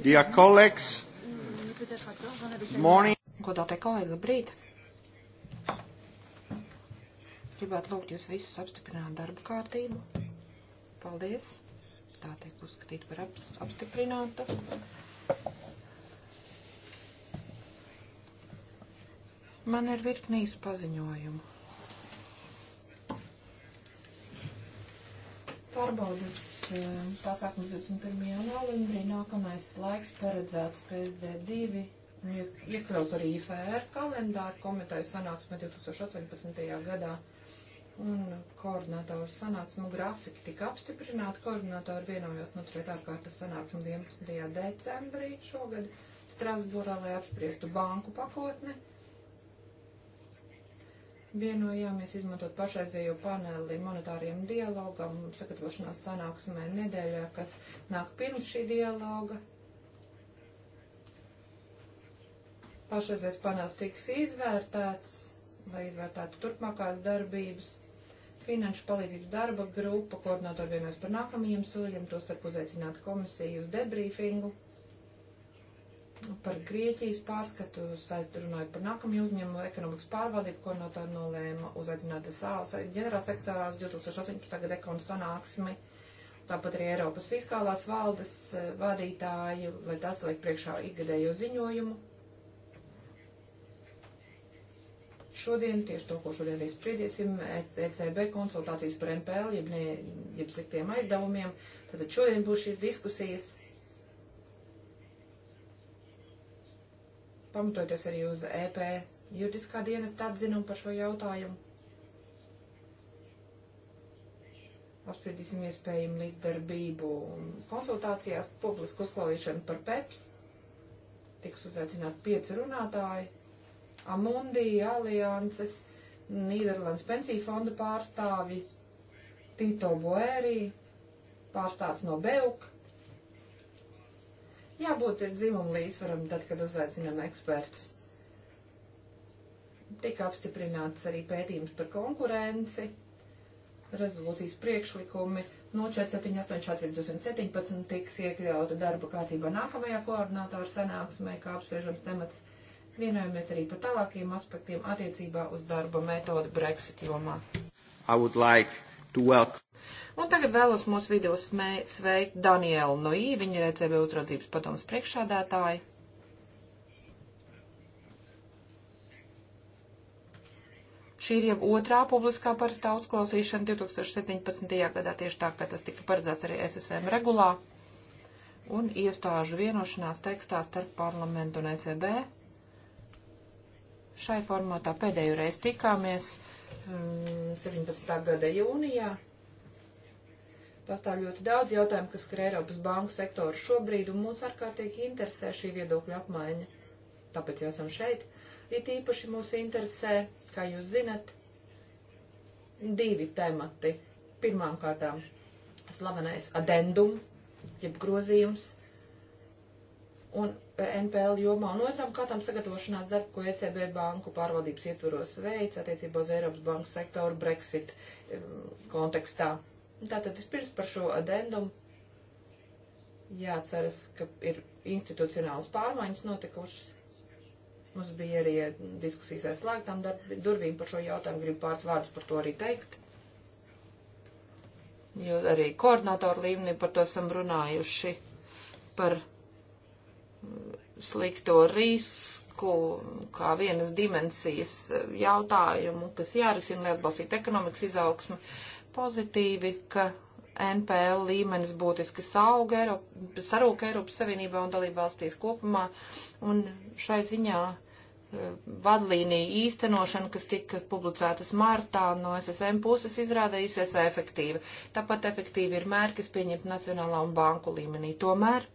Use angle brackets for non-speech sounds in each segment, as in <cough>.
Dear colleagues, morning. Godātie kolēģi, labrīt. Gribētu lūgt jūs visus apstiprināt darba kārtību. Paldies. Tā tiek uzskatīta par apstiprinātu. Man ir virknīs paziņojumu. Pārbaudas pasākums 21. novembrī nākamais laiks paredzēts PSD2 iekļaus arī IFR kalendāru komiteju sanāksmē 2018. gadā. Un koordinātoru sanāksmu grafiku tika apstiprināti. Koordinātori vienojās noturēt ārkārtas sanāksmu 11. decembrī šogad Strasbūrā, lai apspriestu banku pakotni vienojāmies izmantot pašreizējo paneli monetāriem dialogam, sagatavošanās sanāksmē nedēļā, kas nāk pirms šī dialoga. Pašreizējais panels tiks izvērtēts, lai izvērtētu turpmākās darbības. Finanšu palīdzības darba grupa koordinātori vienojas par nākamajiem soļiem, tostarp uzaicināt komisiju uz debriefingu. Nu, par Grieķijas pārskatu, runājot par nākamajiem uzņēmumu ekonomikas pārvaldību, ko no tā nolēma uzaicināt SAOS ģenerālsektorā uz 2018. gada ekonomikas sanāksmi, tāpat arī Eiropas fiskālās valdes eh, vadītāji, lai tas liek priekšā ikgadējo ziņojumu. Šodien, tieši to, ko šodien arī spriediesim, ECB e konsultācijas par NPL, jeb, ne, jeb sliktiem aizdevumiem, tad šodien būs šīs diskusijas pamatojoties arī uz EP juridiskā dienas atzinumu par šo jautājumu. Apspriedīsim iespējumu līdzdarbību konsultācijās, publisku uzklausīšanu par PEPS. Tiks uzaicināti pieci runātāji - Amundi, Alianses, Nīderlandes pensiju fonda pārstāvi, Tito Boērī, pārstāvs no Beuk, Jābūt ir dzimumu līdzsvaram tad, kad uzaicinām ekspertus. Tika apstiprināts arī pētījums par konkurenci, rezolūcijas priekšlikumi no 478.417 tiks iekļauta darba kārtībā nākamajā koordinātoru sanāksmē, kā apspriežams temats. Vienojamies arī par tālākiem aspektiem attiecībā uz darba metodu Brexit jomā. I would like to welcome. Un tagad vēlos mūsu video sveikt Danielu Noī, viņa ir ECB uzraudzības padomas priekšādātāja. Šī ir jau otrā publiskā parastā uzklausīšana 2017. gadā, tieši tā, kā tas tika paredzēts arī SSM regulā un iestāžu vienošanās tekstā starp parlamentu un ECB. Šai formātā pēdējo reizi tikāmies um, 17. gada jūnijā. Pastāv ļoti daudz jautājumu, kas skar Eiropas banku sektoru šobrīd, un mūs ārkārtīgi interesē šī viedokļa apmaiņa. Tāpēc jau esam šeit. It īpaši mūs interesē, kā jūs zinat, divi temati. Pirmām kārtām slavenais adendum, jeb grozījums, un e, NPL jomā, un otram kārtām sagatavošanās darbu, ko ECB banku pārvaldības ietvaros veids attiecībā uz Eiropas banku sektoru Brexit e, kontekstā. Tātad vispirms par šo adendumu jāatceras, ka ir institucionālas pārmaiņas notikušas. Mums bija arī eh, diskusijas aizslēgtām durvīm par šo jautājumu, gribu pāris vārdus par to arī teikt. Jo arī koordinātoru līmenī par to esam runājuši, par mm, slikto risku, kā vienas dimensijas eh, jautājumu, kas jārisina, lai atbalstītu ekonomikas izaugsmu. Uh, pozitīvi, ka NPL līmenis būtiski sauga Eiropa, sarūka Eiropas Savienībā un dalībvalstīs kopumā, un šai ziņā e, vadlīnija īstenošana, kas tika publicētas martā no SSM puses, izrādījusies efektīva. Tāpat efektīvi ir mērķi, kas pieņemti nacionālā un banku līmenī. Tomēr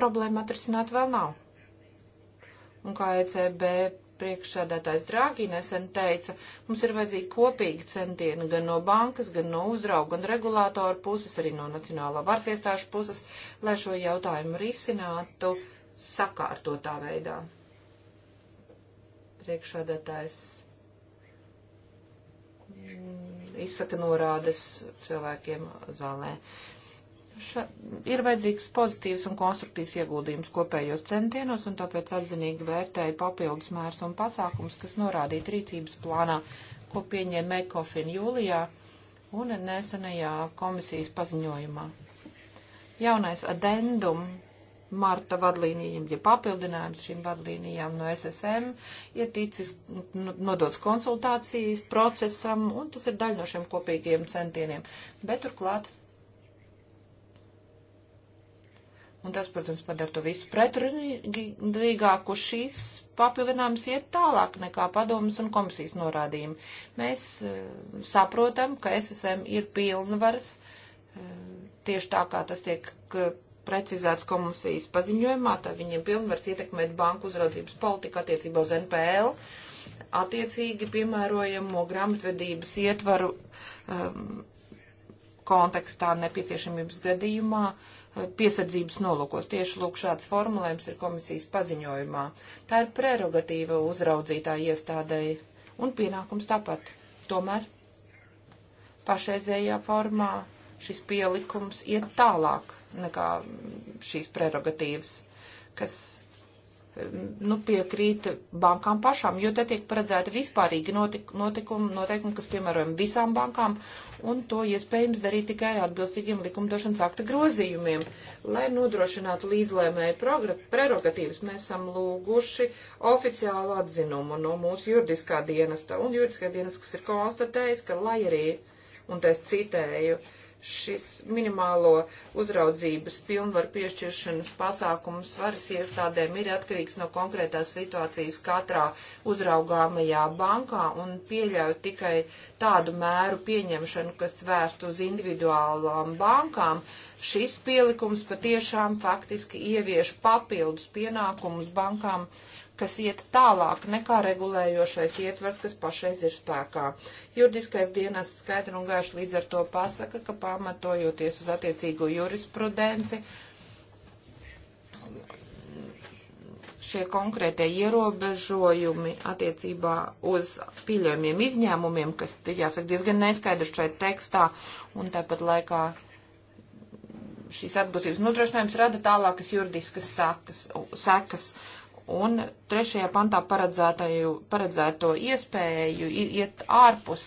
problēma atrisināt vēl nav. Un kā ECB priekšsādātājs Drāgi nesen teica, mums ir vajadzīgi kopīgi centieni gan no bankas, gan no uzrauga un regulātora puses, arī no nacionālā varas iestāžu puses, lai šo jautājumu risinātu sakārtotā veidā. Priekšsādātājs mm, izsaka norādes cilvēkiem zālē ša, ir vajadzīgs pozitīvs un konstruktīvs ieguldījums kopējos centienos, un tāpēc atzinīgi vērtēju papildus mērs un pasākums, kas norādīti rīcības plānā, ko pieņēma Ekofin jūlijā un nesenajā komisijas paziņojumā. Jaunais addendum marta vadlīnijiem, ja papildinājums šīm vadlīnijām no SSM ir ticis nodots konsultācijas procesam, un tas ir daļa no šiem kopīgiem centieniem. Bet turklāt Un tas, protams, padara to visu pretrunīgāku. Šīs papildinājums iet tālāk nekā padomas un komisijas norādījumi. Mēs uh, saprotam, ka SSM ir pilnvaras, uh, tieši tā kā tas tiek eh, precizēts komisijas paziņojumā, tā viņiem pilnvaras ietekmēt banku uzraudzības politiku attiecībā uz NPL, attiecīgi piemērojamo grāmatvedības ietvaru um, kontekstā nepieciešamības gadījumā. Uh, piesardzības nolūkos. Tieši lūk šāds formulējums ir komisijas paziņojumā. Tā ir prerogatīva uzraudzītā iestādēji un pienākums tāpat. Tomēr pašreizējā formā šis pielikums iet tālāk nekā šīs prerogatīvas, kas nu, piekrīt bankām pašām, jo te tiek paredzēta vispārīga notik notikuma, noteikuma, kas piemērojama visām bankām, un to iespējams darīt tikai ar atbilstīgiem likumdošanas akta grozījumiem. Lai nodrošinātu līdzlēmēju prerogatīvas, mēs esam lūguši oficiālu atzinumu no mūsu juridiskā dienesta, un juridiskā dienesta, kas ir konstatējis, ka lai arī, un te es citēju, uh, šis minimālo uzraudzības pilnvaru piešķiršanas pasākums varas iestādēm ir atkarīgs no konkrētās situācijas katrā uzraugāmajā bankā un pieļauj tikai tādu mēru pieņemšanu, kas vērst uz individuālām bankām. Šis pielikums patiešām faktiski ievieš papildus pienākumus bankām kas iet tālāk nekā regulējošais ietvers, kas pašreiz ir spēkā. Juridiskais dienas skaidri un gaiši līdz ar to pasaka, ka pamatojoties uz attiecīgo jurisprudenci, šie konkrētie ierobežojumi attiecībā uz pieļaujamiem izņēmumiem, kas, jāsaka, diezgan neskaidrs šeit tekstā, un tāpat laikā šīs atbūtības nodrošinājums rada tālākas juridiskas sakas, sekas un trešajā pantā paredzēto iespēju iet ārpus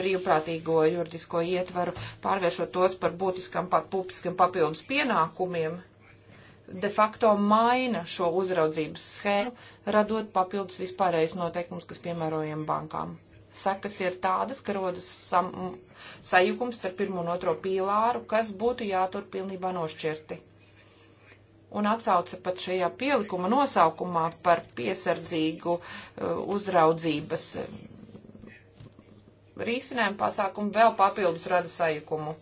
brīvprātīgo juridisko ietvaru, pārvēršot tos par būtiskam, par publiskiem papildus pienākumiem, de facto maina šo uzraudzības schēmu, radot papildus vispārējais noteikums, kas piemērojam bankām. Sekas ir tādas, ka rodas sam, sajukums starp pirmo un otro pīlāru, kas būtu jātur pilnībā nošķirti un atsauca pat šajā pielikuma nosaukumā par piesardzīgu uh, uzraudzības um, risinājumu pasākumu vēl papildus rada sajukumu.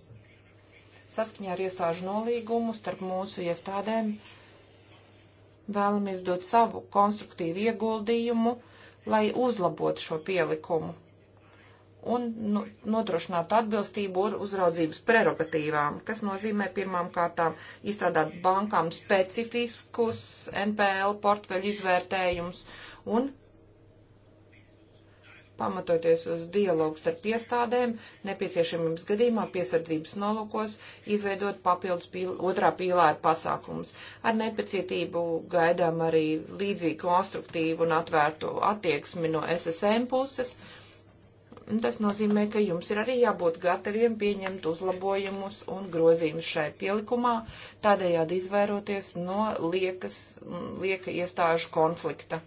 Saskaņā ar iestāžu nolīgumu starp mūsu iestādēm vēlamies dot savu konstruktīvu ieguldījumu, lai uzlabotu šo pielikumu un nu, nodrošināt atbilstību uzraudzības prerogatīvām, kas nozīmē pirmām kārtām izstrādāt bankām specifiskus NPL portfeļu izvērtējumus un pamatoties uz dialogu starp iestādēm, nepieciešamības gadījumā piesardzības nolūkos izveidot papildus pīl, otrā pīlāra pasākumus. Ar nepacietību gaidām arī līdzīgi konstruktīvu un atvērtu attieksmi no SSM puses. Uh, Tas nozīmē, ka jums ir arī jābūt gataviem pieņemt uzlabojumus un grozījumus šai pielikumā, tādējādi izvairoties no liekas, lieka iestāžu konflikta.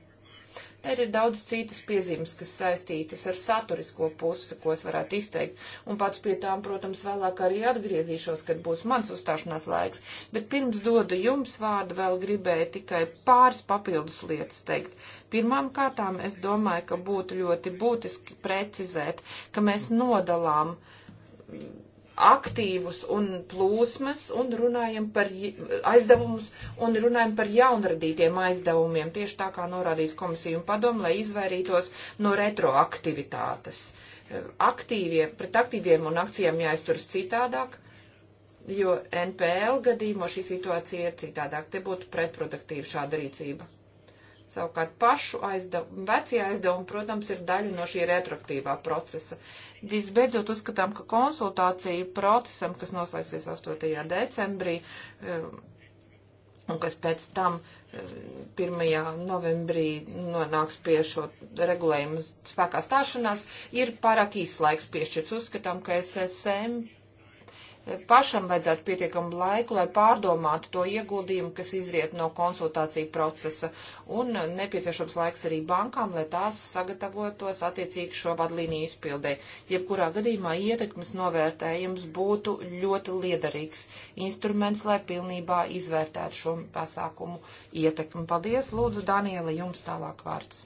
Te ir daudz citas piezīmes, kas saistītas ar saturisko pusi, ko es varētu izteikt. Un pats pie tām, protams, vēlāk arī atgriezīšos, kad būs mans uzstāšanās laiks. Bet pirms dodu jums vārdu, vēl gribēju tikai pāris papildus lietas teikt. Pirmām kārtām es domāju, ka būtu ļoti būtiski precizēt, ka mēs nodalām aktīvus un plūsmas un runājam par aizdevumus un runājam par jaunradītiem aizdevumiem, tieši tā kā norādījis komisija un padomu, lai izvairītos no retroaktivitātes. E, aktīvie, pret aktīviem un akcijām jāizturas citādāk, jo NPL gadījumā šī situācija ir citādāk. Te būtu pretproduktīva šāda rīcība. Savukārt pašu aizdevumu, vecie aizdevumi, protams, ir daļa no šī retroaktīvā procesa. Visbeidzot, uzskatām, ka konsultācija procesam, kas noslēgsies 8. decembrī eh, un kas pēc tam 1. Eh, novembrī nonāks pie šo regulējumu spēkā stāšanās, ir pārāk īslaiks piešķirts. Uzskatām, ka SSM pašam vajadzētu pietiekamu laiku, lai pārdomātu to ieguldījumu, kas izriet no konsultāciju procesa, un nepieciešams laiks arī bankām, lai tās sagatavotos attiecīgi šo vadlīniju izpildē. Jebkurā gadījumā ietekmes novērtējums būtu ļoti liederīgs instruments, lai pilnībā izvērtētu šo pasākumu ietekmi. Paldies, lūdzu, Daniela, jums tālāk vārds.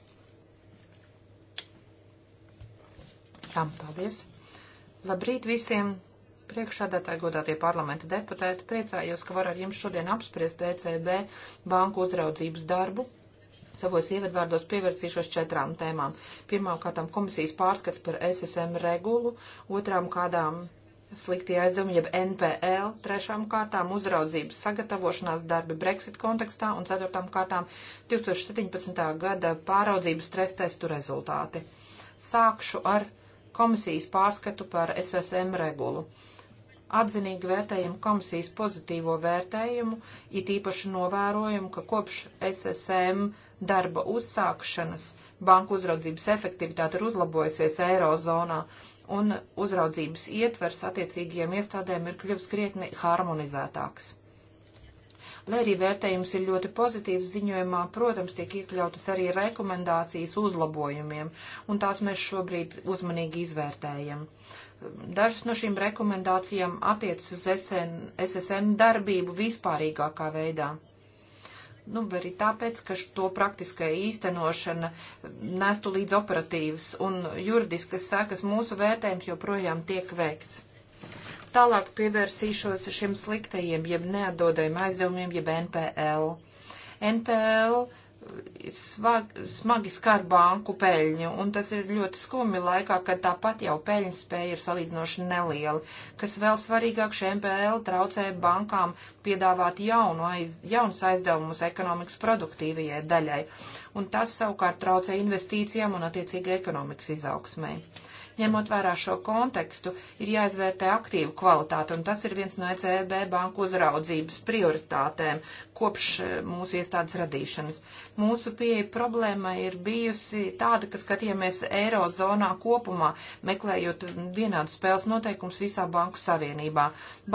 Jā, paldies. Labrīt visiem! priekšādātāji, godātie parlamenta deputēti, priecājos, ka varu ar jums šodien apspriest ECB banku uzraudzības darbu. Savos ievadvārdos pievērsīšos četrām tēmām. Pirmām kārtām komisijas pārskats par SSM regulu, otrām kādām sliktie aizdevumi, jeb NPL, trešām kārtām uzraudzības sagatavošanās darbi Brexit kontekstā un ceturtām kārtām 2017. gada pāraudzības stresstestu rezultāti. Sākšu ar komisijas pārskatu par SSM regulu atzinīgi vērtējam komisijas pozitīvo vērtējumu, it īpaši novērojumu, ka kopš SSM darba uzsākšanas banku uzraudzības efektivitāte ir uzlabojusies Eirozonā un uzraudzības ietvers attiecīgajiem iestādēm ir kļuvis krietni harmonizētāks. Lai arī vērtējums ir ļoti pozitīvs ziņojumā, protams, tiek iekļautas arī rekomendācijas uzlabojumiem, un tās mēs šobrīd uzmanīgi izvērtējam. Uh, Dažas no šīm rekomendācijām attiecas uz SN, SSM darbību vispārīgākā veidā. Nu, arī tāpēc, ka to praktiskai īstenošana nestu līdz operatīvas un juridiskas sekas mūsu vērtējums joprojām tiek veikts. Tālāk pievērsīšos šiem sliktajiem, jeb neatdodējiem aizdevumiem, jeb NPL. NPL svag, smagi skar banku peļņu, un tas ir ļoti skumji laikā, kad tāpat jau peļņas spēja ir salīdzinoši neliela. Kas vēl svarīgāk, šie MPL traucēja bankām piedāvāt jaunu aiz, jaunus aizdevumus ekonomikas produktīvajai daļai, un tas savukārt traucēja investīcijām un attiecīgi ekonomikas izaugsmai. Ņemot vērā šo kontekstu, ir jāizvērtē aktīvu kvalitāti, un tas ir viens no ECB banku uzraudzības prioritātēm kopš e, mūsu iestādes radīšanas. Mūsu pieeja problēma ir bijusi tāda, ka skatījāmies eirozonā kopumā, meklējot vienādu spēles noteikumus visā banku savienībā.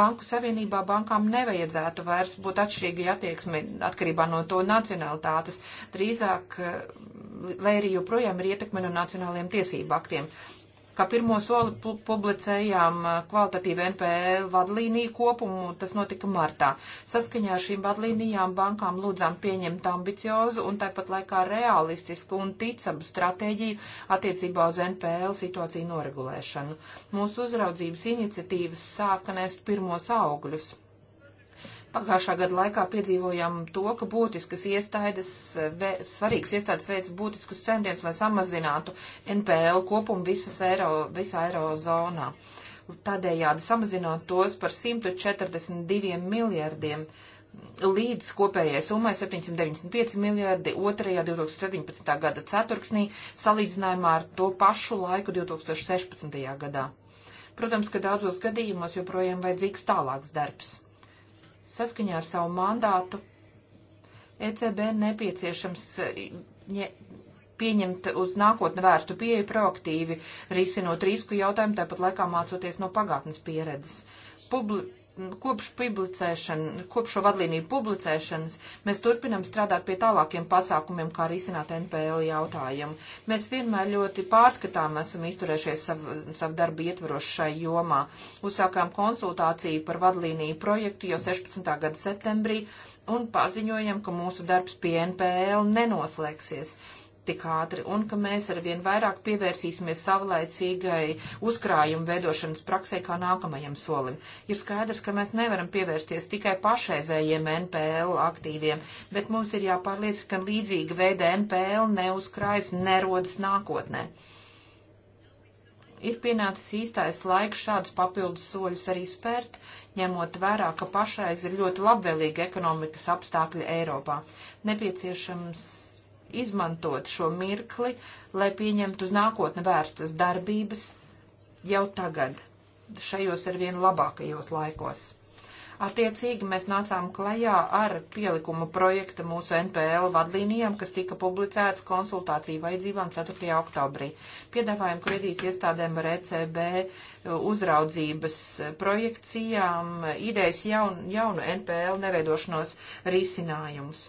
Banku savienībā bankām nevajadzētu vairs būt atšķirīgi attieksmi atkarībā no to nacionalitātes, drīzāk, e, lai arī joprojām ir ietekme no nacionāliem tiesību aktiem ka pirmo soli publicējām uh, kvalitatīvu NPL vadlīniju kopumu, tas notika martā. Saskaņā ar šīm vadlīnijām bankām lūdzām pieņemt ambiciozu un tāpat laikā realistisku un ticamu stratēģiju attiecībā uz NPL situāciju noregulēšanu. Mūsu uzraudzības iniciatīvas sāka nest pirmos augļus. Pagājušā gada laikā piedzīvojām to, ka būtiskas iestādes, vē, svarīgas iestādes veids būtiskus centienus, lai samazinātu NPL kopumu visas eiro, visā eirozonā. Tādējādi samazinot tos par 142 miljardiem līdz kopējai summai 795 miljardi 2. 2017. gada ceturksnī, salīdzinājumā ar to pašu laiku 2016. gadā. Protams, ka daudzos gadījumos joprojām vajadzīgs tālāks darbs. Saskaņā ar savu mandātu ECB nepieciešams eh, pieņemt uz nākotni vērstu pieeju proaktīvi, risinot risku jautājumu, tāpat laikā mācoties no pagātnes pieredzes. Publi kopš publicēšana, kopš šo vadlīniju publicēšanas, mēs turpinam strādāt pie tālākiem pasākumiem, kā arī izsināt NPL jautājumu. Mēs vienmēr ļoti pārskatām esam izturējušies savu, savu darbu ietvaros šai jomā. Uzsākām konsultāciju par vadlīniju projektu jau 16. gada septembrī un paziņojam, ka mūsu darbs pie NPL nenoslēgsies tik ātri un ka mēs arvien vairāk pievērsīsimies savlaicīgai uzkrājumu veidošanas praksē kā nākamajam solim. Ir skaidrs, ka mēs nevaram pievērsties tikai pašreizējiem NPL aktīviem, bet mums ir jāpārliecina, ka līdzīga veida NPL neuzkrājas, nerodas nākotnē. Ir pienācis īstais laiks šādus papildus soļus arī spērt, ņemot vērā, ka pašreiz ir ļoti labvēlīgi ekonomikas apstākļi Eiropā. Nepieciešams izmantot šo mirkli, lai pieņemtu uz nākotni vērstas darbības jau tagad, šajos ar vien labākajos laikos. Attiecīgi mēs nācām klajā ar pielikumu projektu mūsu NPL vadlīnijām, kas tika publicēts konsultāciju vajadzībām 4. oktobrī. Piedāvājam kredīts iestādēm ar ECB uzraudzības projekcijām, idejas jaun, jaunu NPL neveidošanos risinājumus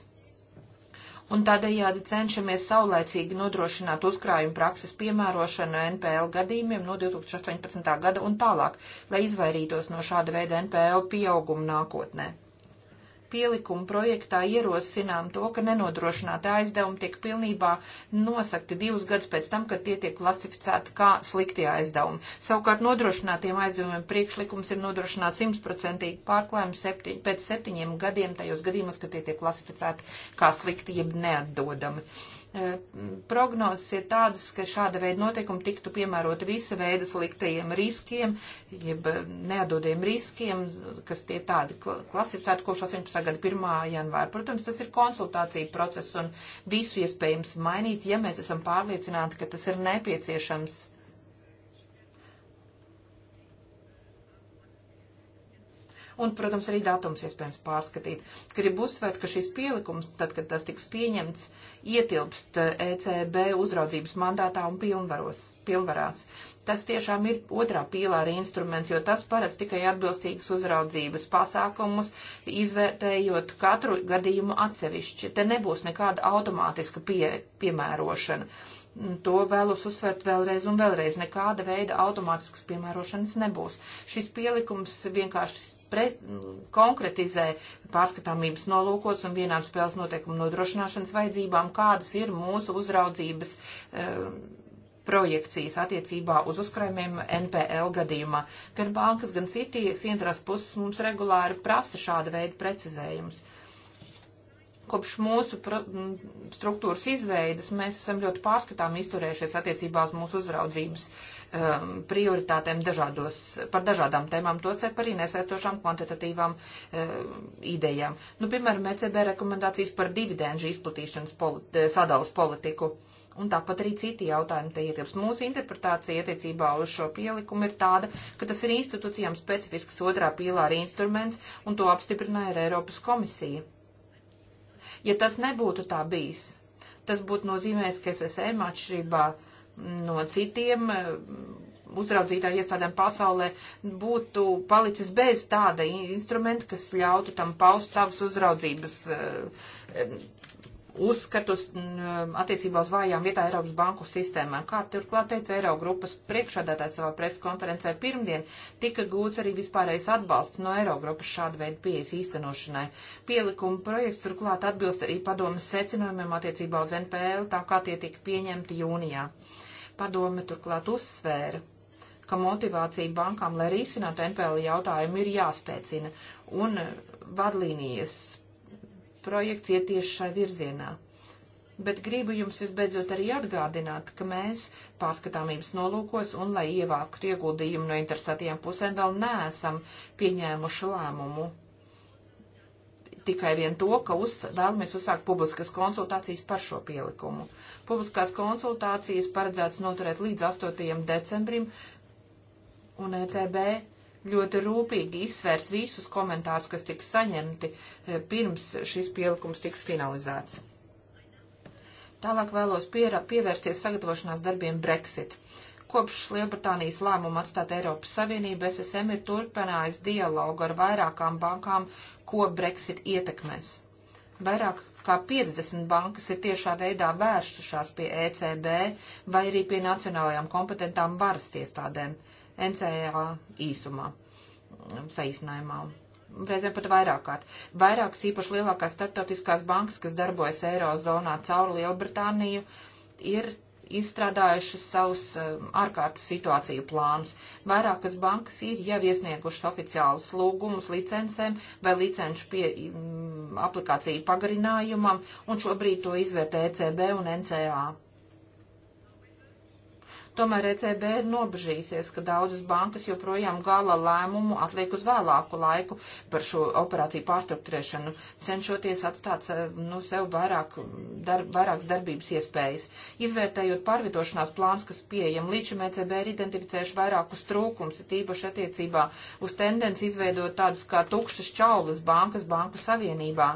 un tādējādi cenšamies saulēcīgi nodrošināt uzkrājumu prakses piemērošanu NPL gadījumiem no 2018. gada un tālāk, lai izvairītos no šāda veida NPL pieauguma nākotnē pielikuma projektā ierosinām to, ka nenodrošināta aizdevuma tiek pilnībā nosakti divus gadus pēc tam, kad tie tiek klasificēti kā sliktie aizdevumi. Savukārt nodrošinātiem aizdevumiem priekšlikums ir nodrošināt simtprocentīgi pārklājumu septiņ, pēc septiņiem gadiem tajos gadījumos, kad tie tiek klasificēti kā slikti jeb neatdodami. Uh, Eh, prognozes ir tādas, ka šāda veida noteikumi tiktu piemēroti visa veida sliktajiem riskiem, jeb neatdodiem riskiem, kas tie tādi klasificēti kopš 18. gada 1. janvāra. Protams, tas ir konsultācija process un visu iespējams mainīt, ja mēs esam pārliecināti, ka tas ir nepieciešams un, protams, arī datums iespējams pārskatīt. Gribu uzsvērt, ka šis pielikums, tad, kad tas tiks pieņemts, ietilpst ECB eh, e uzraudzības mandātā un pilnvaros, pilnvarās. Tas tiešām ir otrā pīlāra instruments, jo tas paredz tikai atbilstīgas uzraudzības pasākumus, izvērtējot katru gadījumu atsevišķi. Te nebūs nekāda automātiska pie, piemērošana. To vēlos uzsvērt vēlreiz un vēlreiz. Nekāda veida automātiskas piemērošanas nebūs. Šis pielikums vienkārši pre, konkretizē pārskatāmības nolūkos un vienādu spēles noteikumu nodrošināšanas vajadzībām, kādas ir mūsu uzraudzības e, projekcijas attiecībā uz uzkrājumiem NPL gadījumā. Gan bankas, gan citas centrās puses mums regulāri prasa šāda veida precizējumus. Kopš mūsu struktūras izveidas mēs esam ļoti pārskatām izturējušies attiecībā uz mūsu uzraudzības um, prioritātēm dažādos, par dažādām tēmām, tostarp arī nesaistošām kvantitatīvām um, idejām. Nu, piemēram, ECB rekomendācijas par dividendžu izplatīšanas politi eh, sadalas politiku. Un tāpat arī citi jautājumi te ietilps. Mūsu interpretācija attiecībā uz šo pielikumu ir tāda, ka tas ir institūcijām specifisks otrā pīlāra instruments, un to apstiprināja Eiropas komisija. Ja tas nebūtu tā bijis, tas būtu nozīmējis, ka SSM atšķirībā mm, no citiem mm, uzraudzītāju iestādēm pasaulē būtu palicis bez tāda instrumenta, kas ļautu tam paust savas uzraudzības eh, uzskatus um, attiecībā uz vājām vietām Eiropas banku sistēmā. Kā turklāt teica Eirogrupas priekšādātājs savā preskonferencē pirmdien, tika gūts arī vispārējais atbalsts no Eirogrupas šāda veida pieejas īstenošanai. Pielikuma projekts turklāt atbilst arī padomas secinājumiem attiecībā uz NPL, tā kā tie tika pieņemti jūnijā. Padome turklāt uzsvēra ka motivācija bankām, lai risinātu NPL jautājumu, ir jāspēcina, un uh, vadlīnijas projekts iet tieši šai virzienā. Bet gribu jums visbeidzot arī atgādināt, ka mēs pārskatāmības nolūkos un, lai ievāktu ieguldījumu no interesētajām pusēm, vēl neesam pieņēmuši lēmumu. Tikai vien to, ka uz, vēlamies uzsākt publiskas konsultācijas par šo pielikumu. Publiskās konsultācijas paredzēts noturēt līdz 8. decembrim, un ECB ļoti rūpīgi izsvērs visus komentārus, kas tiks saņemti eh, pirms šis pielikums tiks finalizēts. Tālāk vēlos pierā, pievērsties sagatavošanās darbiem Brexit. Kopš Lielbritānijas lēmuma atstāt Eiropas Savienību, SSM ir turpinājis dialogu ar vairākām bankām, ko Brexit ietekmēs. Vairāk kā 50 bankas ir tiešā veidā vērstušās pie ECB vai arī pie nacionālajām kompetentām varas iestādēm. NCA īsumā, saīsinājumā. Reizēm pat vairāk kārt. Vairākas īpaši lielākās starptautiskās bankas, kas darbojas Eirozonā cauri Lielbritāniju, ir izstrādājušas savus um, ārkārtas situāciju plānus. Vairākas bankas ir jau iesniegušas oficiālus lūgumus licencēm vai licenšu pie, m, um, aplikāciju pagarinājumam, un šobrīd to izvērtē ECB un NCA. Tomēr ECB ir nobežīsies, ka daudzas bankas joprojām gala lēmumu atliek uz vēlāku laiku par šo operāciju pārstruktūrēšanu, cenšoties atstāt nu, sev vairāk, dar, vairākas darbības iespējas. Izvērtējot pārvietošanās plāns, kas pieejam, līdz šim ECB ir identificējuši vairākus trūkums, ir tīpaši attiecībā uz tendenci izveidot tādus kā tukšas čaulas bankas Banku Savienībā.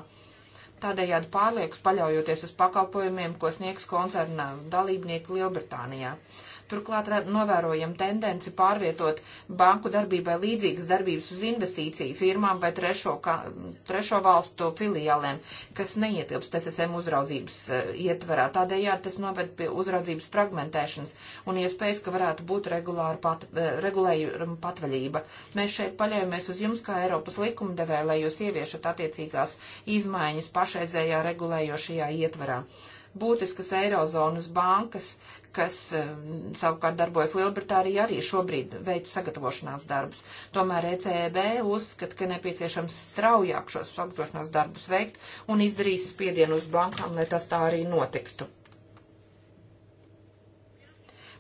Tādējādi pārliekus paļaujoties uz pakalpojumiem, ko sniegs koncerna dalībnieki Lielbritānijā. Uh, Turklāt novērojam tendenci pārvietot banku darbībai līdzīgas darbības uz investīciju firmām vai trešo, ka, trešo valstu filiālēm, kas neietilpst SSM uzraudzības eh, ietverā. Tādējādi tas noved pie uzraudzības fragmentēšanas un iespējas, ka varētu būt regulāra pat, eh, regulējuma patvaļība. Mēs šeit paļaujamies uz jums, kā Eiropas likumdevē, lai jūs ieviešat attiecīgās izmaiņas pašreizējā regulējošajā ietverā būtiskas Eirozonas bankas kas um, savukārt darbojas Lielbritānijā, arī šobrīd veic sagatavošanās darbus. Tomēr ECB uzskata, ka nepieciešams straujāk šos sagatavošanās darbus veikt un izdarīs spiedienu uz bankām, lai tas tā arī notiktu.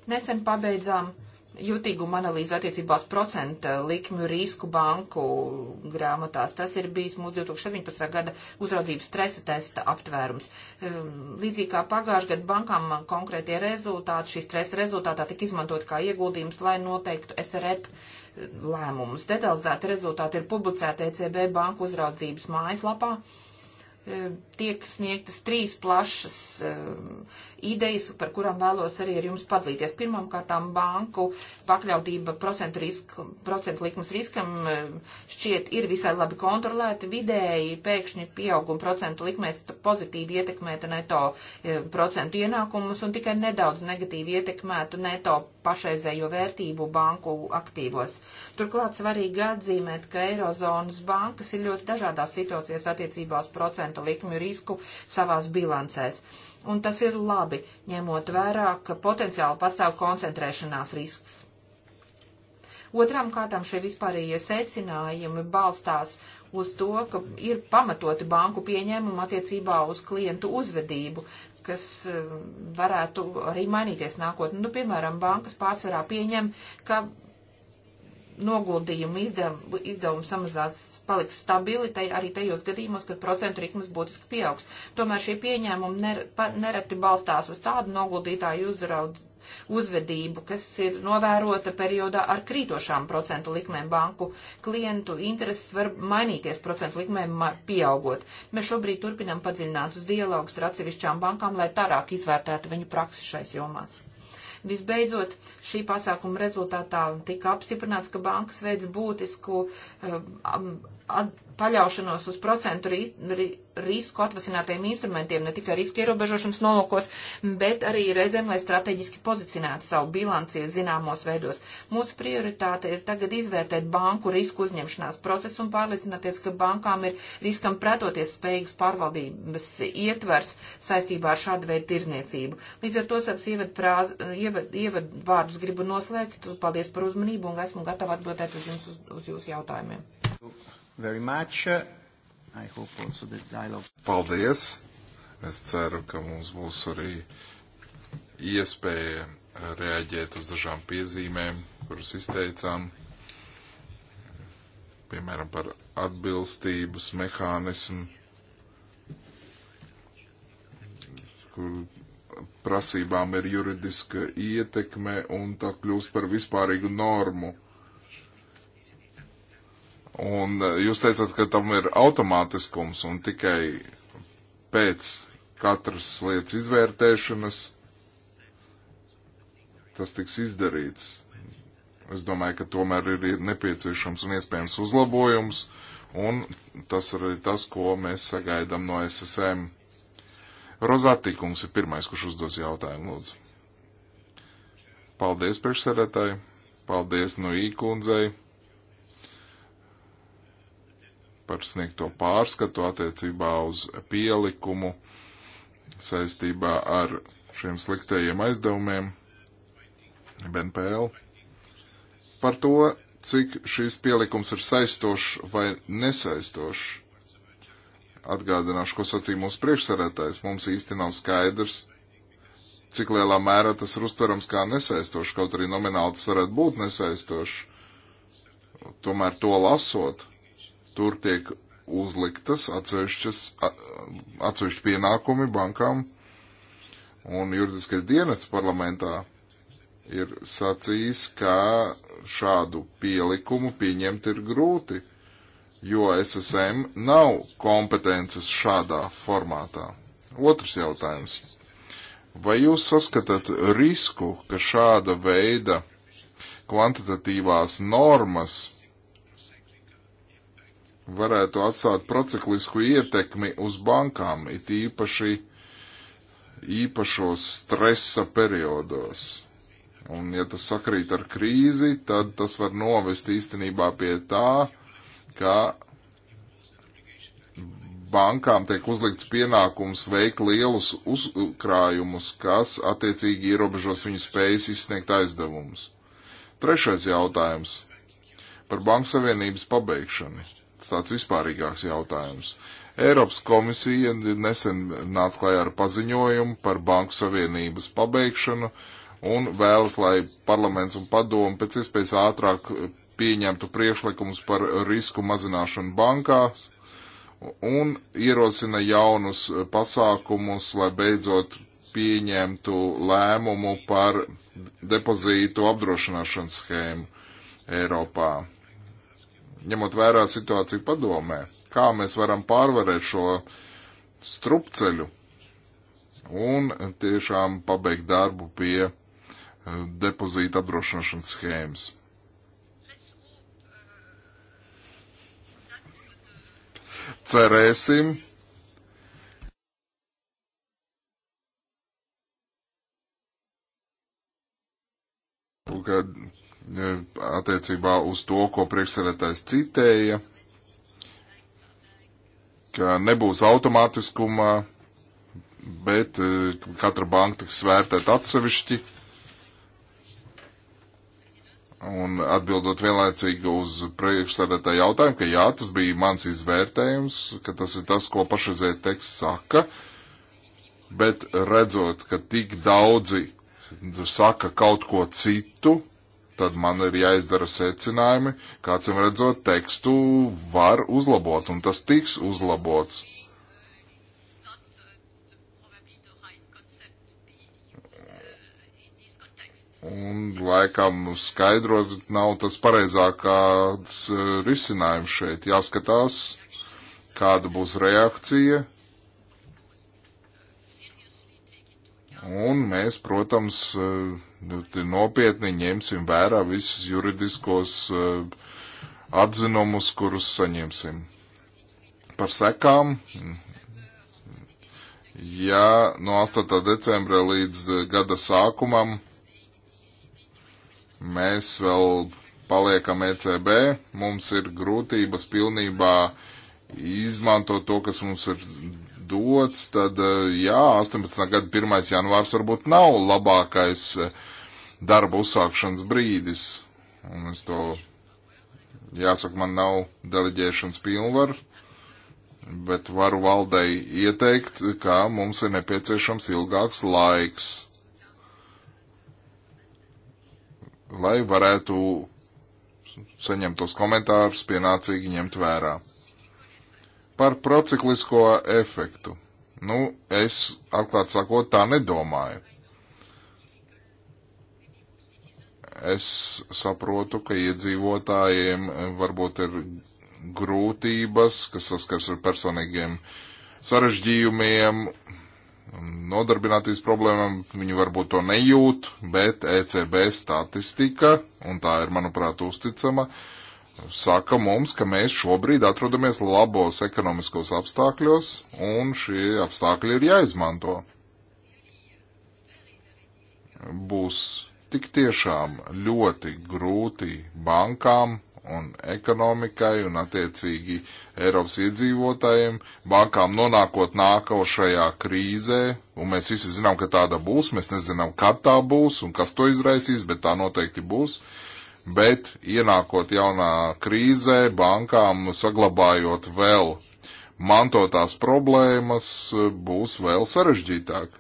Nesen pabeidzām uh, jutīguma analīze attiecībā uz procenta likmju risku banku grāmatās. Tas ir bijis mūsu 2017. gada uzraudzības stresa testa aptvērums. Ehm, līdzīgi kā pagājušajā gadā bankām konkrētie rezultāti, šī stresa rezultātā tika izmantot kā ieguldījums, lai noteiktu SREP ehm, lēmumus. Detalizēti rezultāti ir publicēti ECB banku uzraudzības mājaslapā. lapā E, tiek sniegtas trīs plašas uh, idejas, par kurām vēlos arī ar jums padalīties. Pirmkārtām banku pakļautība procentu, risk, procentu likums riskam e, šķiet ir visai labi kontrolēta. Vidēji pēkšņi pieauguma procentu likmēs pozitīvi ietekmēta neto procentu ienākumus un tikai nedaudz negatīvi ietekmētu neto pašreizējo vērtību banku aktīvos. Turklāt svarīgi atzīmēt, ka Eirozonas bankas ir ļoti dažādās situācijās attiecībā uz procentu procentu likmju risku savās bilancēs. Un tas ir labi, ņemot vērā, ka potenciāli pastāv koncentrēšanās risks. Otrām kārtām šie vispārējie secinājumi balstās uz to, ka ir pamatoti banku pieņēmumi attiecībā uz klientu uzvedību, kas eh, varētu arī mainīties nākotnē. Nu, piemēram, bankas pārsvarā pieņem, ka noguldījumu izdevumu, izdevumu samazās, paliks stabili tai, arī tajos gadījumos, kad procentu ritmas būtiski pieaugs. Tomēr šie pieņēmumi ner, pa, nereti balstās uz tādu noguldītāju uzraudz, uzvedību, kas ir novērota periodā ar krītošām procentu likmēm banku klientu intereses var mainīties procentu likmēm ma pieaugot. Mēs šobrīd turpinam padziļināt uz dialogus ar atsevišķām bankām, lai tarāk izvērtētu viņu praksi šais jomās. Visbeidzot, šī pasākuma rezultātā tika apstiprināts, ka bankas veids būtisku um, ad, paļaušanos uz procentu ri, ri, risku atvasinātajiem instrumentiem, ne tikai riska ierobežošanas nolūkos, bet arī reizēm, lai strateģiski pozicionētu savu bilanci zināmos veidos. Mūsu prioritāte ir tagad izvērtēt banku risku uzņemšanās procesu un pārliecināties, ka bankām ir riskam pretoties spējīgs pārvaldības ietvers saistībā ar šādu veidu tirzniecību. Līdz ar to savus ievadvārdus gribu noslēgt. Paldies par uzmanību un esmu gatava atbildēt uz, jums, uz, uz jūsu jautājumiem. Thank you very much. I hope also the dialogue. Paldies! Es ceru, ka mums būs arī iespēja eh, reaģēt uz dažām piezīmēm, kuras izteicām, piemēram, par atbilstības mehānismu, kur prasībām ir juridiska ietekme un tā kļūst par vispārīgu normu Un eh, jūs teicat, ka tam ir automātiskums un tikai pēc katras lietas izvērtēšanas tas tiks izdarīts. Es domāju, ka tomēr ir nepieciešams un iespējams uzlabojums, un tas arī tas, ko mēs sagaidām no SSM. Rozatīkums ir pirmais, kurš uzdos jautājumu, lūdzu. Paldies priekšsēdētāji, paldies no īkundzei par sniegto pārskatu attiecībā uz pielikumu saistībā ar šiem sliktajiem aizdevumiem BNPL. Par to, cik šīs pielikums ir saistošs vai nesaistošs. Atgādināšu, ko sacīja mūsu priekšsarētājs. Mums īsti nav skaidrs, cik lielā mērā tas ir uztverams kā nesaistošs, kaut arī nomināli tas varētu būt nesaistošs. Tomēr to lasot, Tur tiek uzliktas atsevišķas, atsevišķi pienākumi bankām, un juridiskais dienests parlamentā ir sacījis, ka šādu pielikumu pieņemt ir grūti, jo SSM nav kompetences šādā formātā. Otrs jautājums. Vai jūs saskatāt risku, ka šāda veida kvantitatīvās normas varētu atstāt prociklisku ietekmi uz bankām, it īpaši īpašos stresa periodos. Un ja tas sakrīt ar krīzi, tad tas var novest īstenībā pie tā, ka bankām tiek uzlikts pienākums veikt lielus uzkrājumus, kas attiecīgi ierobežos viņu spējas izsniegt aizdevumus. Trešais jautājums par Banku Savienības pabeigšanu tāds vispārīgāks jautājums. Eiropas komisija nesen nāca klajā ar paziņojumu par Banku Savienības pabeigšanu un vēlas, lai parlaments un padomu pēc iespējas ātrāk pieņemtu priekšlikumus par risku mazināšanu bankās un ierosina jaunus pasākumus, lai beidzot pieņemtu lēmumu par depozītu apdrošināšanas schēmu Eiropā ņemot vērā situāciju padomē, kā mēs varam pārvarēt šo strupceļu un tiešām pabeigt darbu pie eh, depozīta apdrošināšanas schēmas. Cerēsim, ka Eh, attiecībā uz to, ko priekšsēdētājs citēja, ka nebūs automātiskuma, bet eh, katra banka tiks vērtēta atsevišķi. Un atbildot vienlaicīgi uz priekšsēdētāju jautājumu, ka jā, tas bija mans izvērtējums, ka tas ir tas, ko pašreizējais teksts saka, bet redzot, ka tik daudzi saka kaut ko citu, tad man ir jāizdara secinājumi, kāds ir redzot, tekstu var uzlabot, un tas tiks uzlabots. Un laikam skaidrot nav tas pareizākās e, risinājums šeit. Jāskatās, kāda būs reakcija. Un mēs, protams, e, Nu, nopietni ņemsim vērā visus juridiskos uh, atzinumus, kurus saņemsim. Par sekām, ja no 8. decembra līdz eh, gada sākumam mēs vēl paliekam ECB, mums ir grūtības pilnībā izmantot to, kas mums ir dots, tad eh, jā, 18. gada 1. janvārs varbūt nav labākais uh, darba uzsākšanas brīdis, un es to, jāsaka, man nav deleģēšanas pilnvaru, bet varu valdei ieteikt, ka mums ir nepieciešams ilgāks laiks, lai varētu saņemtos komentārus pienācīgi ņemt vērā. Par prociklisko efektu. Nu, es, atklāt sakot, tā nedomāju es saprotu, ka iedzīvotājiem eh, varbūt ir grūtības, kas saskars ar personīgiem sarežģījumiem, nodarbinātības problēmām. Viņi varbūt to nejūt, bet ECB statistika, un tā ir, manuprāt, uzticama, saka mums, ka mēs šobrīd atrodamies labos ekonomiskos apstākļos, un šie apstākļi ir jāizmanto. Būs tik tiešām ļoti grūti bankām un ekonomikai un attiecīgi Eiropas iedzīvotājiem, bankām nonākot nākošajā krīzē, un mēs visi zinām, ka tāda būs, mēs nezinām, kad tā būs un kas to izraisīs, bet tā noteikti būs. Bet ienākot jaunā krīzē, bankām saglabājot vēl mantotās problēmas, būs vēl sarežģītāk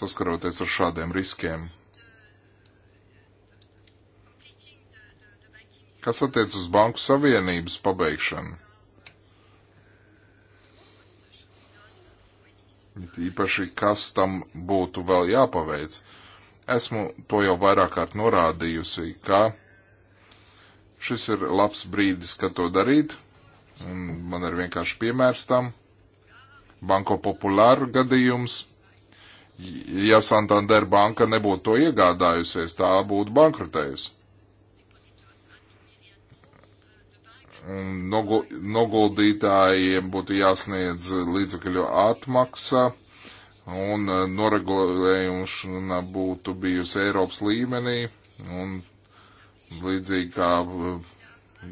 saskaroties ar šādiem riskiem. Kas attiec uz Banku Savienības pabeigšanu? Īpaši, kas tam būtu vēl jāpaveic? Esmu to jau vairāk kārt norādījusi, ka šis ir labs brīdis, kad to darīt, un man ir vienkārši piemērs tam. Banko populāru gadījums ja Santander banka nebūtu to iegādājusies, tā būtu bankrotējusi. Nogu, noguldītājiem būtu jāsniedz līdzekļu atmaksa, un uh, noregulējumšana būtu bijusi Eiropas līmenī, un līdzīgi kā uh,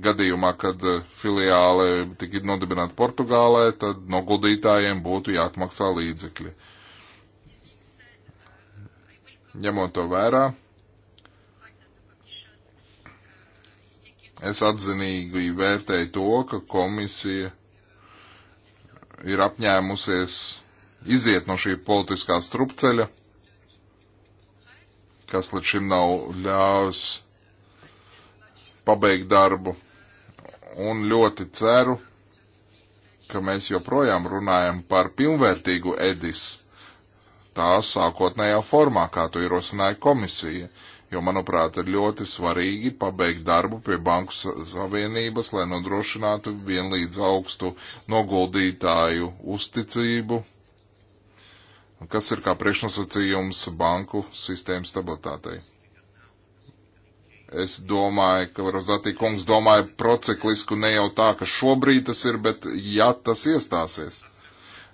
gadījumā, kad uh, filiāle tika nodibināta Portugālē, tad noguldītājiem būtu jāatmaksā līdzekļi. Uh, Ņemot to vērā, es atzinīgi vērtēju to, ka komisija ir apņēmusies iziet no šī politiskā strupceļa, kas līdz šim nav ļāvis pabeigt darbu. Un ļoti ceru, ka mēs joprojām runājam par pilnvērtīgu Edis tā sākotnējā formā, kā to ierosināja komisija, jo, manuprāt, ir ļoti svarīgi pabeigt darbu pie Banku Savienības, lai nodrošinātu vienlīdz augstu noguldītāju uzticību, kas ir kā priekšnosacījums banku sistēmas stabilitātei. Es domāju, ka Rozatī kungs domāja prociklisku ne jau tā, ka šobrīd tas ir, bet ja tas iestāsies.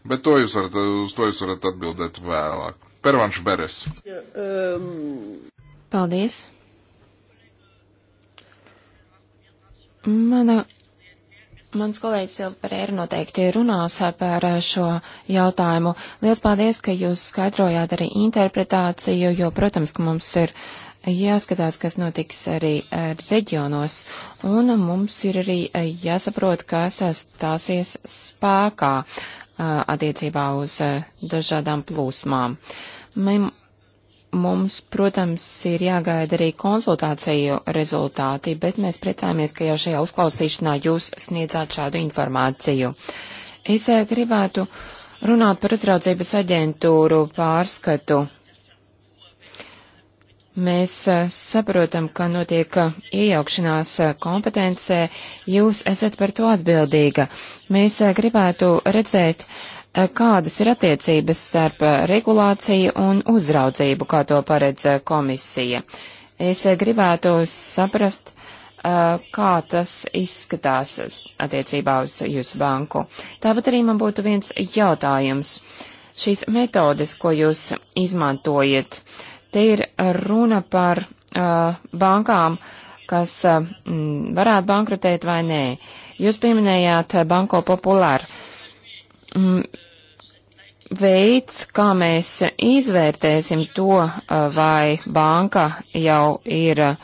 Bet to jūs varat, uz to jūs varat atbildēt vēlāk. Pervanš Beres. Um, paldies. Mana, mans kolēģis Silperēra noteikti runās par šo jautājumu. Lielas paldies, ka jūs skaidrojāt arī interpretāciju, jo, protams, ka mums ir jāskatās, kas notiks arī reģionos, un mums ir arī jāsaprot, kas stāsies spēkā attiecībā uz dažādām plūsmām. Mim, mums, protams, ir jāgaida arī konsultāciju rezultāti, bet mēs priecājamies, ka jau šajā uzklausīšanā jūs sniedzāt šādu informāciju. Es gribētu runāt par uzraudzības aģentūru pārskatu Mēs eh, saprotam, ka notiek eh, iejaukšanās eh, kompetencē, jūs esat par to atbildīga. Mēs gribētu redzēt, kādas ir attiecības starp regulāciju un uzraudzību, kā to paredz komisija. Es gribētu saprast, kā tas izskatās attiecībā uz jūsu banku. Tāpat arī man būtu viens jautājums. Šīs metodes, ko jūs izmantojat, te ir runa par uh, bankām, kas uh, varētu bankrotēt vai nē. Jūs pieminējāt Banko Populāru. Mm, veids, kā mēs izvērtēsim to, uh, vai banka jau ir uh,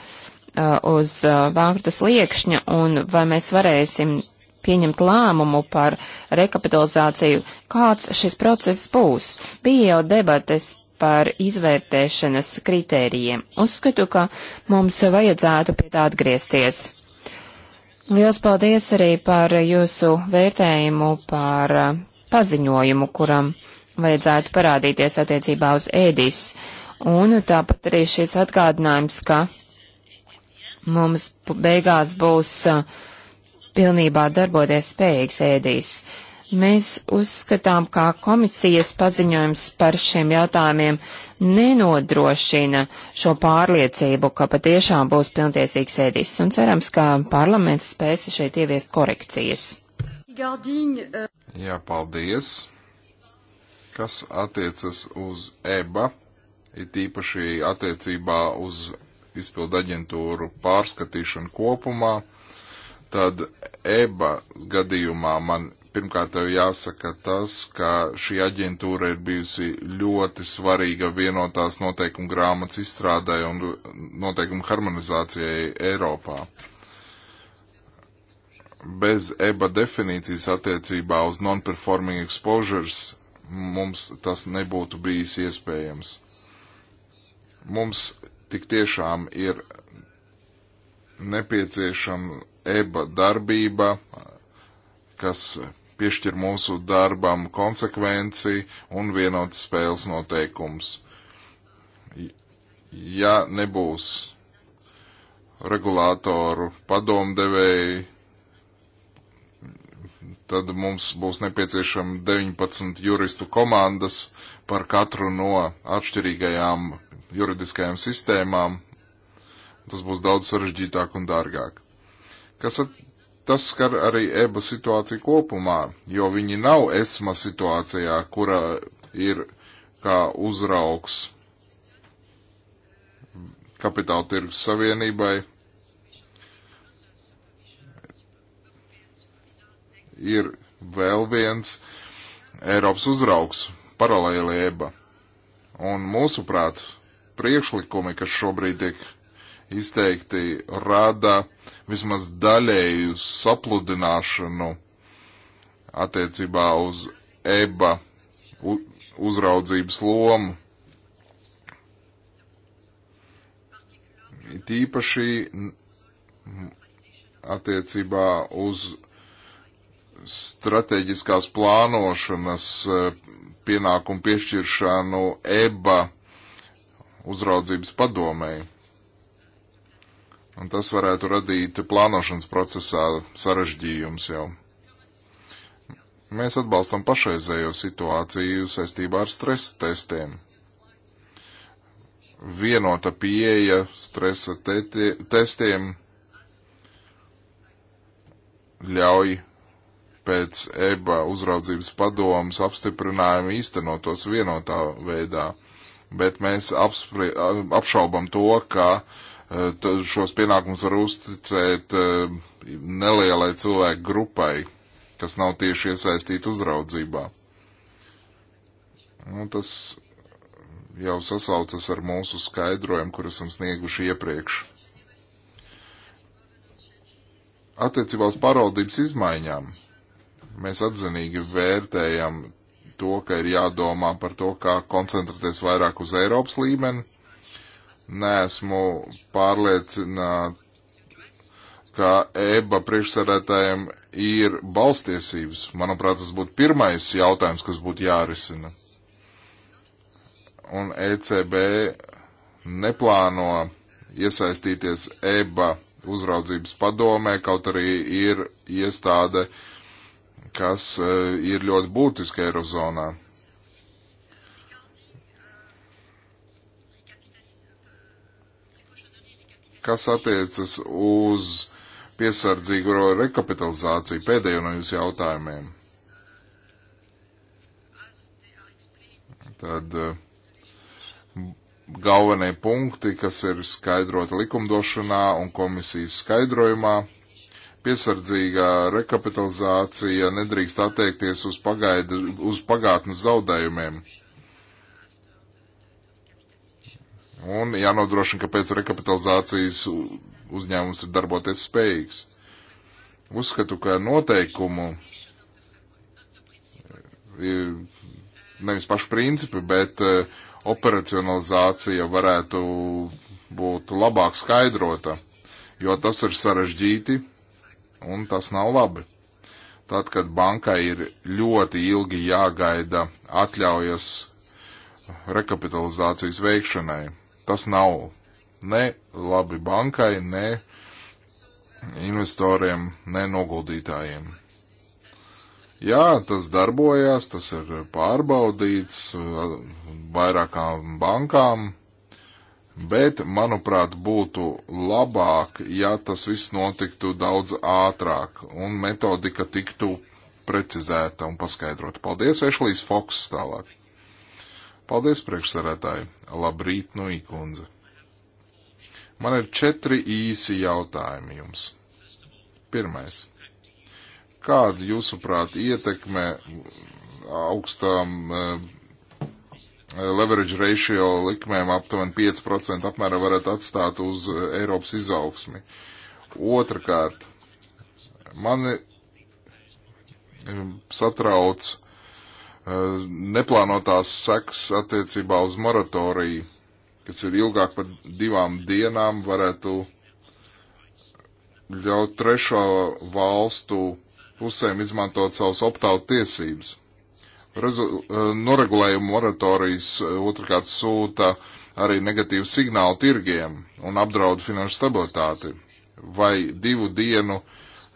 uz uh, bankrota sliekšņa un vai mēs varēsim pieņemt lēmumu par rekapitalizāciju, kāds šis process būs. Bija jau debates par izvērtēšanas kritērijiem. Uzskatu, ka mums vajadzētu pie tā atgriezties. Liels paldies arī par jūsu vērtējumu par uh, paziņojumu, kuram vajadzētu parādīties attiecībā uz ēdis. Un tāpat arī šis atgādinājums, ka mums beigās būs uh, pilnībā darboties spējīgs ēdīs. Mēs uzskatām, kā komisijas paziņojums par šiem jautājumiem nenodrošina šo pārliecību, ka patiešām būs pilntiesīgs ēdis, un cerams, ka parlaments spēs šeit ieviest korekcijas. Eh, Jā, paldies. Kas attiecas uz EBA, it īpaši attiecībā uz izpildu aģentūru pārskatīšanu kopumā, tad EBA gadījumā man pirmkārt tev jāsaka tas, ka šī aģentūra ir bijusi ļoti svarīga vienotās noteikuma grāmatas izstrādē un noteikuma harmonizācijai Eiropā. Bez EBA definīcijas attiecībā uz non-performing exposures mums tas nebūtu bijis iespējams. Mums tik tiešām ir nepieciešama EBA darbība, kas piešķir mūsu darbam konsekvenci un vienotas spēles noteikums. Ja nebūs regulātoru padomdevēji, tad mums būs nepieciešama 19 juristu komandas par katru no atšķirīgajām juridiskajām sistēmām. Tas būs daudz sarežģītāk un dārgāk. Kas at Tas skar arī EBA situāciju kopumā, jo viņi nav ESMA situācijā, kura ir kā uzraugs kapitāla tirgus savienībai. Ir vēl viens Eiropas uzraugs paralēli EBA. Un mūsuprāt, priekšlikumi, kas šobrīd tiek izteikti rada vismaz daļēju sapludināšanu attiecībā uz EBA uzraudzības lomu. Tīpaši attiecībā uz strateģiskās plānošanas e, pienākumu piešķiršanu EBA uzraudzības padomēji un tas varētu radīt plānošanas procesā sarežģījums jau. Mēs atbalstam pašreizējo situāciju saistībā ar stresa testiem. Vienota pieeja stresa te te testiem ļauj pēc EBA uzraudzības padomas apstiprinājuma īstenotos vienotā veidā, bet mēs apspri, apšaubam to, ka uh, Eh, šos pienākumus var uzticēt eh, nelielai cilvēku grupai, kas nav tieši iesaistīti uzraudzībā. Nu, tas jau sasaucas ar mūsu skaidrojumu, kur esam snieguši iepriekš. Attiecībā uz pārvaldības izmaiņām mēs atzinīgi vērtējam to, ka ir jādomā par to, kā koncentrēties vairāk uz Eiropas līmeni neesmu pārliecināts, ka EBA priekšsarētājiem ir balstiesības. Manuprāt, tas būtu pirmais jautājums, kas būtu jārisina. Un ECB neplāno iesaistīties EBA uzraudzības padomē, kaut arī ir iestāde, kas eh, ir ļoti būtiska Eirozonā. Kas attiecas uz piesardzīgo rekapitalizāciju pēdējo no jūsu jautājumiem? Tad eh, galvenie punkti, kas ir skaidroti likumdošanā un komisijas skaidrojumā piesardzīgā rekapitalizācija nedrīkst attiekties uz, pagaidu, uz pagātnes zaudējumiem. Un jānodrošina, ka pēc rekapitalizācijas uzņēmums ir darboties spējīgs. Uzskatu, ka noteikumu e, nevis paši principi, bet e, operacionalizācija varētu būt labāk skaidrota, jo tas ir sarežģīti un tas nav labi. Tad, kad bankai ir ļoti ilgi jāgaida atļaujas rekapitalizācijas veikšanai. Tas nav ne labi bankai, ne investoriem, ne noguldītājiem. Jā, tas darbojās, tas ir pārbaudīts vairākām bankām, bet, manuprāt, būtu labāk, ja tas viss notiktu daudz ātrāk un metodika tiktu precizēta un paskaidrota. Paldies, Ešlīs Foks tālāk. Paldies, priekšsarētāji! Labrīt, no nu, īkundze! Man ir četri īsi jautājumi jums. Pirmais. Kāda, jūsuprāt, ietekme augstām uh, leverage ratio likmēm aptuveni 5% apmērā varētu atstāt uz eh, Eiropas izaugsmi? Otrakārt, mani eh, satrauc uh, Eh, neplānotās sekas attiecībā uz moratoriju, kas ir ilgāk par divām dienām, varētu ļaut trešo valstu pusēm izmantot savus optautu tiesības. Rezu, eh, noregulējumu moratorijas eh, otrkārt sūta arī negatīvu signālu tirgiem un apdraud finanšu stabilitāti. Vai divu dienu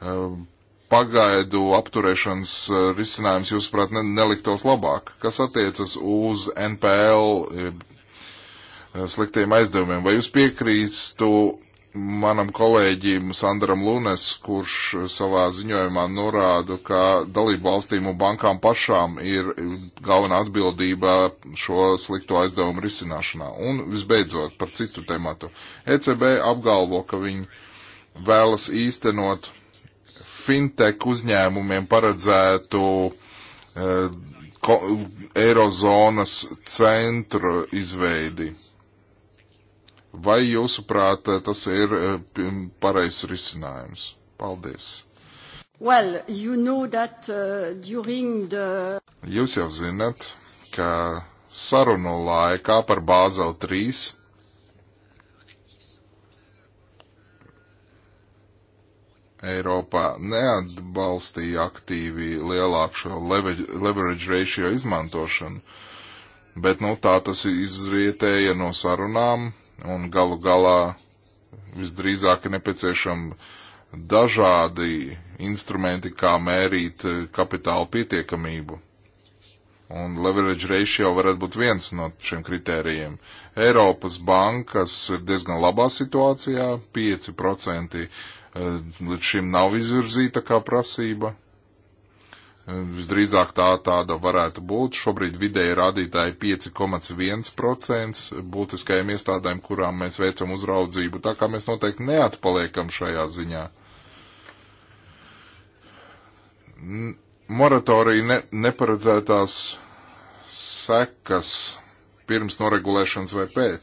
um, pagaidu apturēšanas eh, risinājums, jūsuprāt, ne, neliktos labāk? Kas attiecas uz NPL eh, sliktiem aizdevumiem? Vai jūs piekrīstu manam kolēģim Sandram Lunes, kurš savā ziņojumā norāda, ka dalību valstīm un bankām pašām ir galvenā atbildība šo slikto aizdevumu risināšanā? Un visbeidzot par citu tematu. ECB apgalvo, ka viņi vēlas īstenot fintech uzņēmumiem paredzētu uh, ko, Eirozonas centru izveidi. Vai jūsuprāt eh, tas ir uh, pareizs risinājums? Paldies! Well, you know that, uh, during the... Jūs jau zinat, ka sarunu laikā par Bāzeli 3 Eiropā neatbalstīja aktīvi lielāku šo leverage ratio izmantošanu, bet nu, tā tas izrietēja no sarunām un galu galā visdrīzāk ir nepieciešami dažādi instrumenti, kā mērīt kapitāla pietiekamību. Un leverage ratio varētu būt viens no šiem kritērijiem. Eiropas bankas ir diezgan labā situācijā, 5% Eh, līdz šim nav izvirzīta kā prasība. Eh, visdrīzāk tā tāda varētu būt. Šobrīd vidēji rādītāji 5,1% būtiskajiem iestādēm, kurām mēs veicam uzraudzību, tā kā mēs noteikti neatpaliekam šajā ziņā. Moratorija ne, neparedzētās sekas pirms noregulēšanas vai pēc.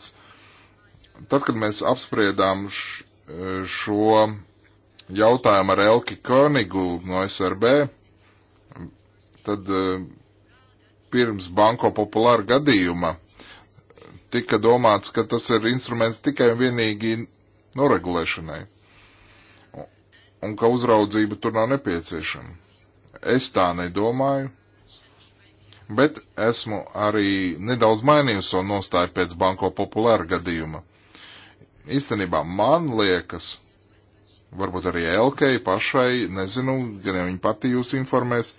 Tad, kad mēs apspriedām š, eh, šo jautājumu ar Elki Konigu no SRB, tad e, pirms Banko populāra gadījuma e, tika domāts, ka tas ir instruments tikai un vienīgi noregulēšanai un ka uzraudzība tur nav nepieciešama. Es tā nedomāju, bet esmu arī nedaudz mainījusi savu nostāju pēc banko populāra gadījuma. Īstenībā man liekas, varbūt arī Elkei pašai, nezinu, gan ja viņa pati jūs informēs,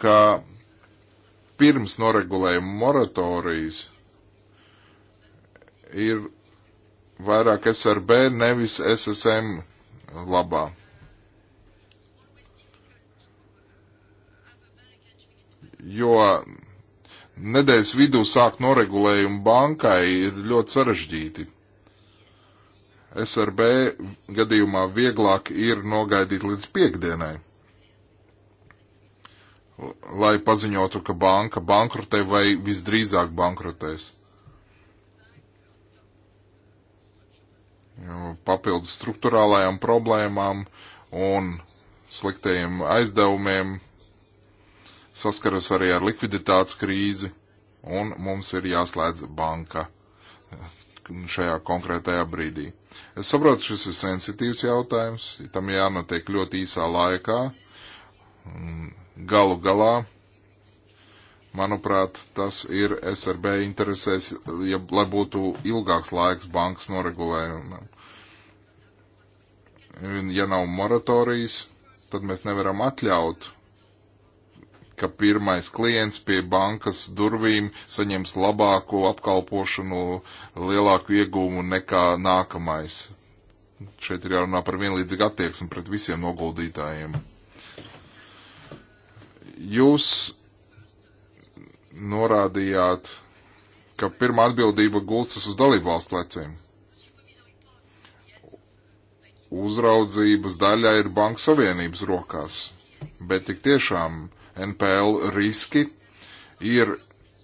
ka pirms noregulējuma moratorijas ir vairāk SRB nevis SSM labā. Jo nedēļas vidū sākt noregulējumu bankai ir ļoti sarežģīti. SRB gadījumā vieglāk ir nogaidīt līdz piekdienai, lai paziņotu, ka banka bankrotē vai visdrīzāk bankrotēs. Papildus struktūrālajām problēmām un sliktajiem aizdevumiem saskaras arī ar likviditātes krīzi un mums ir jāslēdz banka šajā konkrētajā brīdī. Es saprotu, šis ir sensitīvs jautājums, tam jānotiek ļoti īsā laikā. Galu galā, manuprāt, tas ir SRB interesēs, ja, lai būtu ilgāks laiks bankas noregulējumam. Ja nav moratorijas, tad mēs nevaram atļaut ka pirmais klients pie bankas durvīm saņems labāko apkalpošanu, lielāku iegūmu nekā nākamais. Šeit ir jārunā par vienlīdzīgu attieksmi pret visiem noguldītājiem. Jūs norādījāt, ka pirmā atbildība gulstas uz dalībvalstu pleciem. Uzraudzības daļa ir Banka Savienības rokās, bet tik tiešām uh, NPL riski, ir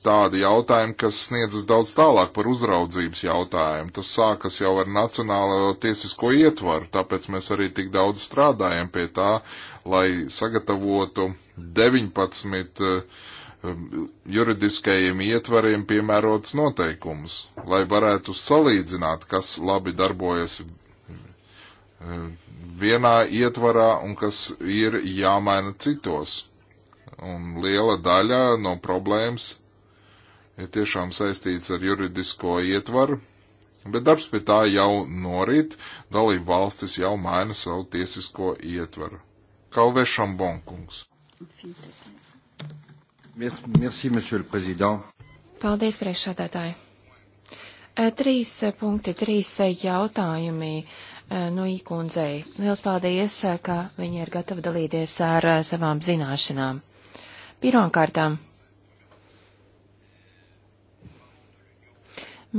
tādi jautājumi, kas sniedzas daudz tālāk par uzraudzības jautājumu. Tas sākas jau ar nacionālo tiesisko ietvaru, tāpēc mēs arī tik daudz strādājam pie tā, lai sagatavotu 19 um, juridiskajiem ietvariem piemērots noteikumus, lai varētu salīdzināt, kas labi darbojas um, vienā ietvarā un kas ir jāmaina citos. Un liela daļa no problēmas ir tiešām saistīts ar juridisko ietvaru, bet darbs pie tā jau norit, dalību valstis jau maina savu tiesisko ietvaru. Kalvē Šambonkungs. Merci, monsieur le président. Paldies, priekšsādātāji. Trīs punkti, trīs jautājumi no īkundzei. Liels paldies, ka viņa ir gatava dalīties ar savām zināšanām. Pirmkārtām,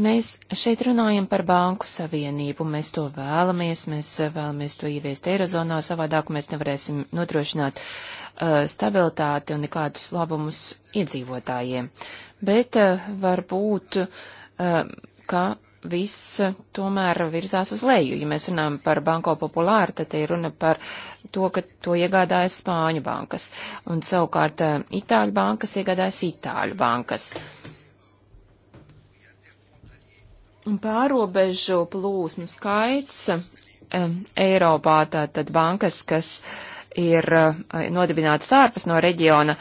mēs šeit runājam par banku savienību, mēs to vēlamies, mēs vēlamies to ieviest Eirozonā, savādāk mēs nevarēsim nodrošināt uh, stabilitāti un nekādus labumus iedzīvotājiem. Bet uh, varbūt, uh, ka viss eh, tomēr virzās uz leju. Ja mēs runājam par Banko Populāru, tad ir runa par to, ka to iegādājas Spāņu bankas, un savukārt eh, Itāļu bankas iegādājas Itāļu bankas. Un pārobežu plūsmu skaits eh, Eiropā, tātad bankas, kas ir nodibinātas ārpus no reģiona,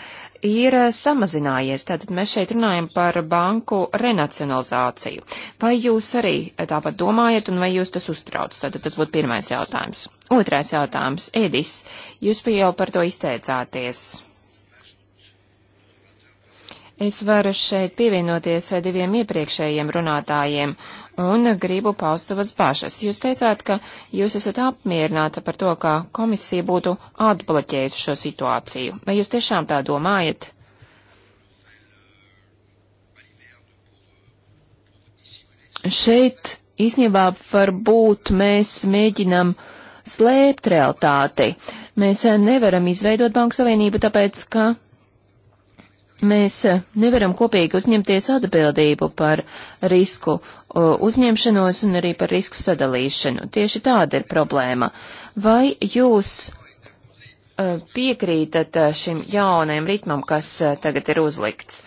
ir eh, samazinājies. Tātad mēs šeit runājam par banku renacionalizāciju. Vai jūs arī tāpat domājat un vai jūs tas uztrauc? Tātad tas būtu pirmais jautājums. Otrais jautājums. Edis, jūs jau par to izteicāties. Es varu šeit pievienoties diviem iepriekšējiem runātājiem un gribu paust savas bažas. Jūs teicāt, ka jūs esat apmierināta par to, ka komisija būtu atbloķējusi šo situāciju. Vai jūs tiešām tā domājat? Šeit īsnībā varbūt mēs mēģinam slēpt realtāti. Mēs nevaram izveidot Banku Savienību, tāpēc, ka mēs eh, nevaram kopīgi uzņemties atbildību par risku uzņemšanos un arī par risku sadalīšanu. Tieši tāda ir problēma. Vai jūs eh, piekrītat eh, šim jaunajam ritmam, kas tagad ir uzlikts?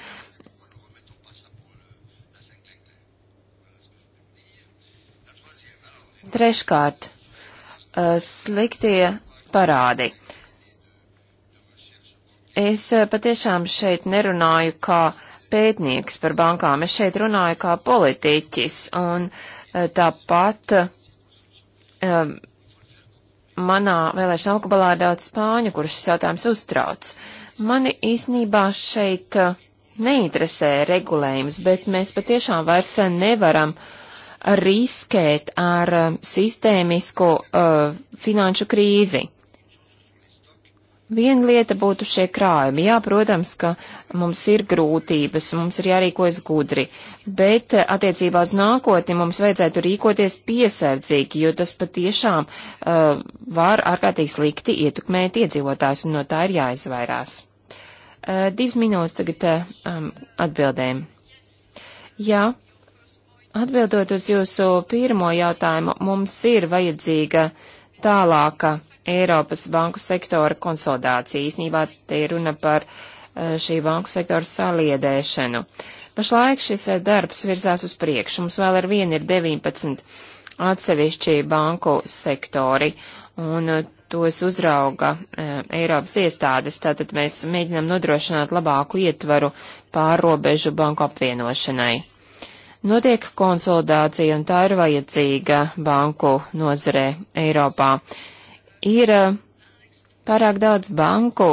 Treškārt, sliktie parādi. Uh, Es eh, patiešām šeit nerunāju kā pētnieks par bankām, es šeit runāju kā politiķis, un eh, tāpat um, manā vēlēšana augubalā ir daudz spāņu, kurus šis jautājums uztrauc. Mani īsnībā šeit neinteresē regulējums, bet mēs patiešām vairs nevaram riskēt ar sistēmisku uh, finanšu krīzi. Viena lieta būtu šie krājumi. Jā, protams, ka mums ir grūtības, mums ir jārīkojas gudri, bet eh, attiecībā uz nākotni mums vajadzētu rīkoties piesardzīgi, jo tas patiešām uh, var ārkārtīgi slikti ietekmēt iedzīvotājs un no tā ir jāizvairās. Uh, divas minūtes tagad um, atbildēm. Jā, atbildot uz jūsu pirmo jautājumu, mums ir vajadzīga tālāka Eiropas banku sektora konsolidācija. Īsnībā te ir runa par eh, šī banku sektora saliedēšanu. Pašlaik šis eh, darbs virzās uz priekšu. Mums vēl ar vienu ir 19 atsevišķi banku sektori, un eh, tos uzrauga e, Eiropas iestādes. Tātad mēs mēģinām nodrošināt labāku ietvaru pārrobežu banku apvienošanai. Notiek konsolidācija, un tā ir vajadzīga banku nozarē Eiropā ir eh, pārāk daudz banku,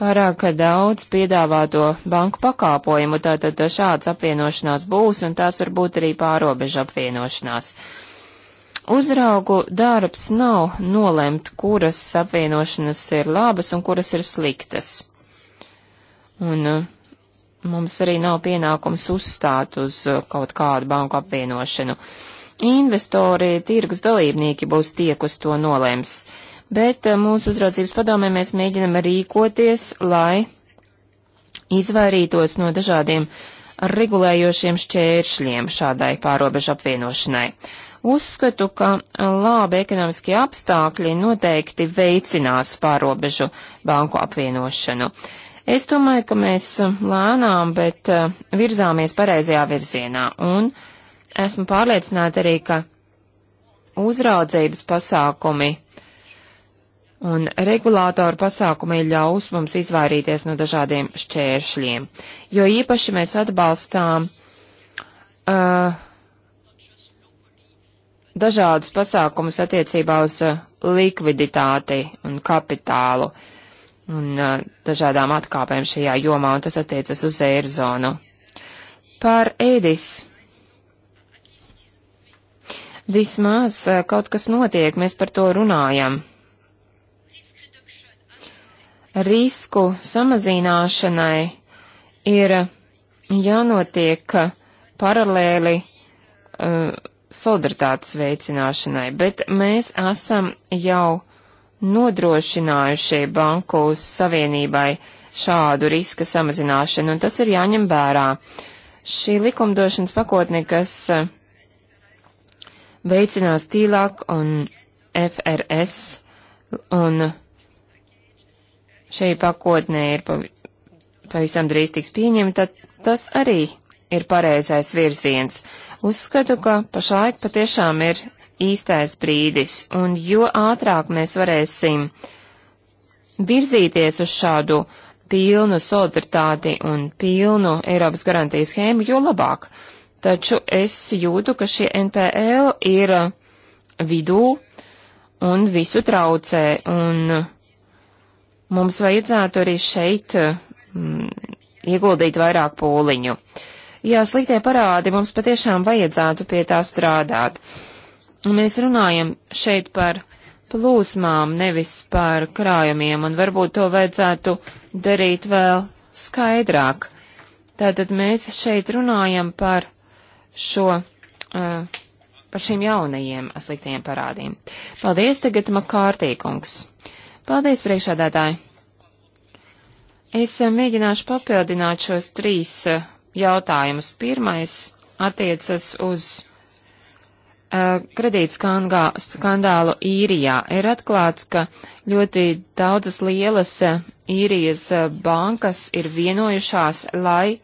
pārāk daudz piedāvāto banku pakāpojumu, tātad eh, šāds apvienošanās būs, un tās var būt arī pārobežu apvienošanās. Uzraugu darbs nav nolemt, kuras apvienošanas ir labas un kuras ir sliktas. Un eh, mums arī nav pienākums uzstāt uz kaut kādu banku apvienošanu. Uh, investori, tirgus dalībnieki būs tie, kas to nolems. Bet eh, mūsu uzraudzības padomē mēs mēģinam rīkoties, lai izvairītos no dažādiem regulējošiem šķēršļiem šādai pārobežu apvienošanai. Uzskatu, ka labi ekonomiskie apstākļi noteikti veicinās pārobežu banku apvienošanu. Es domāju, ka mēs lēnām, bet eh, virzāmies pareizajā virzienā, un uh, Esmu pārliecināta arī, ka uzraudzības pasākumi un regulātoru pasākumi ļaus mums izvairīties no dažādiem šķēršļiem, jo īpaši mēs atbalstām uh, dažādus pasākumus attiecībā uz uh, likviditāti un kapitālu un uh, dažādām atkāpēm šajā jomā, un tas attiecas uz eirozonu. Par ēdis Vismaz eh, kaut kas notiek, mēs par to runājam. Risku samazināšanai ir jānotiek eh, paralēli uh, solidaritātes veicināšanai, bet mēs esam jau nodrošinājušie banku savienībai šādu riska samazināšanu, un tas ir jāņem vērā. Šī likumdošanas pakotne, kas uh, veicinās tīlāk un FRS, un šī pakotnē ir pavisam drīz tiks pieņemta, tas arī ir pareizais virziens. Uzskatu, ka pašlaik patiešām ir īstais brīdis, un jo ātrāk mēs varēsim virzīties uz šādu pilnu solidaritāti un pilnu Eiropas garantijas schēmu, jo labāk taču es jūtu, ka šie NPL ir vidū un visu traucē, un mums vajadzētu arī šeit mm, ieguldīt vairāk pūliņu. Jā, sliktie parādi mums patiešām vajadzētu pie tā strādāt. Mēs runājam šeit par plūsmām, nevis par krājumiem, un varbūt to vajadzētu darīt vēl skaidrāk. Tātad mēs šeit runājam par šo, uh, par šiem jaunajiem sliktajiem parādiem. Paldies tagad Makārtīkungs. Paldies priekšādātāji. Es uh, mēģināšu papildināt šos trīs uh, jautājumus. Pirmais attiecas uz kredītskandālu īrijā. Ir atklāts, ka ļoti daudzas lielas īrijas bankas ir vienojušās, lai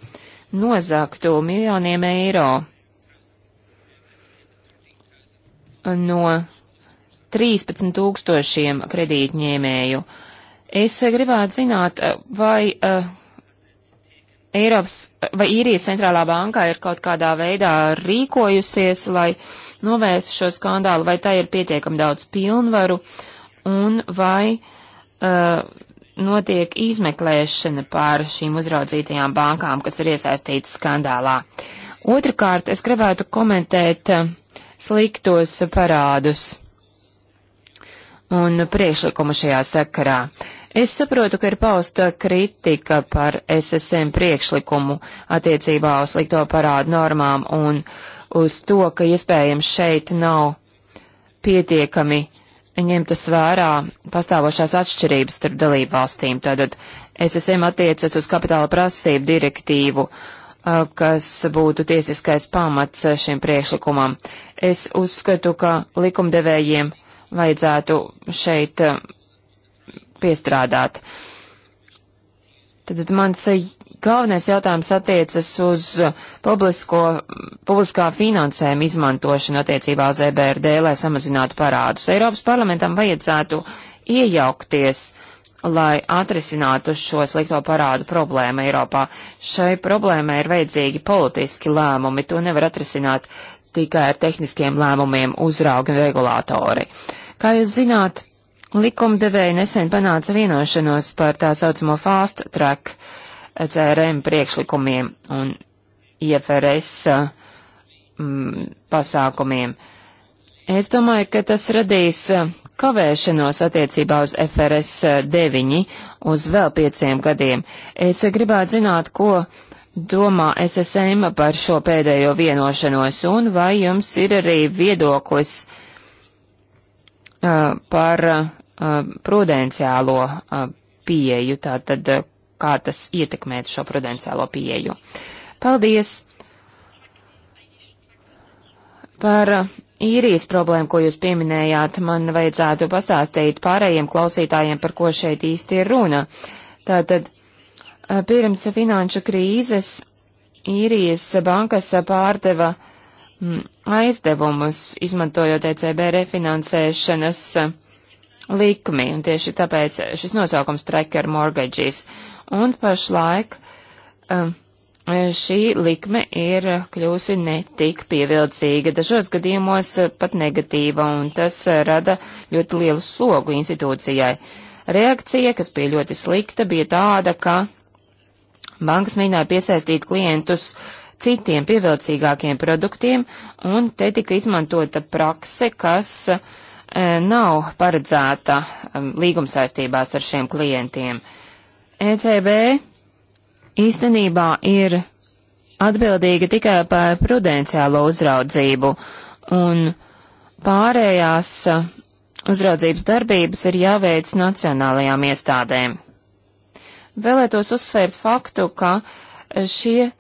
nozaktu miljoniem eiro no 13 tūkstošiem kredītņēmēju. Es eh, gribētu zināt, eh, vai uh, Eiropas vai īrijas centrālā bankā ir kaut kādā veidā rīkojusies, lai novērstu šo skandālu, vai tai ir pietiekami daudz pilnvaru un vai uh, notiek izmeklēšana pār šīm uzraudzītajām bankām, kas ir iesaistītas skandālā. Otrakārt, es gribētu komentēt uh, sliktos parādus un priekšlikumu šajā sakarā. Es saprotu, ka ir pausta kritika par SSM priekšlikumu attiecībā uz slikto parādu normām un uz to, ka iespējams šeit nav pietiekami ņemtas vērā pastāvošās atšķirības starp dalībvalstīm. Tātad SSM attiecas uz kapitāla prasību direktīvu Uh, kas būtu tiesiskais pamats šim priekšlikumam. Es uzskatu, ka likumdevējiem vajadzētu šeit uh, piestrādāt. Tad mans galvenais jautājums attiecas uz publisko, publiskā finansējuma izmantošanu attiecībā uz EBRD, lai samazinātu parādus. Eiropas parlamentam vajadzētu iejaukties uh, lai atrisinātu šo slikto parādu problēmu Eiropā. Šai problēmai ir vajadzīgi politiski lēmumi, to nevar atrisināt tikai ar tehniskiem lēmumiem uzraugi un regulātori. Kā jūs zināt, likumdevēji nesen panāca vienošanos par tā saucamo fast track e CRM priekšlikumiem un IFRS mm, pasākumiem. Es domāju, ka tas radīs kavēšanos attiecībā uz FRS 9 eh, uz vēl pieciem gadiem. Es gribētu zināt, ko domā SSM par šo pēdējo vienošanos un vai jums ir arī viedoklis uh, par uh, prudenciālo uh, pieeju, tātad kā tas ietekmētu šo prudenciālo pieeju. Paldies! Par uh, īrijas problēmu, ko jūs pieminējāt, man vajadzētu pastāstīt pārējiem klausītājiem, par ko šeit īsti ir runa. Tātad, uh, pirms finanšu krīzes īrijas bankas pārdeva mm, aizdevumus, izmantojot ECB refinansēšanas uh, likmi, un tieši tāpēc šis nosaukums tracker mortgages. Un pašlaik um, šī likme ir kļūsi netik pievilcīga, dažos gadījumos pat negatīva, un tas rada ļoti lielu slogu institūcijai. Reakcija, kas bija ļoti slikta, bija tāda, ka bankas mēģināja piesaistīt klientus citiem pievilcīgākiem produktiem, un te tika izmantota prakse, kas e, nav paredzēta e, līgumsaistībās ar šiem klientiem. ECB īstenībā ir atbildīga tikai par prudenciālo uzraudzību, un pārējās uh, uzraudzības darbības ir jāveic nacionālajām iestādēm. Vēlētos uzsvērt faktu, ka šie uh,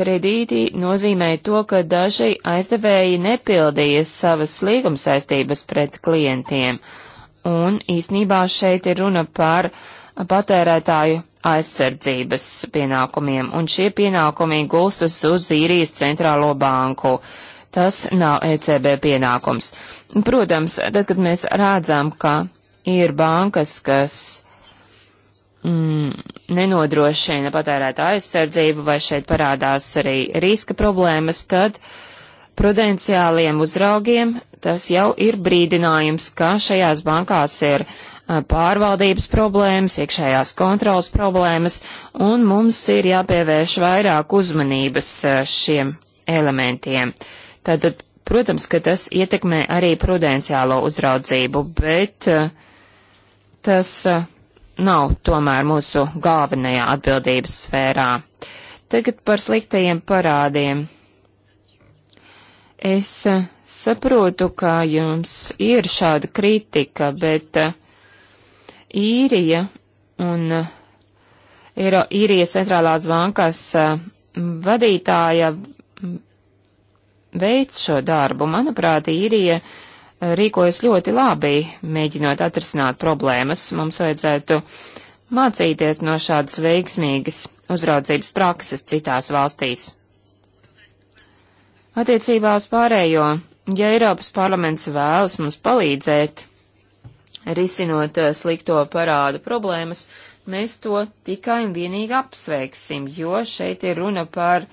kredīti nozīmēja to, ka daži aizdevēji nepildīja savas līgumsaistības pret klientiem, un īsnībā šeit ir runa par patērētāju aizsardzības pienākumiem, un šie pienākumi gulstas uz īrijas centrālo banku. Tas nav ECB pienākums. Protams, tad, kad mēs rādzām, ka ir bankas, kas mm, nenodrošina patērētā aizsardzību, vai šeit parādās arī riska problēmas, tad prudenciāliem uzraugiem tas jau ir brīdinājums, ka šajās bankās ir uh, pārvaldības problēmas, iekšējās kontrolas problēmas, un mums ir jāpievērš vairāk uzmanības šiem elementiem. Tātad, protams, ka tas ietekmē arī prudenciālo uzraudzību, bet tas nav tomēr mūsu galvenajā atbildības sfērā. Tagad par sliktajiem parādiem. Es saprotu, ka jums ir šāda kritika, bet uh, īrija un eh, ir īrijas centrālās bankas eh, vadītāja veids šo darbu. Manuprāt, īrija eh, rīkojas ļoti labi, mēģinot atrisināt problēmas. Mums vajadzētu mācīties no šādas veiksmīgas uzraudzības prakses citās valstīs. Attiecībā uz pārējo, ja Eiropas parlaments vēlas mums palīdzēt, risinot eh, slikto parādu problēmas, mēs to tikai un vienīgi apsveiksim, jo šeit ir runa par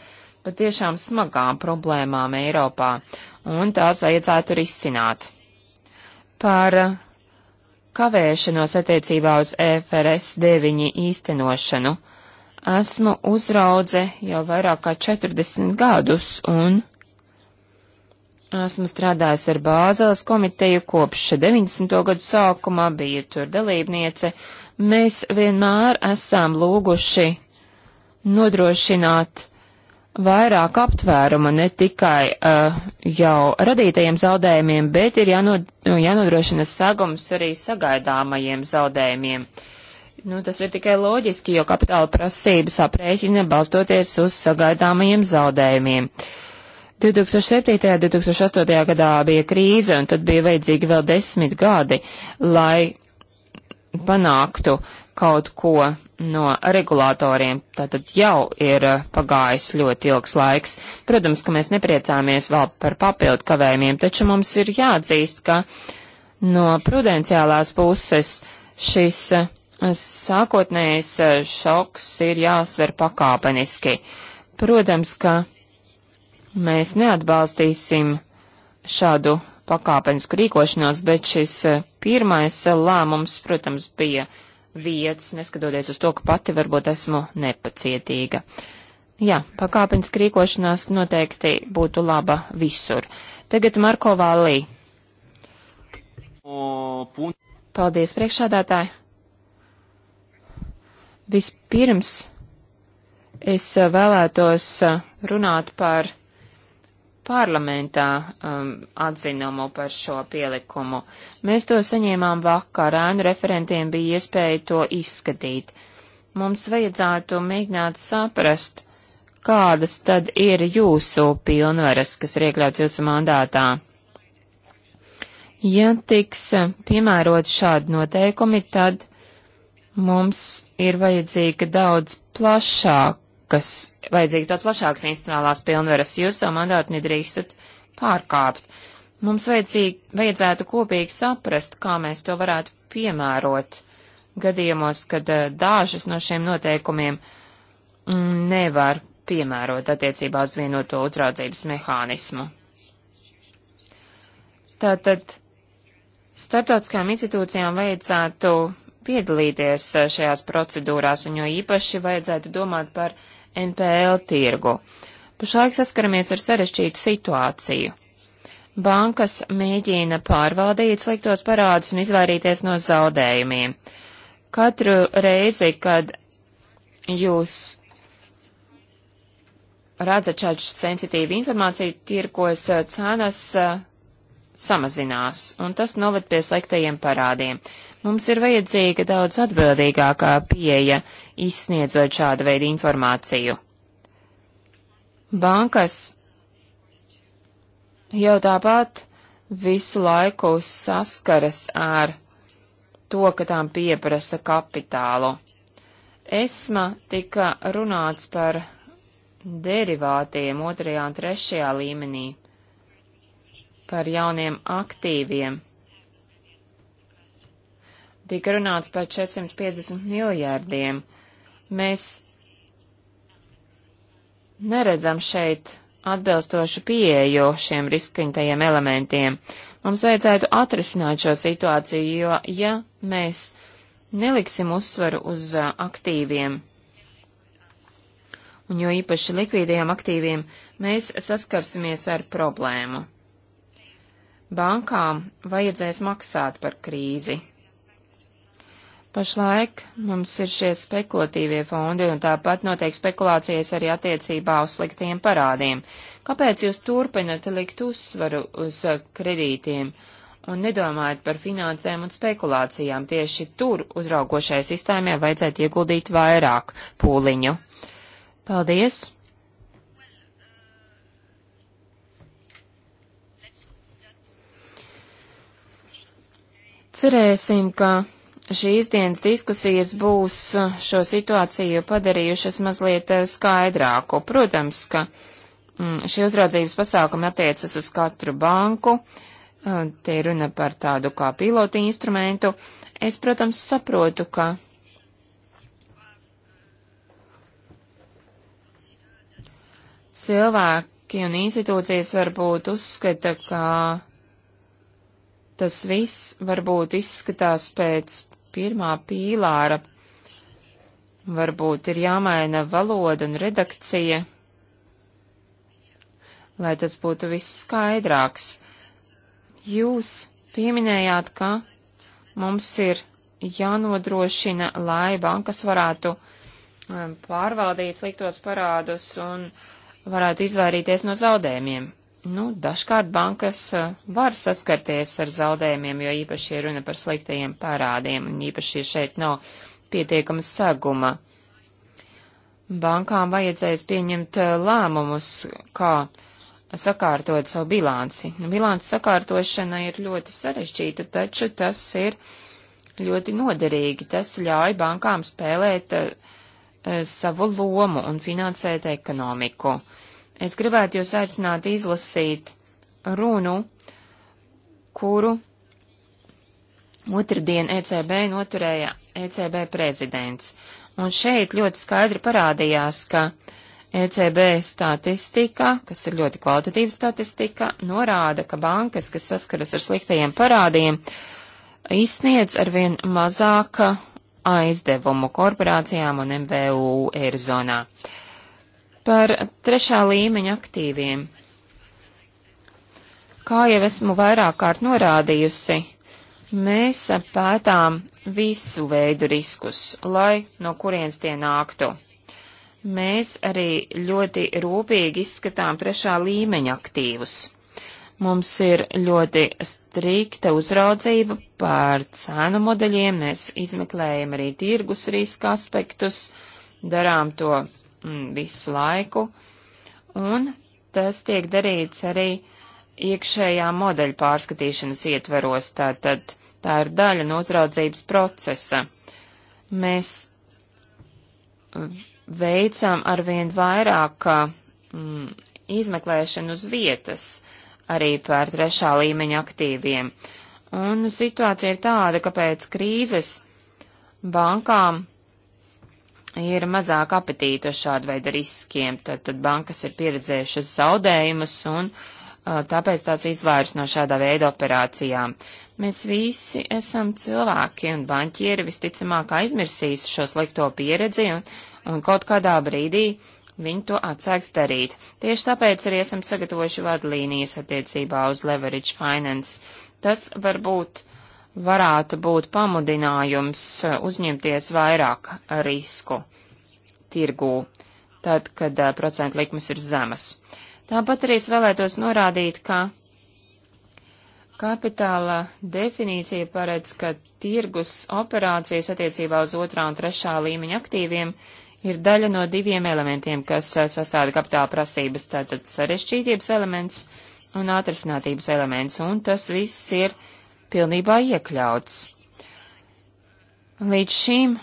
patiešām smagām problēmām Eiropā, un tās vajadzētu risināt. Par eh, kavēšanos attiecībā uz EFRS 9 īstenošanu esmu uzraudze jau vairāk kā 40 gadus, un Esmu strādājusi ar Bāzeles komiteju kopš 90. gadu sākumā, biju tur dalībniece. Mēs vienmēr esam lūguši nodrošināt vairāk aptvēruma ne tikai uh, jau radītajiem zaudējumiem, bet ir jānod, nu, jānodrošina sagums arī sagaidāmajiem zaudējumiem. Nu, tas ir tikai loģiski, jo kapitāla prasības aprēķina balstoties uz sagaidāmajiem zaudējumiem. Uh, 2007. un 2008. gadā bija krīze, un tad bija vajadzīgi vēl desmit gadi, lai panāktu kaut ko no regulātoriem. Tātad jau ir eh, pagājis ļoti ilgs laiks. Protams, ka mēs nepriecāmies vēl par papildu kavējumiem, taču mums ir jāatzīst, ka no prudenciālās puses šis eh, sākotnējais eh, šoks ir jāsver pakāpeniski. Protams, ka Mēs neatbalstīsim šādu pakāpenisku rīkošanos, bet šis eh, pirmais lēmums, protams, bija vietas, neskatoties uz to, ka pati varbūt esmu nepacietīga. Jā, pakāpeniski rīkošanās noteikti būtu laba visur. Tagad Marko Vālī. Paldies, priekšādātāji. Vispirms es eh, vēlētos eh, runāt par parlamentā um, atzinumu par šo pielikumu. Mēs to saņēmām vakar, ēnu referentiem bija iespēja to izskatīt. Mums vajadzētu mēģināt saprast, kādas tad ir jūsu pilnvaras, kas ir iekļauts jūsu mandātā. Ja tiks uh, piemērot šādi noteikumi, tad mums ir vajadzīga daudz plašāk rokas, vajadzīgs daudz plašāks institucionālās pilnveras, jūs savu mandātu nedrīkstat pārkāpt. Mums vajadzīgi, vajadzētu kopīgi saprast, kā mēs to varētu piemērot gadījumos, kad eh, dažas no šiem noteikumiem nevar piemērot attiecībā uz vienoto uzraudzības mehānismu. Tātad starptautiskajām institūcijām vajadzētu piedalīties eh, šajās procedūrās, un jo īpaši vajadzētu domāt par NPL tirgu. Pašlaik saskaramies ar sarešķītu situāciju. Bankas mēģina pārvaldīt sliktos parādus un izvairīties no zaudējumiem. Katru reizi, kad jūs redzat šādu sensitīvu informāciju tirkos, cenas samazinās, un tas noved pie sliktajiem parādiem. Mums ir vajadzīga daudz atbildīgākā pieeja, izsniedzot šādu veidu informāciju. Bankas jau tāpat visu laiku saskaras ar to, ka tām pieprasa kapitālu. Esma tika runāts par derivātiem otrajā un trešajā līmenī par jauniem aktīviem. Tika runāts par 450 miljārdiem. Mēs neredzam šeit atbilstošu pieeju šiem riskaņtajiem elementiem. Mums vajadzētu atrisināt šo situāciju, jo, ja mēs neliksim uzsvaru uz uh, aktīviem, un jo īpaši likvīdajiem aktīviem, mēs saskarsimies ar problēmu bankām vajadzēs maksāt par krīzi. Pašlaik mums ir šie spekulatīvie fondi, un tāpat notiek spekulācijas arī attiecībā uz sliktiem parādiem. Kāpēc jūs turpinat likt uzsvaru uz kredītiem un nedomājat par finansēm un spekulācijām? Tieši tur uzraugošajai sistēmai vajadzētu ieguldīt vairāk pūliņu. Paldies! Cerēsim, ka šīs dienas diskusijas būs eh, šo situāciju padarījušas mazliet eh, skaidrāku. Protams, ka mm, šie uzraudzības pasākumi attiecas uz katru banku, eh, te runa par tādu kā pilotu instrumentu. Es, protams, saprotu, ka cilvēki un institūcijas varbūt uzskata, ka Tas viss varbūt izskatās pēc pirmā pīlāra. Varbūt ir jāmaina valoda un redakcija, lai tas būtu viss skaidrāks. Jūs pieminējāt, ka mums ir jānodrošina, lai bankas varētu um, pārvaldīt sliktos parādus un varētu izvairīties no zaudējumiem. Nu, dažkārt bankas eh, var saskarties ar zaudējumiem, jo īpaši ir runa par sliktajiem parādiem, un īpaši šeit nav pietiekama saguma. Bankām vajadzēs pieņemt eh, lēmumus, kā sakārtot savu bilanci. Nu, Bilants sakārtošana ir ļoti sarežģīta, taču tas ir ļoti noderīgi. Tas ļauj bankām spēlēt uh, savu lomu un finansēt ekonomiku. Uh, Es gribētu jūs aicināt izlasīt runu, kuru otrdien ECB noturēja ECB prezidents. Un šeit ļoti skaidri parādījās, ka ECB statistika, kas ir ļoti kvalitatīva statistika, norāda, ka bankas, kas saskaras ar sliktajiem parādiem, izsniedz arvien mazāk aizdevumu korporācijām un MVU Eirozonā. Uh, Par trešā līmeņa aktīviem. Kā jau esmu vairāk kārt norādījusi, mēs pētām visu veidu riskus, lai no kurienes tie nāktu. Mēs arī ļoti rūpīgi izskatām trešā līmeņa aktīvus. Mums ir ļoti strikta uzraudzība pār cēnu modeļiem, mēs izmeklējam arī tirgus riska aspektus, darām to Mm, visu laiku, un tas tiek darīts arī iekšējā modeļa pārskatīšanas ietveros, tātad tā ir daļa no uzraudzības procesa. Mēs veicam arvien vairāk mm, izmeklēšanu uz vietas, arī par trešā līmeņa aktīviem. Un situācija ir tāda, ka pēc krīzes bankām ir mazāk apetīta šādu veidu riskiem, tad, tad bankas ir pieredzējušas zaudējumus un uh, tāpēc tās izvairs no šāda veida operācijām. Mēs visi esam cilvēki un banķieri visticamāk aizmirsīs šo slikto pieredzi un, un kaut kādā brīdī viņi to atsāks darīt. Tieši tāpēc arī esam sagatavojuši vadlīnijas attiecībā uz leverage finance. Tas var būt varētu būt pamudinājums uzņemties vairāk risku tirgū, tad, kad procentu likmes ir zemas. Tāpat arī es vēlētos norādīt, ka kapitāla definīcija paredz, ka tirgus operācijas attiecībā uz otrā un trešā līmeņa aktīviem ir daļa no diviem elementiem, kas sastāda kapitāla prasības, tātad sarešķītības elements un atrisinātības elements, un tas viss ir uh, pilnībā iekļauts. Līdz šim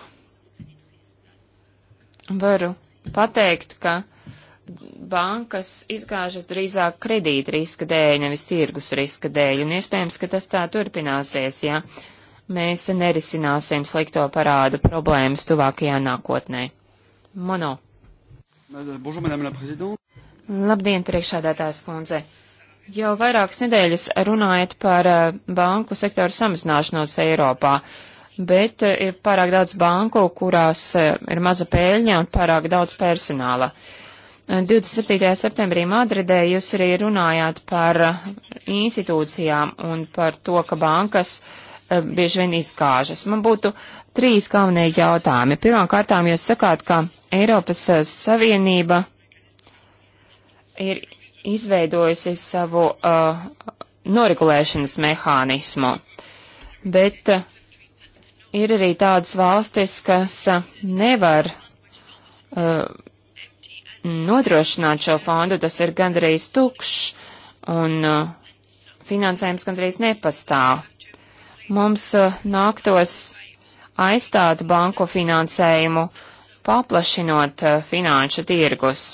varu pateikt, ka bankas izgāžas drīzāk kredīta riska dēļ, nevis tirgus riska dēļ, un iespējams, ka tas tā turpināsies, ja mēs nerisināsim slikto parādu problēmas tuvākajā nākotnē. Mono. Bonjour, Labdien, priekšādātājs kundze. Jau vairākas nedēļas runājat par eh, banku sektoru samazināšanos Eiropā, bet eh, ir pārāk daudz banku, kurās eh, ir maza pēļņa un pārāk daudz personāla. 27. septembrī Madridē jūs arī runājāt par institūcijām un par to, ka bankas bieži vien izkāžas. Man būtu trīs galvenie jautājumi. Pirmkārtām jūs sakāt, ka Eiropas Savienība ir izveidojusi savu uh, noregulēšanas mehānismu, bet uh, ir arī tādas valstis, kas uh, nevar uh, nodrošināt šo fondu, tas ir gandrīz tukšs un uh, finansējums gandrīz nepastāv. Mums uh, nāktos aizstāt banku finansējumu, paplašinot uh, finanšu tirgus.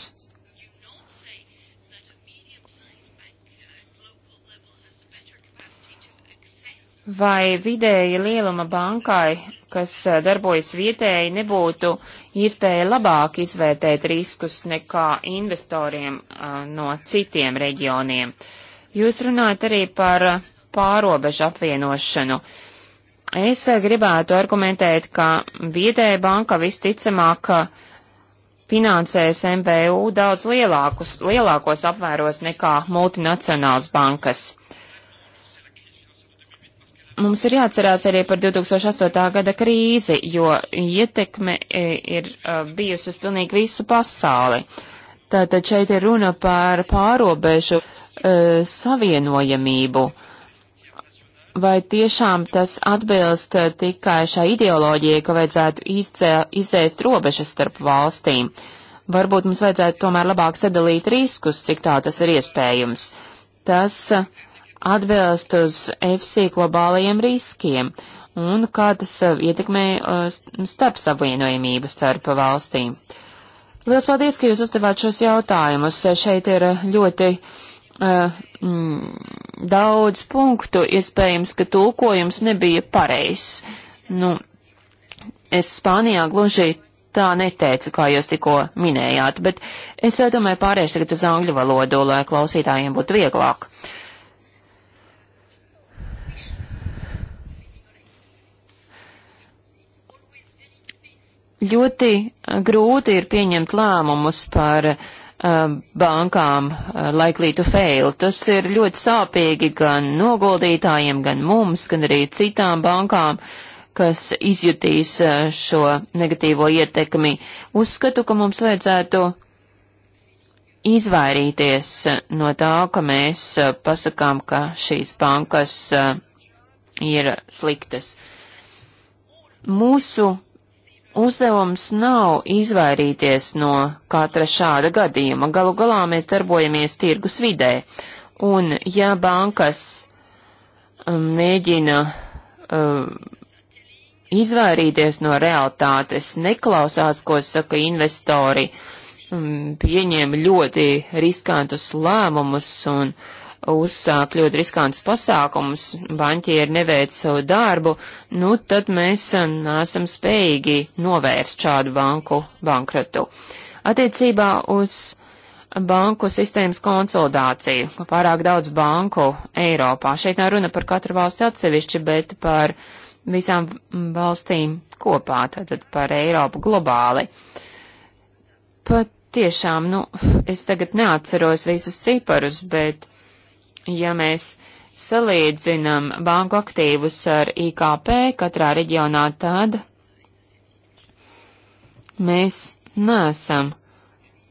vai vidēja lieluma bankai, kas eh, darbojas vietēji, nebūtu iespēja labāk izvērtēt riskus nekā investoriem eh, no citiem reģioniem. Jūs runājat arī par eh, pārobežu apvienošanu. Es gribētu argumentēt, ka vietēja banka visticamāk finansēs MBU daudz lielākus, lielākos apmēros nekā multinacionāls bankas. Mums ir jāatcerās arī par 2008. gada krīzi, jo ietekme e, ir e, bijusi uz pilnīgi visu pasauli. Tātad šeit ir runa par pārobežu e, savienojamību. Vai tiešām tas atbilst tikai šai ideoloģijai, ka vajadzētu izdzēst robežas starp valstīm? Varbūt mums vajadzētu tomēr labāk sadalīt riskus, cik tā tas ir iespējams. Tas uh, atbilst uz FC globālajiem riskiem un kā tas uh, ietekmē uh, starp savienojumību starp valstīm. Lielas paldies, ka jūs uzdevāt šos jautājumus. Šeit ir ļoti uh, mm, daudz punktu, iespējams, ka tulkojums nebija pareizs. Nu, es Spānijā gluži tā neteicu, kā jūs tikko minējāt, bet es uh, domāju pārēšu tagad uz angļu valodu, lai klausītājiem būtu vieglāk. Uh, ļoti eh, grūti ir pieņemt lēmumus par uh, bankām uh, laiklītu fail. Tas ir ļoti sāpīgi gan noguldītājiem, gan mums, gan arī citām bankām, kas izjutīs uh, šo negatīvo ietekmi. Uzskatu, ka mums vajadzētu izvairīties no tā, ka mēs pasakām, ka šīs bankas ir sliktas. Mūsu Uzdevums nav izvairīties no katra šāda gadījuma. Galu galā mēs darbojamies tirgus vidē. Un ja bankas um, mēģina um, izvairīties no realitātes, neklausās, ko saka investori, um, pieņem ļoti riskantus lēmumus un uh, uzsākt ļoti riskantus pasākumus, baņķieri neveic savu darbu, nu tad mēs eh, nesam spējīgi novērst šādu banku bankrotu. Attiecībā uz banku sistēmas konsolidāciju, pārāk daudz banku Eiropā. Šeit nav runa par katru valsti atsevišķi, bet par visām valstīm kopā, tātad par Eiropu globāli. Pat tiešām, nu, es tagad neatceros visus ciparus, bet Ja mēs salīdzinam banku aktīvus ar IKP katrā reģionā, tad mēs nesam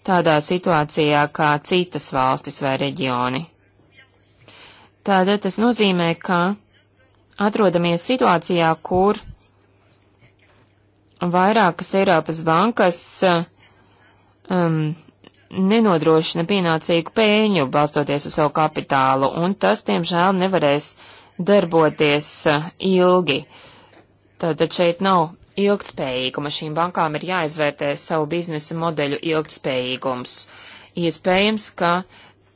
tādā situācijā kā citas valstis vai reģioni. Tātad tas nozīmē, ka atrodamies situācijā, kur vairākas Eiropas bankas um, nenodrošina pienācīgu pēļņu, balstoties uz savu kapitālu, un tas, diemžēl, nevarēs darboties uh, ilgi. Tātad šeit nav ilgtspējīguma. Šīm bankām ir jāizvērtē savu biznesa modeļu ilgtspējīgums. Iespējams, ka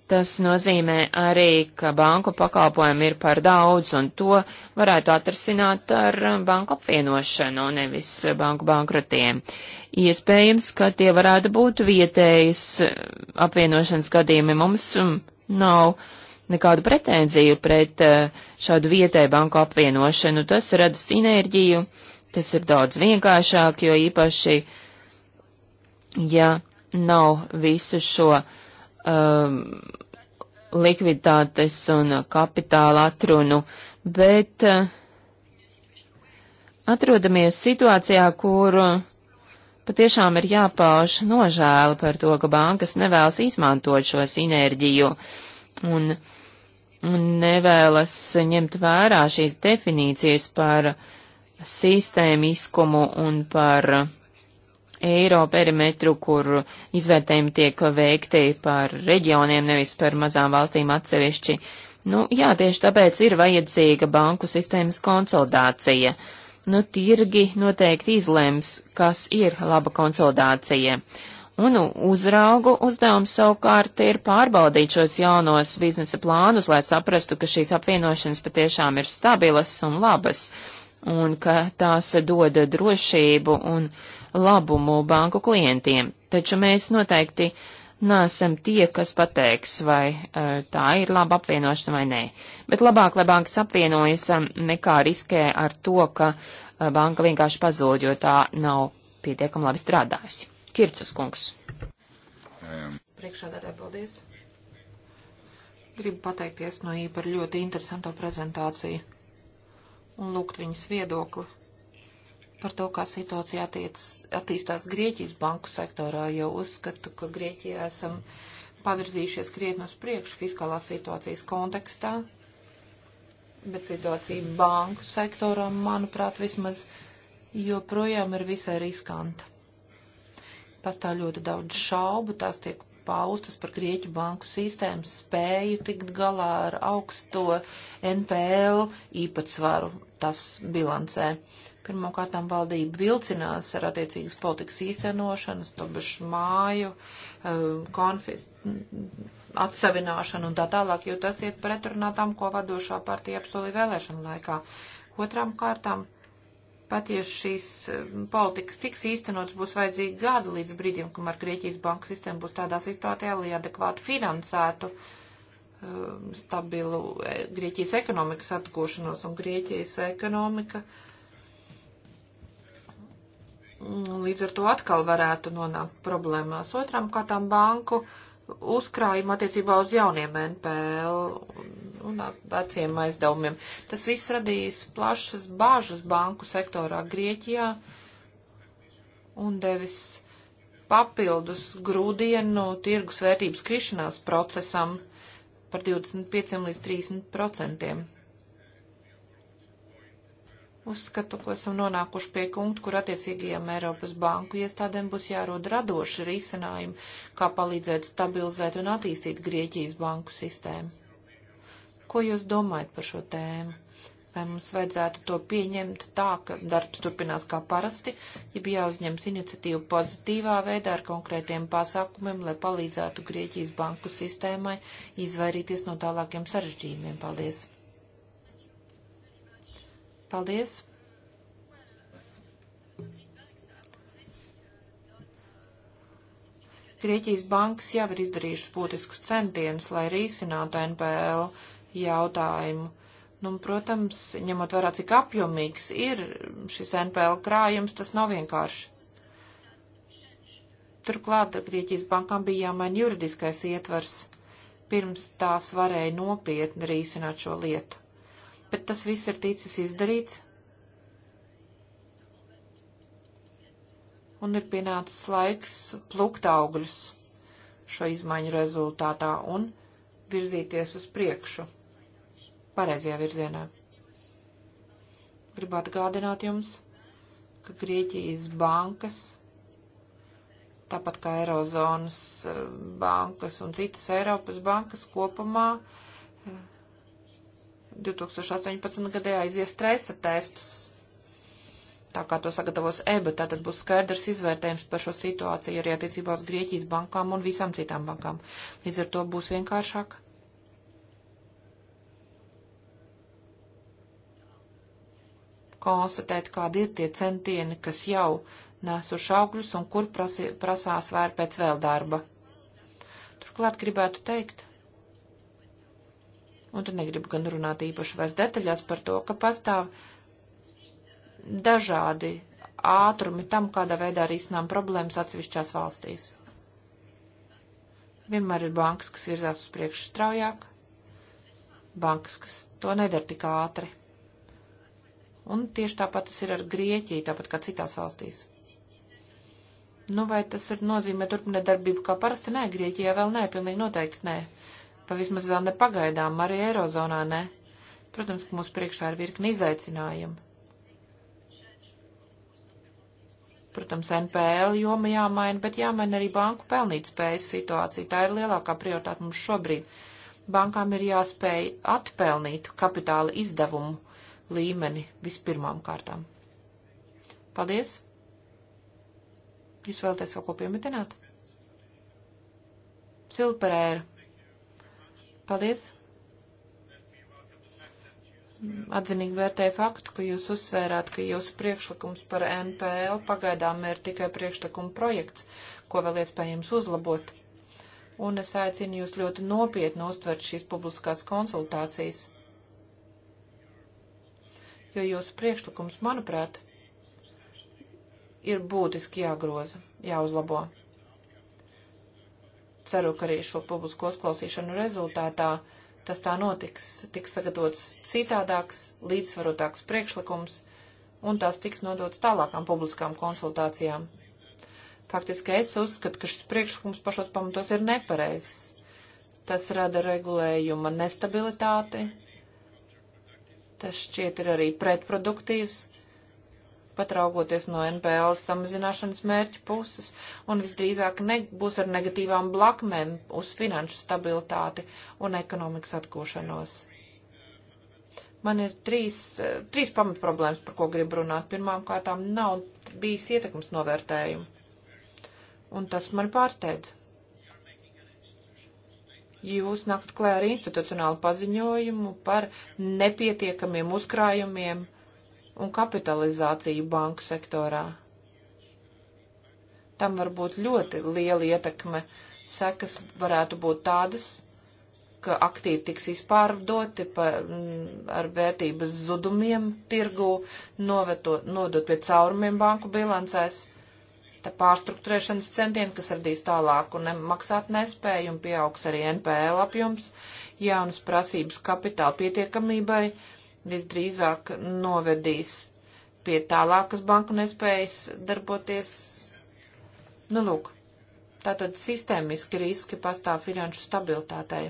Tas nozīmē arī, ka banku pakalpojumi ir par daudz, un to varētu atrasināt ar banku apvienošanu, nevis banku bankrotiem. Iespējams, ka tie varētu būt vietējas apvienošanas gadījumi. Mums um, nav nekādu pretenziju pret uh, šādu vietēju banku apvienošanu. Tas rada sinerģiju, tas ir daudz vienkāršāk, jo īpaši, ja nav visu šo um, likviditātes un kapitāla atrunu, bet uh, atrodamies situācijā, kur uh, patiešām ir jāpauž nožēla par to, ka bankas nevēlas izmantot šo sinerģiju un, un nevēlas ņemt vērā šīs definīcijas par sistēmiskumu un par uh, eiro perimetru, kur izvērtējumi tiek veikti par reģioniem, nevis par mazām valstīm atsevišķi. Nu, jā, tieši tāpēc ir vajadzīga banku sistēmas konsolidācija. Nu, tirgi noteikti izlems, kas ir laba konsolidācija. Un nu, uzraugu uzdevums savukārt ir pārbaudīt šos jaunos biznesa plānus, lai saprastu, ka šīs apvienošanas patiešām ir stabilas un labas, un ka tās dod drošību un uh, labumu banku klientiem, taču mēs noteikti nesam tie, kas pateiks, vai eh, tā ir laba apvienošana vai nē. Bet labāk, lai bankas apvienojas, um, nekā riskē ar to, ka eh, banka vienkārši pazūd, jo tā nav pietiekami labi strādājusi. Kircas kungs. Priekšādātāji, paldies. Gribu pateikties no īpa par ļoti interesanto prezentāciju un lūgt viņas viedokli par to, kā situācija attiec, attīstās Grieķijas banku sektorā, jo uzskatu, ka Grieķijā esam pavirzījušies krietni uz priekšu fiskālās situācijas kontekstā, bet situācija banku sektorā, manuprāt, vismaz joprojām ir visai riskanta. Pastāv ļoti daudz šaubu, tās tiek paustas par Grieķu banku sistēmas spēju tikt galā ar augsto NPL īpatsvaru tas bilancē. Pirmkārtām valdība vilcinās ar attiecīgas politikas īstenošanas, tobešu māju, um, konfis, atsevināšanu un tā tālāk, jo tas iet pretrunā tam, ko vadošā partija apsolīja vēlēšanu laikā. Otrām kārtām pat ja šīs um, politikas tiks īstenotas, būs vajadzīgi gadi līdz brīdim, kamēr Grieķijas banku sistēma būs tādā situācijā, lai adekvāti finansētu um, stabilu eh, Grieķijas ekonomikas atgūšanos, un Grieķijas ekonomika Līdz ar to atkal varētu nonākt problēmās. Otram kārtām banku uzkrājuma attiecībā uz jauniem NPL un veciem aizdevumiem. Tas viss radīs plašas bāžas banku sektorā Grieķijā un devis papildus grūdienu tirgus vērtības krišanās procesam par 25 līdz 30 procentiem. Uzskatu, ka esam nonākuši pie punktu, kur attiecīgajām Eiropas banku iestādēm būs jārod radoši risinājumi, kā palīdzēt stabilizēt un attīstīt Grieķijas banku sistēmu. Ko jūs domājat par šo tēmu? Vai mums vajadzētu to pieņemt tā, ka darbs turpinās kā parasti, ja bija jāuzņems iniciatīvu pozitīvā veidā ar konkrētiem pasākumiem, lai palīdzētu Grieķijas banku sistēmai izvairīties no tālākiem sarežģījumiem? Paldies! Paldies! Grieķijas bankas jau ir izdarījušas būtiskus centienus, lai risinātu NPL jautājumu. Nu, protams, ņemot vērā, cik apjomīgs ir šis NPL krājums, tas nav vienkārši. Turklāt Grieķijas bankām bija jāmaina juridiskais ietvers, pirms tās varēja nopietni risināt šo lietu bet tas viss ir ticis izdarīts. Un ir pienācis laiks plukt augļus šo izmaiņu rezultātā un virzīties uz priekšu, pareizajā virzienā. Gribu atgādināt jums, ka Grieķijas bankas, tāpat kā Eirozonas eh, bankas un citas Eiropas bankas kopumā, uh, 2018. gadā aizies streisa testus, tā kā to sagatavos EBA, tātad būs skaidrs izvērtējums par šo situāciju arī attiecībā uz Grieķijas bankām un visām citām bankām. Līdz ar to būs vienkāršāk. konstatēt, kādi ir tie centieni, kas jau nesuši augļus un kur prasi, prasās vēl pēc vēl darba. Turklāt gribētu teikt, un te negribu gan runāt īpaši vairs detaļās par to, ka pastāv dažādi ātrumi tam, kādā veidā risinām problēmas atsevišķās valstīs. Vienmēr ir bankas, kas virzās uz priekšu straujāk, bankas, kas to nedara tik ātri. Un tieši tāpat tas ir ar Grieķiju, tāpat kā citās valstīs. Nu, vai tas ir nozīmē turpināt darbību kā parasti? Nē, Grieķijā vēl nē, pilnīgi noteikti nē vai vismaz vēl nepagaidām, arī Eirozonā ne. Protams, ka mūsu priekšā ir virkni izaicinājumi. Protams, NPL joma jāmaina, bet jāmaina arī banku pelnītspējas situācija. Tā ir lielākā prioritāte mums šobrīd. Bankām ir jāspēj atpelnīt kapitāla izdevumu līmeni vispirmām kārtām. Paldies! Jūs vēlaties vēl ko piemetināt? Silperēra. Paldies! Atzinīgi vērtēju faktu, ka jūs uzsvērāt, ka jūsu priekšlikums par NPL pagaidām ir tikai priekšlikuma projekts, ko vēl iespējams uzlabot. Un es aicinu jūs ļoti nopietni uztvert šīs publiskās konsultācijas, jo jūsu priekšlikums, manuprāt, ir būtiski jāgroza, jāuzlabo ceru, ka arī šo publisko uzklausīšanu rezultātā tas tā notiks, tiks sagatavots citādāks, līdzsvarotāks priekšlikums, un tās tiks nodots tālākām publiskām konsultācijām. Faktiski es uzskatu, ka šis priekšlikums pašos pamatos ir nepareizs. Tas rada regulējuma nestabilitāti, tas šķiet ir arī pretproduktīvs, pat raugoties no NPL samazināšanas mērķa puses, un visdrīzāk ne, būs ar negatīvām blakmēm uz finanšu stabilitāti un ekonomikas atgūšanos. Man ir trīs, eh, trīs pamatproblēmas, par ko gribu runāt. Pirmām kārtām nav bijis ietekmes novērtējumu, un tas man pārsteidz. Jūs nākat klē ar institucionālu paziņojumu par nepietiekamiem uzkrājumiem un kapitalizāciju banku sektorā. Tam var būt ļoti liela ietekme. Sekas varētu būt tādas, ka aktīvi tiks izpārdoti pa, ar vērtības zudumiem tirgu, noveto, nodot pie caurumiem banku bilancēs. Tā pārstruktūrēšanas centieni, kas radīs tālāku ne, maksāt nespēju un pieaugs arī NPL apjoms, jaunas prasības kapitāla pietiekamībai, uh, visdrīzāk novedīs pie tālākas banku nespējas darboties. Nu, lūk, tātad sistēmiski riski pastāv finanšu stabilitātei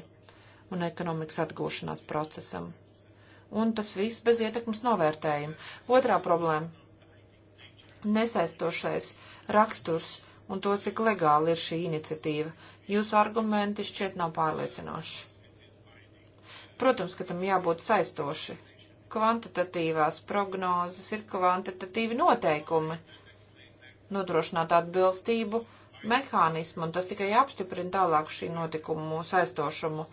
un ekonomikas atgūšanās procesam. Un tas viss bez ietekmes novērtējuma. Otrā problēma - nesaistošais raksturs un to, cik legāli ir šī iniciatīva. Jūsu argumenti šķiet nav pārliecinoši. Protams, ka tam jābūt saistoši, kvantitatīvās prognozes, ir kvantitatīvi noteikumi nodrošināt atbilstību mehānismu, un tas tikai apstiprina tālāk šī notikuma mūsu aizstošumu.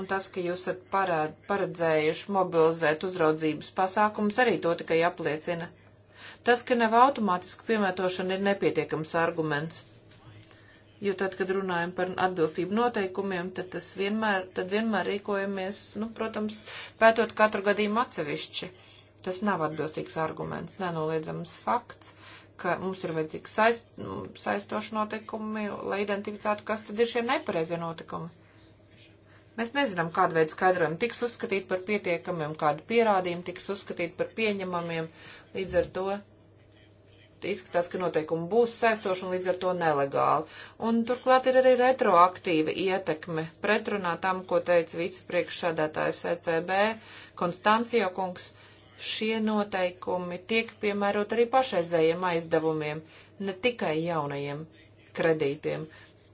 Un tas, ka jūs esat parād, paredzējuši mobilizēt uzraudzības pasākums, arī to tikai apliecina. Tas, ka nav automātiski piemētošana, ir nepietiekams arguments. Jo tad, kad runājam par atbilstību noteikumiem, tad tas vienmēr, tad vienmēr rīkojamies, nu, protams, pētot katru gadījumu atsevišķi. Tas nav atbilstīgs arguments, nenoliedzams fakts, ka mums ir vajadzīgi saist, nu, saistoši noteikumi, lai identificētu, kas tad ir šie nepareizie notikumi. Mēs nezinām, kāda veida skaidrojumi tiks uzskatīt par pietiekamiem, kādu pierādījumu tiks uzskatīt par pieņemamiem. Līdz ar to izskatās, ka noteikumi būs saistoši un līdz ar to nelegāli. Un turklāt ir arī retroaktīva ietekme pretrunā tam, ko teica vicepriekšsādātājs ECB Konstancijo kungs. Šie noteikumi tiek piemērot arī pašreizējiem aizdevumiem, ne tikai jaunajiem kredītiem.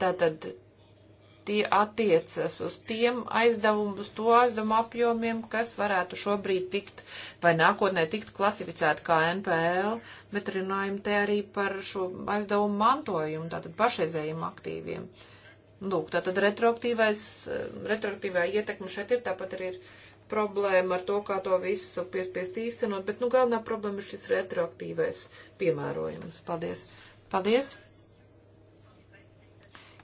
Tātad tie attiecas uz tiem aizdevumu, uz to aizdevumu apjomiem, kas varētu šobrīd tikt vai nākotnē tikt klasificēti kā NPL, bet runājam te arī par šo aizdevumu mantojumu, tātad pašreizējiem aktīviem. Lūk, tātad retroaktīvais, eh, retroaktīvā ietekme šeit ir, tāpat arī ir problēma ar to, kā to visu piespiest īstenot, bet, nu, galvenā problēma ir šis retroaktīvais piemērojums. Paldies! Paldies!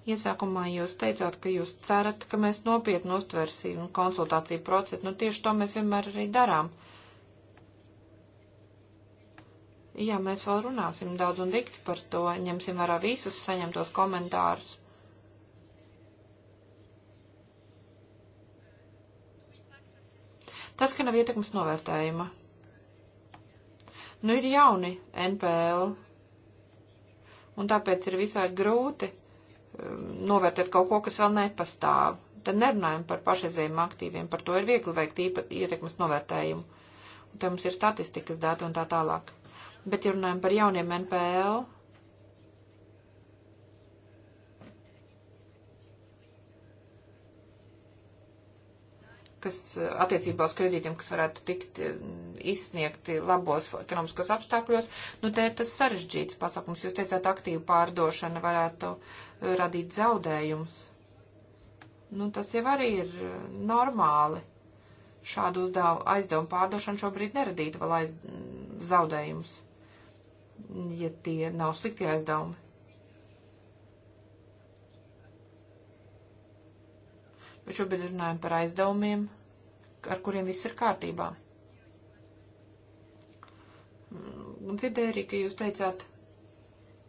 Iesākumā jūs teicāt, ka jūs cerat, ka mēs nopietni uztversim konsultāciju procesu. Nu, tieši to mēs vienmēr arī darām. Jā, mēs vēl runāsim daudz un dikti par to, ņemsim vērā visus saņemtos komentārus. Tas, ka nav ietekmes novērtējuma. Nu, ir jauni NPL, un tāpēc ir visai grūti novērtēt kaut ko, kas vēl nepastāv. Tad nerunājam par pašreizējiem aktīviem, par to ir viegli veikt īpa, ietekmes novērtējumu. Un te mums ir statistikas dati un tā tālāk. Bet, ja runājam par jauniem NPL, kas eh, attiecībā uz kredītiem, kas varētu tikt eh, izsniegti labos ekonomiskos apstākļos, nu te ir tas sarežģīts pasākums. Jūs teicāt, aktīvu pārdošana varētu radīt zaudējumus. Nu, tas jau arī ir eh, normāli. Šādu uzdevu, aizdevumu pārdošanu šobrīd neradītu vēl aiz mm, zaudējumus, ja tie nav slikti aizdevumi. Bet šobrīd runājam par aizdevumiem, ar kuriem viss ir kārtībā. Mm, un dzirdēju arī, ka jūs teicāt,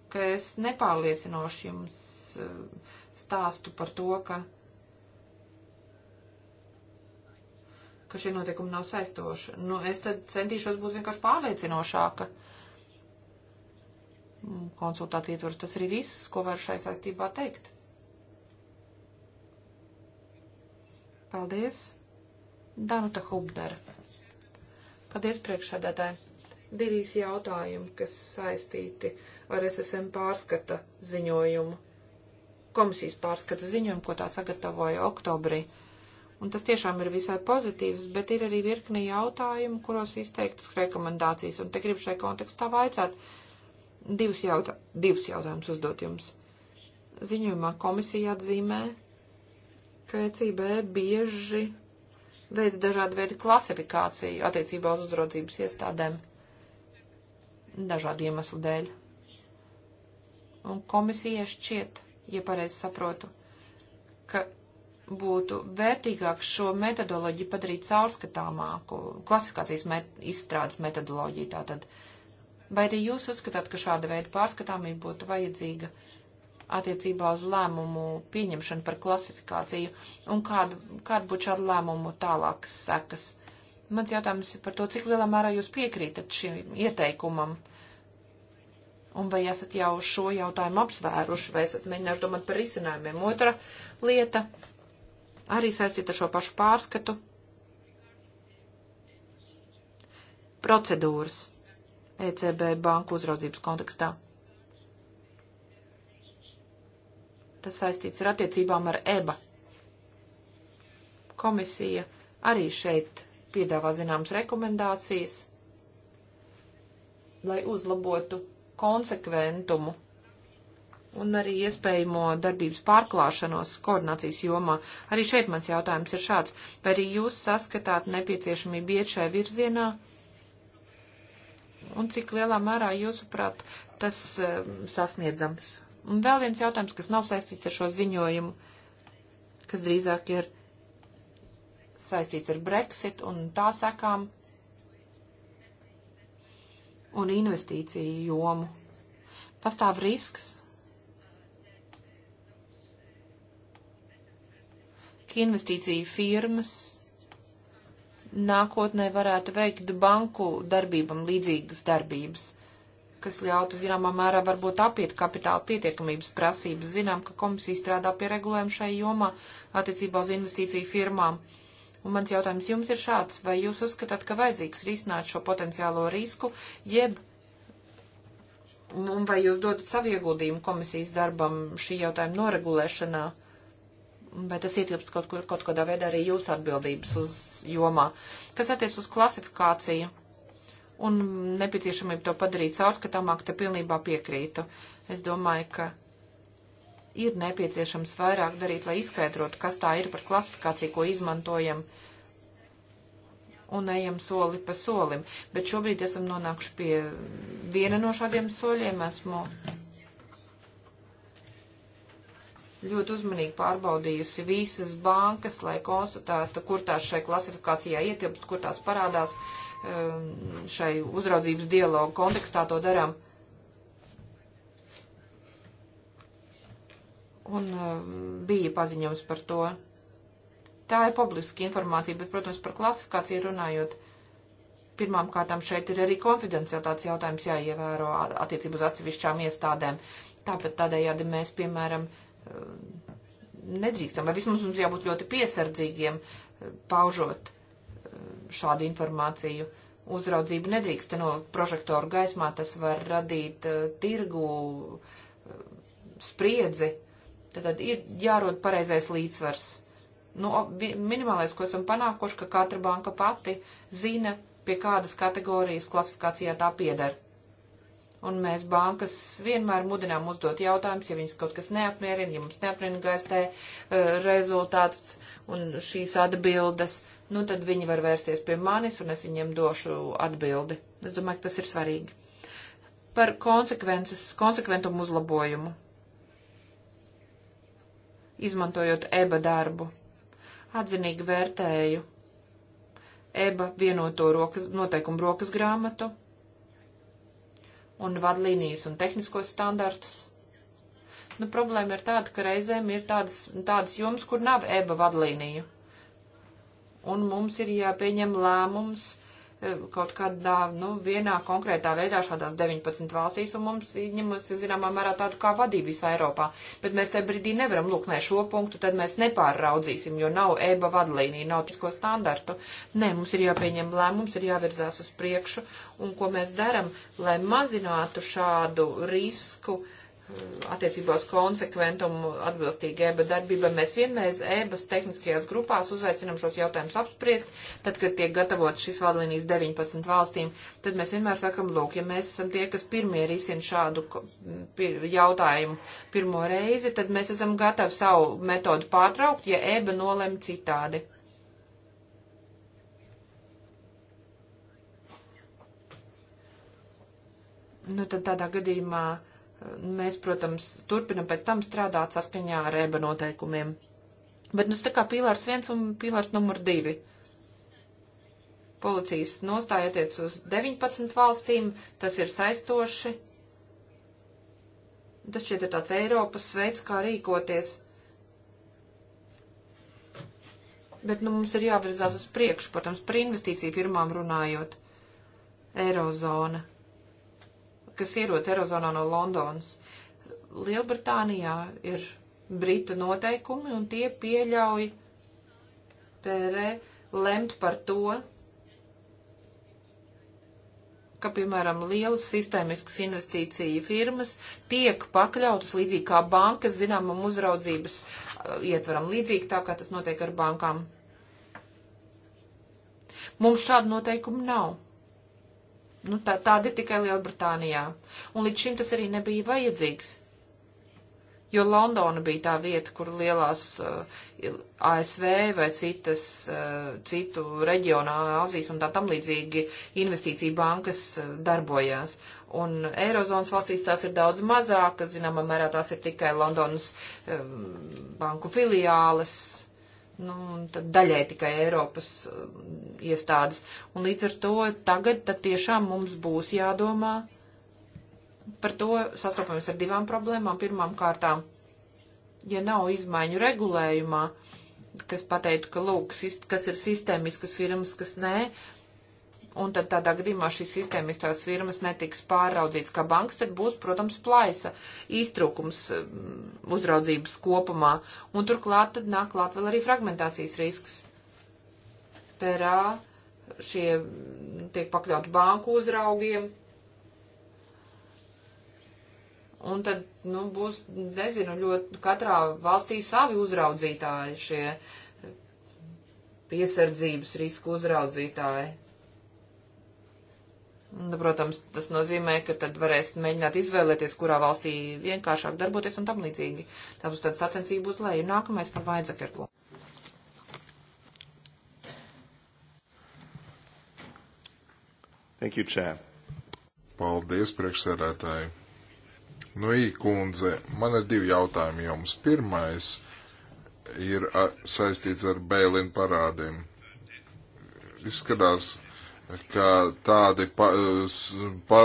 ka es nepārliecinoši jums stāstu par to, ka, ka šie notiekumi nav saistoši. Nu, es tad centīšos būt vienkārši pārliecinošāka. Konsultācija ietvaros tas arī viss, ko varu šai saistībā teikt. Paldies! Danuta Hubdara. Paldies priekšsēdētāji! divīs jautājumi, kas saistīti ar SSM pārskata ziņojumu komisijas pārskata ziņojumu, ko tā sagatavoja oktobrī. Un tas tiešām ir visai pozitīvs, bet ir arī virkni jautājumu, kuros izteiktas rekomendācijas. Un te gribu šai kontekstā vaicāt divus, jautā divus jautājumus uzdot jums. Ziņojumā komisija atzīmē, ka ECB bieži veids dažādu veidu klasifikāciju attiecībā uz uzraudzības iestādēm dažādu iemeslu dēļ. Un komisija šķiet ja pareizi saprotu, ka būtu vērtīgāk šo metodoloģiju padarīt caurskatāmāku, klasifikācijas met izstrādes metodoloģiju tātad. Vai arī jūs uzskatāt, ka šāda veida pārskatāmība būtu vajadzīga attiecībā uz lēmumu pieņemšanu par klasifikāciju un kāda, kāda būtu šāda lēmumu tālākas sekas? Mans jautājums ir par to, cik lielā mērā jūs piekrītat šim ieteikumam. Uh, Un vai esat jau šo jautājumu apsvēruši, vai esat mēģinājuši domāt par risinājumiem? Otra lieta, arī saistīta ar šo pašu pārskatu. Procedūras ECB banku uzraudzības kontekstā. Tas saistīts ar attiecībām ar EBA. Komisija arī šeit piedāvā zināmas rekomendācijas, lai uzlabotu konsekventumu un arī iespējamo darbības pārklāšanos koordinācijas jomā. Arī šeit mans jautājums ir šāds. Vai arī jūs saskatāt nepieciešamību iet šai virzienā? Un cik lielā mērā jūsuprāt tas um, sasniedzams? Un vēl viens jautājums, kas nav saistīts ar šo ziņojumu, kas drīzāk ir saistīts ar Brexit un tā sekām un investīciju jomu. Pastāv risks, ka investīciju firmas nākotnē varētu veikt banku darbībam līdzīgas darbības, kas ļautu zināmā mērā varbūt apiet kapitāla pietiekamības prasības. Zinām, ka komisija strādā pie regulējuma šai jomā attiecībā uz investīciju firmām. Uh, Un mans jautājums jums ir šāds, vai jūs uzskatāt, ka vajadzīgs risināt šo potenciālo risku, jeb un vai jūs dodat savu ieguldījumu komisijas darbam šī jautājuma noregulēšanā? vai tas ietilpst kaut, kur, kaut kādā veidā arī jūsu atbildības uz jomā, kas attiec uz klasifikāciju un nepieciešamību to padarīt caurskatāmāk, te pilnībā piekrītu. Es domāju, ka ir nepieciešams vairāk darīt, lai izskaidrotu, kas tā ir par klasifikāciju, ko izmantojam un ejam soli pa solim. Bet šobrīd esam nonākuši pie viena no šādiem soļiem. Esmu ļoti uzmanīgi pārbaudījusi visas bankas, lai konstatētu, kur tās šai klasifikācijā ietilpst, kur tās parādās um, šai uzraudzības dialogu kontekstā to darām. un uh, bija paziņojums par to. Tā ir publiska informācija, bet, protams, par klasifikāciju runājot, pirmām kārtām šeit ir arī konfidencialitātes jautājums jāievēro attiecību uz atsevišķām iestādēm. Tāpēc tādējādi mēs, piemēram, uh, nedrīkstam, vai vismaz mums jābūt ļoti piesardzīgiem, uh, paužot šādu informāciju. Uzraudzību nedrīkst nolikt prožektoru gaismā, tas var radīt tirgu spriedzi Tātad ir jārod pareizais līdzsvars. Nu, minimālais, ko esam panākuši, ka katra banka pati zina, pie kādas kategorijas klasifikācijā tā pieder. Un mēs bankas vienmēr mudinām uzdot jautājumus, ja viņas kaut kas neapmierina, ja mums neapmierina gaistē uh, rezultāts un šīs atbildes, nu tad viņi var vērsties pie manis un es viņiem došu atbildi. Es domāju, ka tas ir svarīgi. Par konsekvences, konsekventumu uzlabojumu izmantojot EBA darbu. Atzinīgi vērtēju EBA vienoto rokas, noteikumu rokas grāmatu un vadlīnijas un tehniskos standartus. Nu, problēma ir tāda, ka reizēm ir tādas, tādas jomas, kur nav EBA vadlīniju. Un mums ir jāpieņem lēmums, uh, Eh, kaut kādā, nu, vienā konkrētā veidā šādās 19 valstīs, un mums ņemas, zināmā mērā, tādu kā vadību visā Eiropā. Bet mēs te brīdī nevaram lūk, nē, šo punktu tad mēs nepārraudzīsim, jo nav EBA vadlīnija, nav tisko standartu. Nē, mums ir jāpieņem lēmums, ir jāvirzās uz priekšu, un ko mēs daram, lai mazinātu šādu risku. Uh, attiecībā uz konsekventumu atbilstīgi ēba darbībai. Mēs vienreiz ēbas tehniskajās grupās uzaicinām šos jautājumus apspriest, tad, kad tiek gatavot šis vadlīnijas 19 valstīm, tad mēs vienmēr sakam, lūk, ja mēs esam tie, kas pirmie risina šādu jautājumu pirmo reizi, tad mēs esam gatavi savu metodu pārtraukt, ja ēba nolem citādi. Nu, tad tādā gadījumā mēs, protams, turpinam pēc tam strādāt saskaņā ar ēba noteikumiem. Bet, nu, tā kā pīlārs viens un pīlārs numur divi. Policijas nostāja attiec uz 19 valstīm, tas ir saistoši. Tas šķiet ir tāds Eiropas veids, kā rīkoties. Bet, nu, mums ir jāvirzās uz priekšu, protams, par investīciju firmām runājot. Eirozona kas ierodas Eirozonā no Londonas. Lielbritānijā ir Brita noteikumi, un tie pieļauj pērē lemt par to, ka, piemēram, lielas sistēmiskas investīcija firmas tiek pakļautas līdzīgi kā bankas zināmam uzraudzības uh, ietvaram, līdzīgi tā kā tas notiek ar bankām. Mums šādu noteikumu nav. Nu, tā, tāda ir tikai Lielbritānijā. Un līdz šim tas arī nebija vajadzīgs. Jo Londona bija tā vieta, kur lielās uh, ASV vai citas, uh, citu reģionā, Azijas un tā tam līdzīgi investīcija bankas uh, darbojās. Un Eirozonas valstīs tās ir daudz mazākas, zināmā mērā tās ir tikai Londonas um, banku filiāles nu, tad daļai tikai Eiropas um, iestādes. Un līdz ar to tagad tad tiešām mums būs jādomā par to, sastopamies ar divām problēmām. Pirmām kārtām, ja nav izmaiņu regulējumā, kas pateiktu, ka lūk, kas ir sistēmiskas firmas, kas nē, un tad tādā gadījumā šīs sistēmiskās firmas netiks pāraudzīts kā bankas, tad būs, protams, plaisa, iztrūkums mm, uzraudzības kopumā, un turklāt tad nāk klāt vēl arī fragmentācijas risks. Perā šie mm, tiek pakļauti banku uzraugiem, un tad, nu, būs, nezinu, ļoti katrā valstī savi uzraudzītāji šie piesardzības risku uzraudzītāji. Nu, protams, tas nozīmē, ka tad varēs mēģināt izvēlēties, kurā valstī vienkāršāk darboties un tam līdzīgi. Tā būs tāda sacensība uz leju. Nākamais par vaidzakarku. Thank you, Chair. Paldies, priekšsēdētāji. Nu, īkundze, man ir divi jautājumi jums. Pirmais ir saistīts ar bēlinu parādiem. Izskatās, ka tādi pa, pa,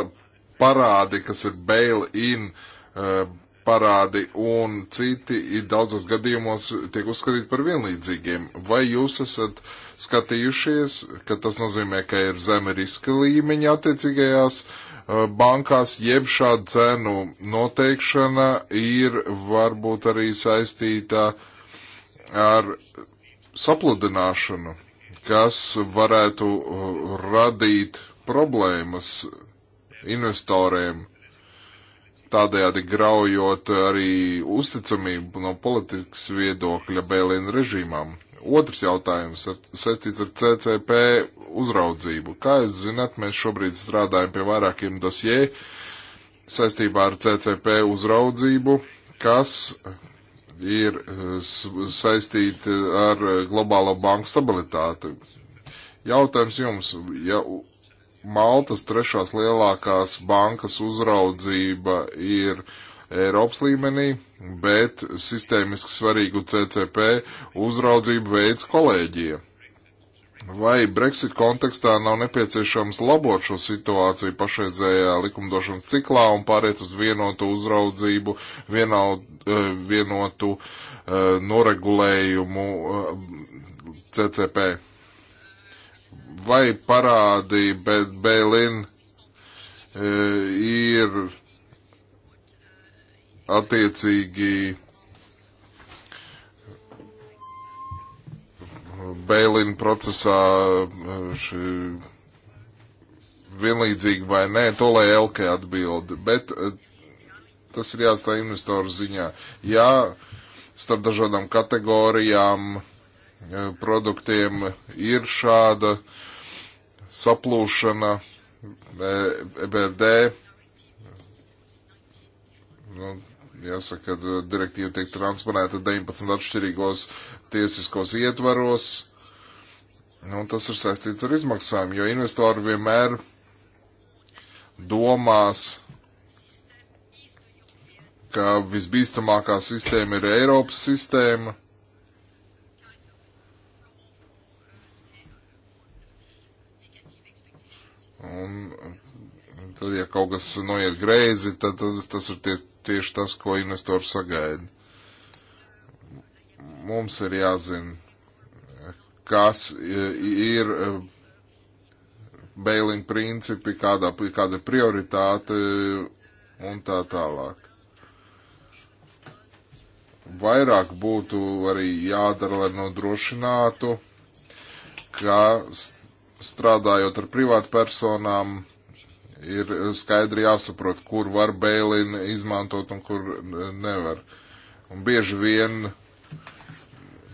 parādi, kas ir bail-in e, parādi un citi, ir daudzos gadījumos tiek uzskatīti par vienlīdzīgiem. Vai jūs esat skatījušies, ka tas nozīmē, ka ir zemi riska līmeņa attiecīgajās e, bankās, jeb šāda cenu noteikšana ir varbūt arī saistīta ar sapludināšanu? kas varētu uh, radīt problēmas investoriem, tādējādi graujot arī uzticamību no politikas viedokļa Bēlina režīmām. Otrs jautājums saistīts ar CCP uzraudzību. Kā jūs zināt, mēs šobrīd strādājam pie vairākiem dosjē saistībā ar CCP uzraudzību, kas ir eh, saistīti eh, ar eh, globālo banku stabilitāti. Jautājums jums, ja Maltas trešās lielākās bankas uzraudzība ir Eiropas līmenī, bet sistēmiski svarīgu CCP uzraudzību veids kolēģija. Vai Brexit kontekstā nav nepieciešams labot šo situāciju pašreizējā likumdošanas ciklā un pāriet uz vienotu uzraudzību, vienau, eh, vienotu uh, noregulējumu uh, eh, CCP? Vai parādi, bet Bēlin uh, ir attiecīgi Bēlina procesā eh, ši, vienlīdzīgi vai nē, to lai Elke atbild, bet eh, tas ir jāstāj investoru ziņā. Jā, starp dažādām kategorijām eh, produktiem ir šāda saplūšana EBRD. E nu, jāsaka, direktīva tiek transponēta 19 atšķirīgos tiesiskos ietvaros Nu, tas ir saistīts ar izmaksām, jo investori vienmēr domās, ka visbīstamākā sistēma ir Eiropas sistēma. Un tad, ja kaut kas noiet greizi, tad, tad tas ir tie, tieši tas, ko investori sagaida. Mums ir jāzina kas e, ir e, bailīna principi, kādā, kāda ir prioritāte e, un tā tālāk. Vairāk būtu arī jādara, lai nodrošinātu, ka strādājot ar privātu personām, ir skaidri jāsaprot, kur var bailīnu izmantot un kur nevar. Un bieži vien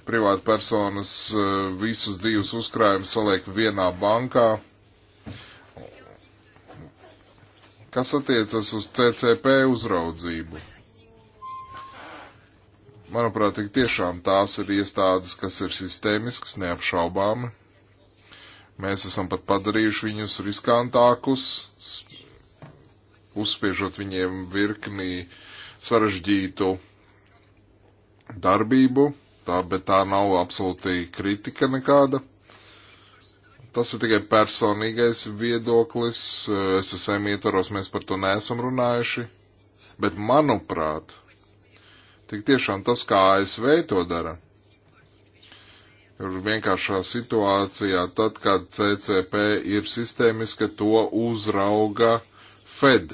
privātpersonas eh, visus dzīves uzkrājumus saliek vienā bankā. Kas attiecas uz CCP uzraudzību? Manuprāt, tik tiešām tās ir iestādes, kas ir sistēmiskas, neapšaubāmi. Mēs esam pat padarījuši viņus riskantākus, uzspiežot viņiem virknī sarežģītu darbību, tā, bet tā nav absolūti kritika nekāda. Tas ir tikai personīgais viedoklis. SSM ietvaros mēs par to neesam runājuši. Bet, manuprāt, tik tiešām tas, kā ASV to dara, ir vienkāršā situācijā, tad, kad CCP ir sistēmiska, to uzrauga Fed,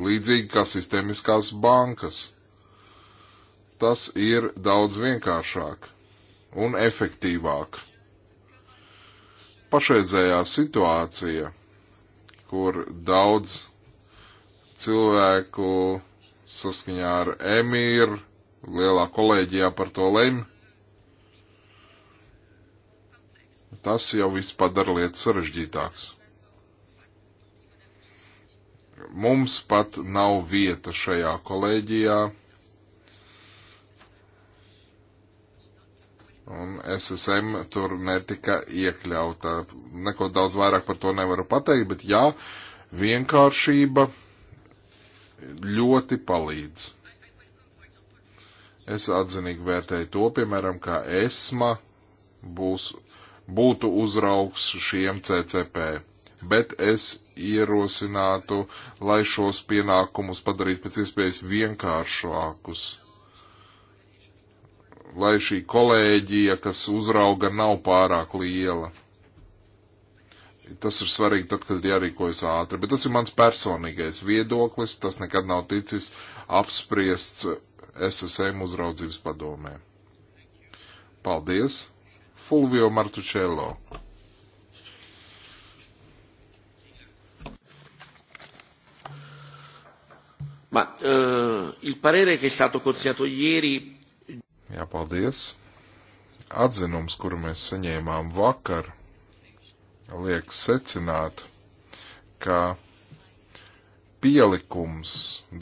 līdzīgi kā sistēmiskās bankas tas ir daudz vienkāršāk un efektīvāk. Pašreizējā situācija, kur daudz cilvēku saskaņā ar emīru lielā kolēģijā par to lemj, tas jau viss padara lietas sarežģītākas. Mums pat nav vieta šajā kolēģijā un SSM tur netika iekļauta. Neko daudz vairāk par to nevaru pateikt, bet jā, vienkāršība ļoti palīdz. Es atzinīgi vērtēju to, piemēram, kā ESMA būs, būtu uzraugs šiem CCP, bet es ierosinātu, lai šos pienākumus padarītu pēc iespējas vienkāršākus lai šī kolēģija, kas uzrauga, nav pārāk liela. Tas ir svarīgi tad, kad ir jārīkojas ātri, bet tas ir mans personīgais viedoklis, tas nekad nav ticis apspriests SSM uzraudzības padomē. Paldies! Fulvio Martučello. Ma eh, il parere che è stato consegnato ieri Jā, paldies. Atzinums, kuru mēs saņēmām vakar, liek secināt, ka pielikums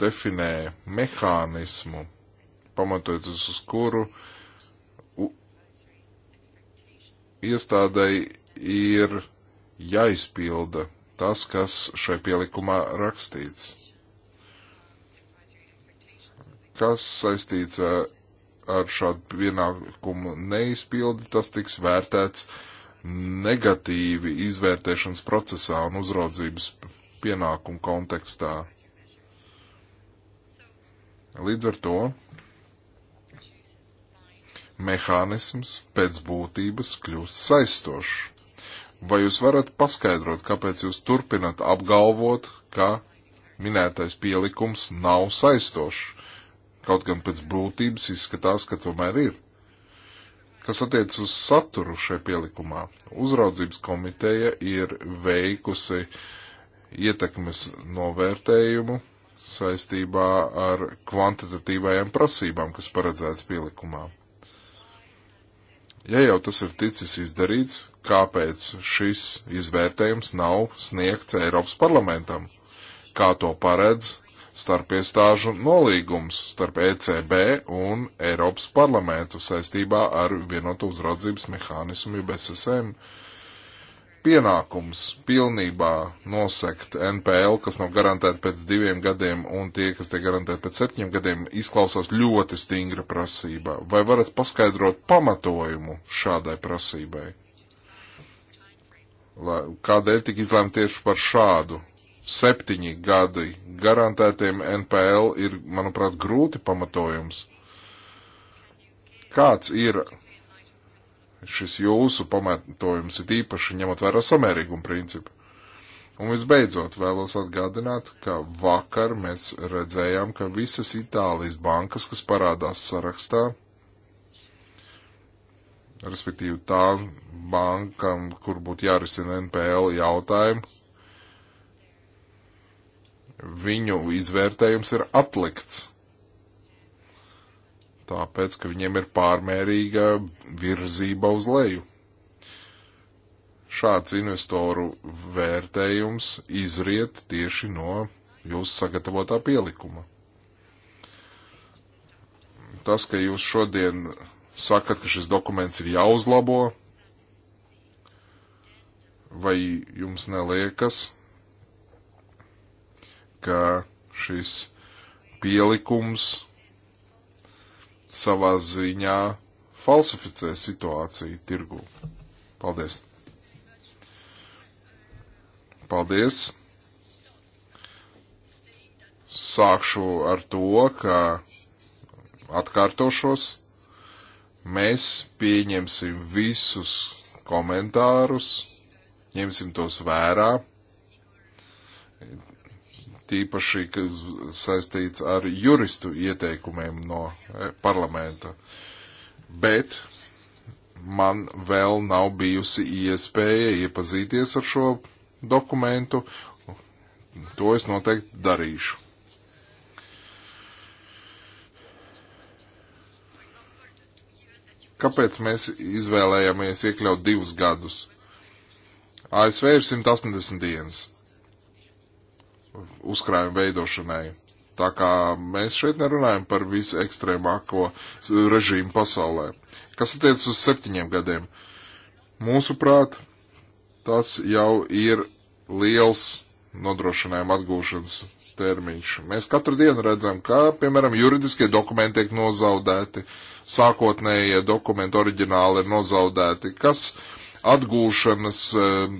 definē mehānismu, pamatojoties uz kuru iestādēji ir jāizpilda tas, kas šai pielikumā rakstīts. Kas saistīts ar ar šādu pienākumu neizpildi, tas tiks vērtēts negatīvi izvērtēšanas procesā un uzraudzības pienākumu kontekstā. Līdz ar to mehānisms pēc būtības kļūst saistošs. Vai jūs varat paskaidrot, kāpēc jūs turpinat apgalvot, ka minētais pielikums nav saistošs? Kaut gan pēc būtības izskatās, ka tomēr ir. Kas attiec uz saturu šai pielikumā, uzraudzības komiteja ir veikusi ietekmes novērtējumu saistībā ar kvantitatīvajām prasībām, kas paredzēts pielikumā. Ja jau tas ir ticis izdarīts, kāpēc šis izvērtējums nav sniegts Eiropas parlamentam? Kā to paredz starp iestāžu nolīgums starp ECB un Eiropas parlamentu saistībā ar vienotu uzraudzības mehānismu BSSM. Pienākums pilnībā nosekt NPL, kas nav garantēta pēc diviem gadiem, un tie, kas tiek garantēti pēc septiņiem gadiem, izklausās ļoti stingra prasība. Vai varat paskaidrot pamatojumu šādai prasībai? Kādēļ tik izlēmt tieši par šādu septiņi gadi garantētiem NPL ir, manuprāt, grūti pamatojums. Kāds ir šis jūsu pamatojums, ir īpaši ņemot vērā samērīgumu principu? Un visbeidzot, vēlos atgādināt, ka vakar mēs redzējām, ka visas Itālijas bankas, kas parādās sarakstā, respektīvi tām bankām, kur būtu jārisina NPL jautājumi, viņu izvērtējums ir atlikts. Tāpēc, ka viņiem ir pārmērīga virzība uz leju. Šāds investoru vērtējums izriet tieši no jūsu sagatavotā pielikuma. Tas, ka jūs šodien sakat, ka šis dokuments ir jāuzlabo, vai jums neliekas, ka šis pielikums savā ziņā falsificē situāciju tirgū. Paldies! Paldies! Sākšu ar to, ka atkārtošos. Mēs pieņemsim visus komentārus, ņemsim tos vērā, tīpaši, kas saistīts ar juristu ieteikumiem no eh, parlamenta. Bet man vēl nav bijusi iespēja iepazīties ar šo dokumentu. To es noteikti darīšu. Kāpēc mēs izvēlējāmies iekļaut divus gadus? ASV ir 180 dienas uzkrājuma veidošanai. Tā kā mēs šeit nerunājam par visu ekstrēmāko režīmu pasaulē. Kas attiecas uz septiņiem gadiem? Mūsuprāt, tas jau ir liels nodrošinājuma atgūšanas termiņš. Mēs katru dienu redzam, ka, piemēram, juridiskie dokumenti tiek nozaudēti, sākotnējie dokumenti oriģināli ir nozaudēti, kas atgūšanas eh,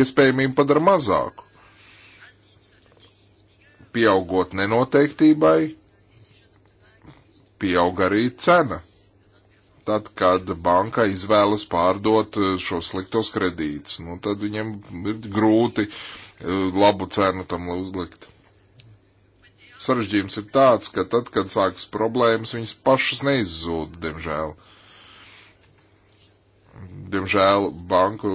iespējamību padara mazāku pieaugot nenoteiktībai, pieaug arī cena. Tad, kad banka izvēlas pārdot eh, šos sliktos kredītus, nu, tad viņiem ir grūti eh, labu cenu tam uzlikt. Sarežģījums ir tāds, ka tad, kad sākas problēmas, viņas pašas neizzūd, diemžēl. Diemžēl banku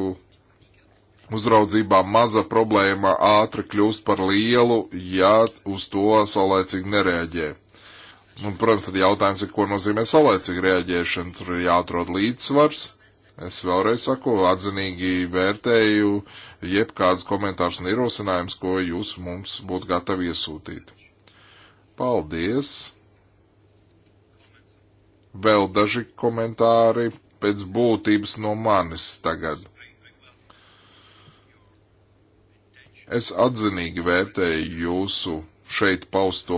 uzraudzībā maza problēma ātri kļūst par lielu, ja uz to saulēcīgi nereaģē. Un, protams, tad jautājums ir, ko nozīmē saulēcīga reaģēšana. Tur ir jāatrod līdzsvars. Es vēlreiz saku, atzinīgi vērtēju jebkādas komentārus un ierosinājumus, ko jūs mums būtu gatavi iesūtīt. Paldies! Vēl daži komentāri pēc būtības no manis tagad. Es atzinīgi vērtēju jūsu šeit pausto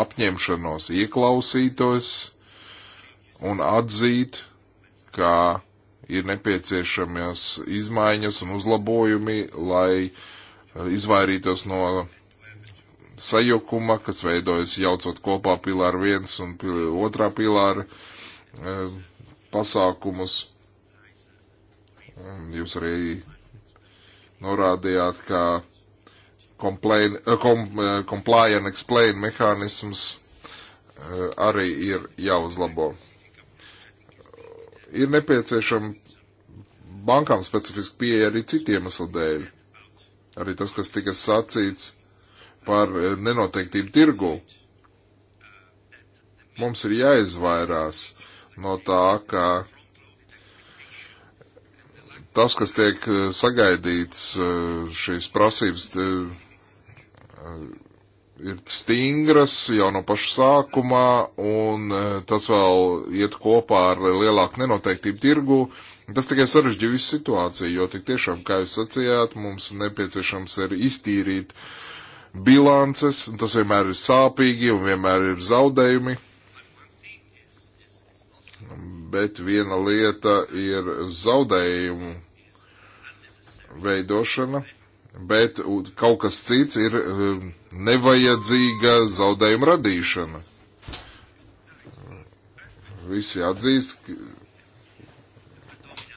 apņemšanos ieklausītos un atzīt, ka ir nepieciešamas izmaiņas un uzlabojumi, lai eh, izvairītos no sajukuma, kas veidojas jaucot kopā pilāru viens un pil otrā pilāra eh, pasākumus. Jūs arī norādījāt, ka complain, eh, com, eh, comply and explain mehānisms eh, arī ir jāuzlabo. Ir nepieciešama bankām specifiski pieeja arī citiem eslu dēļ. Arī tas, kas tika sacīts par nenoteiktību tirgu. Mums ir jāizvairās no tā, ka tas, kas tiek sagaidīts šīs prasības ir stingras jau no paša sākumā, un e, tas vēl iet kopā ar lielāku nenoteiktību tirgu. Tas tikai sarežģīja visu situāciju, jo tik tiešām, kā jūs sacījāt, mums nepieciešams ir iztīrīt bilances, un tas vienmēr ir sāpīgi un vienmēr ir zaudējumi. Bet viena lieta ir zaudējumu veidošana, bet kaut kas cits ir um, nevajadzīga zaudējuma radīšana. Visi atzīst,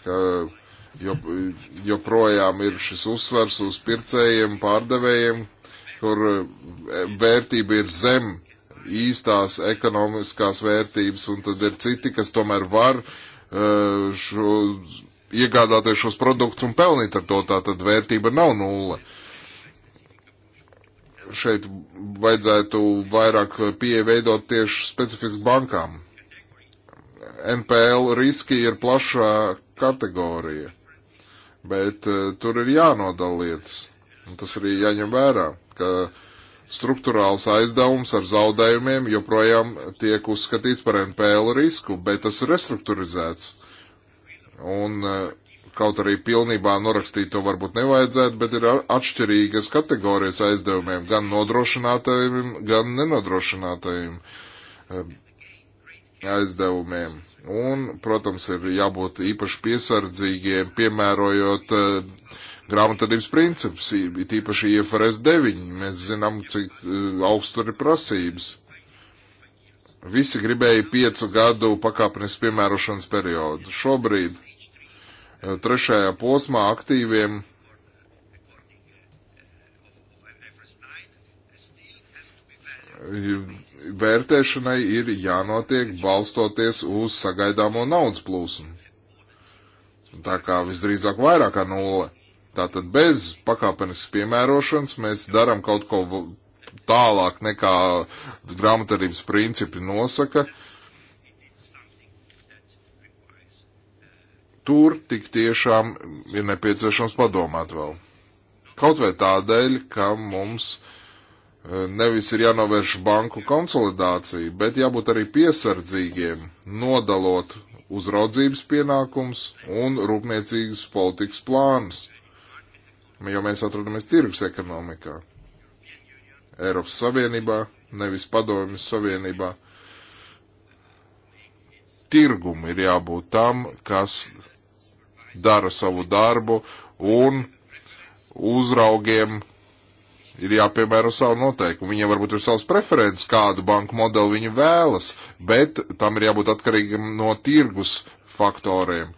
ka joprojām ir šis uzsvars uz pircējiem, pārdevējiem, kur e, vērtība ir zem īstās ekonomiskās vērtības, un tad ir citi, kas tomēr var e, šo iegādāties šos produktus un pelnīt ar to, tā tad vērtība nav nulle. Šeit vajadzētu vairāk pieeja veidot tieši specifiski bankām. NPL riski ir plašā kategorija, bet uh, tur ir jānodala lietas. Un tas arī jāņem vērā, ka struktūrāls aizdevums ar zaudējumiem joprojām tiek uzskatīts par NPL risku, bet tas ir restruktūrizēts. Uh, Un eh, kaut arī pilnībā norakstīt to varbūt nevajadzētu, bet ir atšķirīgas kategorijas aizdevumiem gan nodrošinātajiem, gan nenodrošinātajiem eh, aizdevumiem. Un, protams, ir jābūt īpaši piesardzīgiem, piemērojot uh, grāmatvedības princips, tīpaši IFRS 9. Mēs zinām, cik uh, augstu ir prasības. Visi gribēja piecu gadu pakāpenes piemērošanas periodu. Šobrīd trešajā posmā aktīviem vērtēšanai ir jānotiek balstoties uz sagaidāmo naudas plūsmu. Tā kā visdrīzāk vairāk kā nulle. Tātad bez pakāpeniskas piemērošanas mēs darām kaut ko tālāk nekā grāmatvedības principi nosaka. Uh, tur tik tiešām ir nepieciešams padomāt vēl. Kaut vai tādēļ, ka mums eh, nevis ir jānovērš banku konsolidācija, bet jābūt arī piesardzīgiem, nodalot uzraudzības pienākums un rūpniecīgas politikas plānus, jo mēs atrodamies tirgus ekonomikā. Eiropas Savienībā, nevis Padomjas Savienībā. Tirgumu ir jābūt tam, kas dara savu darbu un uzraugiem ir jāpiemēro savu noteikumu. Viņiem varbūt ir savs preferences, kādu banku modeli viņi vēlas, bet tam ir jābūt atkarīgam no tirgus faktoriem.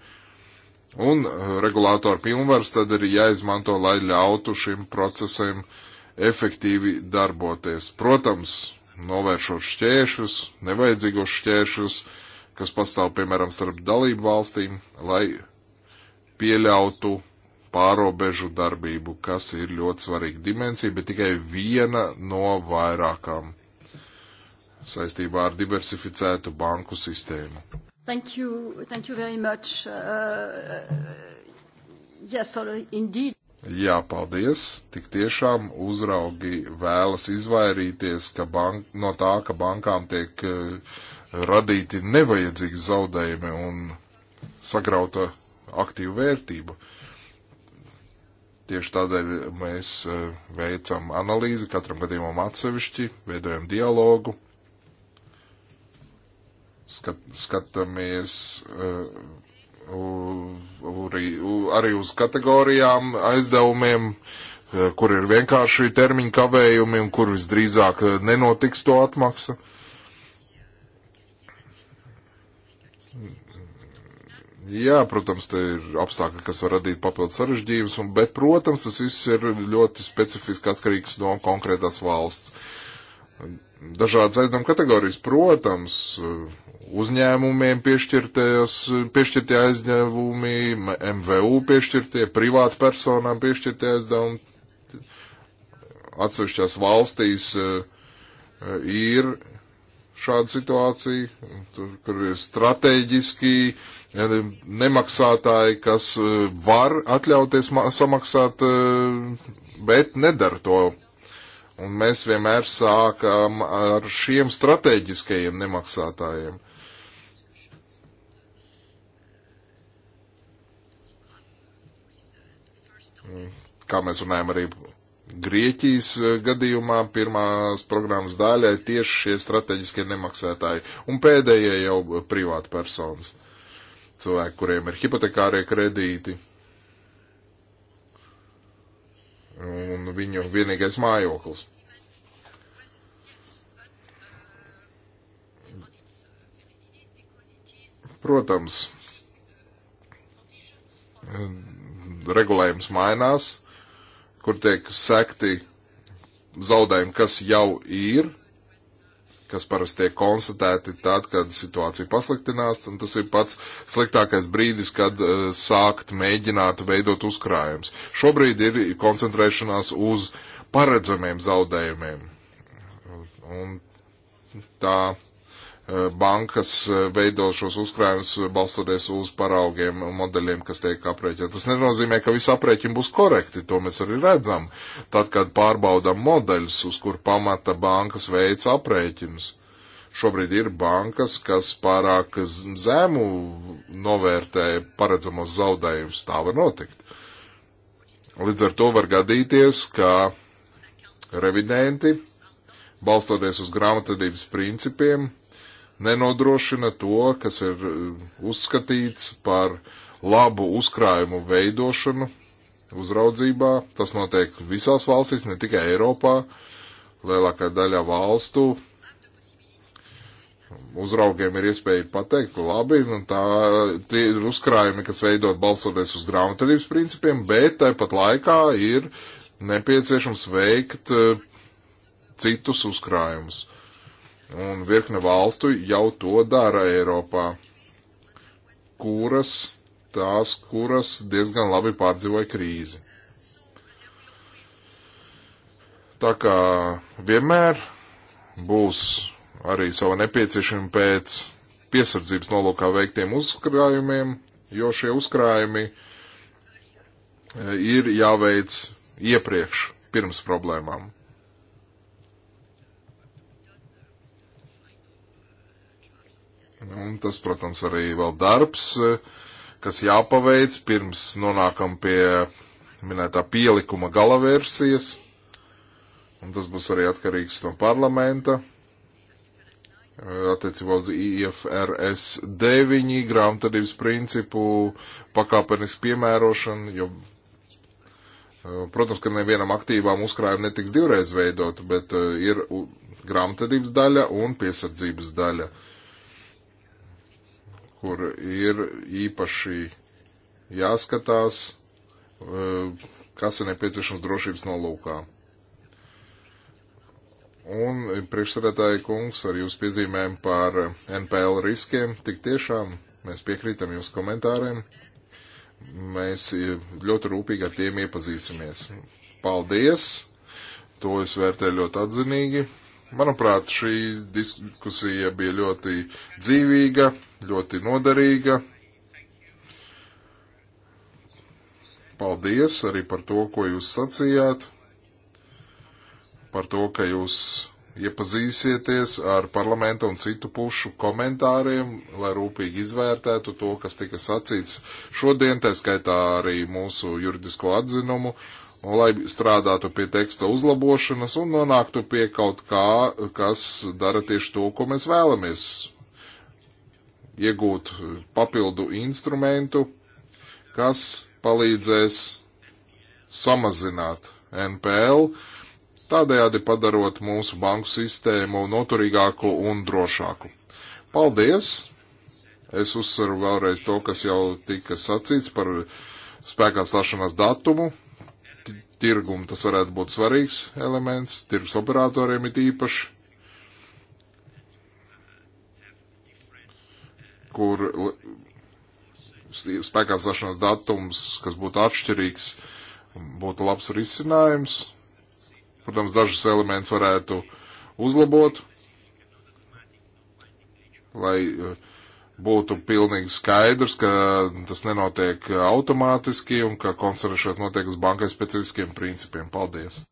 Un uh, regulātora pilnvars tad ir jāizmanto, lai ļautu šim procesam efektīvi darboties. Protams, novēršot šķēršļus, nevajadzīgos šķēršļus, kas pastāv, piemēram, starp dalību valstīm, lai pieļautu pārobežu darbību, kas ir ļoti svarīga dimensija, bet tikai viena no vairākām saistībā ar diversificētu banku sistēmu. Thank you, thank you very much. Uh, uh yes, indeed. Jā, paldies. Tik tiešām uzraugi vēlas izvairīties bank, no tā, ka bankām tiek uh, radīti nevajadzīgi zaudējumi un sagrauta aktīvu vērtību. Tieši tādēļ mēs e, veicam analīzi katram gadījumam atsevišķi, veidojam dialogu, skat, skatāmies uh, arī, arī uz kategorijām aizdevumiem, e, kur ir vienkārši termiņu kavējumi un kur visdrīzāk nenotiks to atmaksa. Uh, Jā, protams, te ir apstākļi, kas var radīt papildus sarežģījumus, bet, protams, tas viss ir ļoti specifiski atkarīgs no konkrētās valsts. Dažādas aizdevuma kategorijas, protams, uzņēmumiem piešķirtie aizdevumi, MVU piešķirtie, privāta personām piešķirtie aizdevumi. Atsevišķās valstīs eh, ir šāda situācija, tur, kur ir strateģiski uh, nemaksātāji, kas e, var atļauties samaksāt, e, bet nedara to. Un mēs vienmēr sākam ar šiem strateģiskajiem nemaksātājiem. Kā mēs runājam arī Grieķijas e, gadījumā, pirmās programmas daļai tieši šie strateģiskie nemaksātāji. Un pēdējie jau privāti personas cilvēki, kuriem ir hipotekārie kredīti, un viņu vienīgais mājoklis. Protams, regulējums mainās, kur tiek sekti zaudējumi, kas jau ir, kas parasti tiek konstatēti tad, kad situācija pasliktinās, un tas ir pats sliktākais brīdis, kad uh, sākt mēģināt veidot uzkrājumus. Šobrīd ir koncentrēšanās uz paredzamiem zaudējumiem. Un tā Eh, bankas eh, veido šos uzkrājumus eh, balstoties uz paraugiem un modeļiem, kas tiek aprēķināti. Tas nenozīmē, ka visi aprēķini būs korekti, to mēs arī redzam, tad, kad pārbaudam modeļus, uz kur pamata bankas veids aprēķinus. Šobrīd ir bankas, kas pārāk zemu novērtē paredzamos zaudējumus. Tā var notikt. Līdz ar to var gadīties, ka revidenti, balstoties uz grāmatvedības principiem, uh, nenodrošina to, kas ir eh, uzskatīts par labu uzkrājumu veidošanu uzraudzībā. Tas notiek visās valstīs, ne tikai Eiropā. Lielākā daļa valstu uzraugiem ir iespēja pateikt, labi, nu tā tie ir uzkrājumi, kas veidot balstoties uz grāmatvedības principiem, bet tāpat laikā ir nepieciešams veikt eh, citus uzkrājumus. Un virkne valstu jau to dara Eiropā, kuras, tās, kuras diezgan labi pārdzīvoja krīzi. Tā kā vienmēr būs arī sava nepieciešama pēc piesardzības nolūkā veiktiem uzkrājumiem, jo šie uzkrājumi e, ir jāveic iepriekš, pirms problēmām. Un tas, protams, arī vēl darbs, eh, kas jāpaveic pirms nonākam pie minētā pielikuma gala versijas. Un tas būs arī atkarīgs no parlamenta. Eh, attiecībā uz IFRS 9 grāmatvedības principu pakāpenisku piemērošanu, jo eh, Protams, ka nevienam aktīvām uzkrājumam netiks divreiz veidot, bet ir grāmatvedības daļa un piesardzības daļa kur ir īpaši jāskatās, eh, kas ir nepieciešams drošības nolūkā. Un eh, priekšsēdētāji kungs ar jūsu piezīmēm par eh, NPL riskiem, tik tiešām mēs piekrītam jūsu komentāriem. Mēs ļoti rūpīgi ar tiem iepazīsimies. Paldies! To es vērtēju ļoti atzinīgi. Manuprāt, šī diskusija bija ļoti dzīvīga, ļoti noderīga. Paldies arī par to, ko jūs sacījāt, par to, ka jūs iepazīsieties ar parlamenta un citu pušu komentāriem, lai rūpīgi izvērtētu to, kas tika sacīts šodien, tā skaitā arī mūsu juridisko atzinumu, lai strādātu pie teksta uzlabošanas un nonāktu pie kaut kā, kas dara tieši to, ko mēs vēlamies. Iegūt papildu instrumentu, kas palīdzēs samazināt NPL, tādējādi padarot mūsu banku sistēmu noturīgāku un drošāku. Paldies! Es uzsveru vēlreiz to, kas jau tika sacīts par spēkā stāšanās datumu, tirgumu tas varētu būt svarīgs elements, tirgus operatoriem it īpaši, kur spēkā sašanās datums, kas būtu atšķirīgs, būtu labs risinājums. Protams, dažus elementus varētu uzlabot, lai uh, būtu pilnīgi skaidrs, ka tas nenotiek automātiski un ka koncentrēšanās notiek uz bankai specifiskiem principiem. Paldies!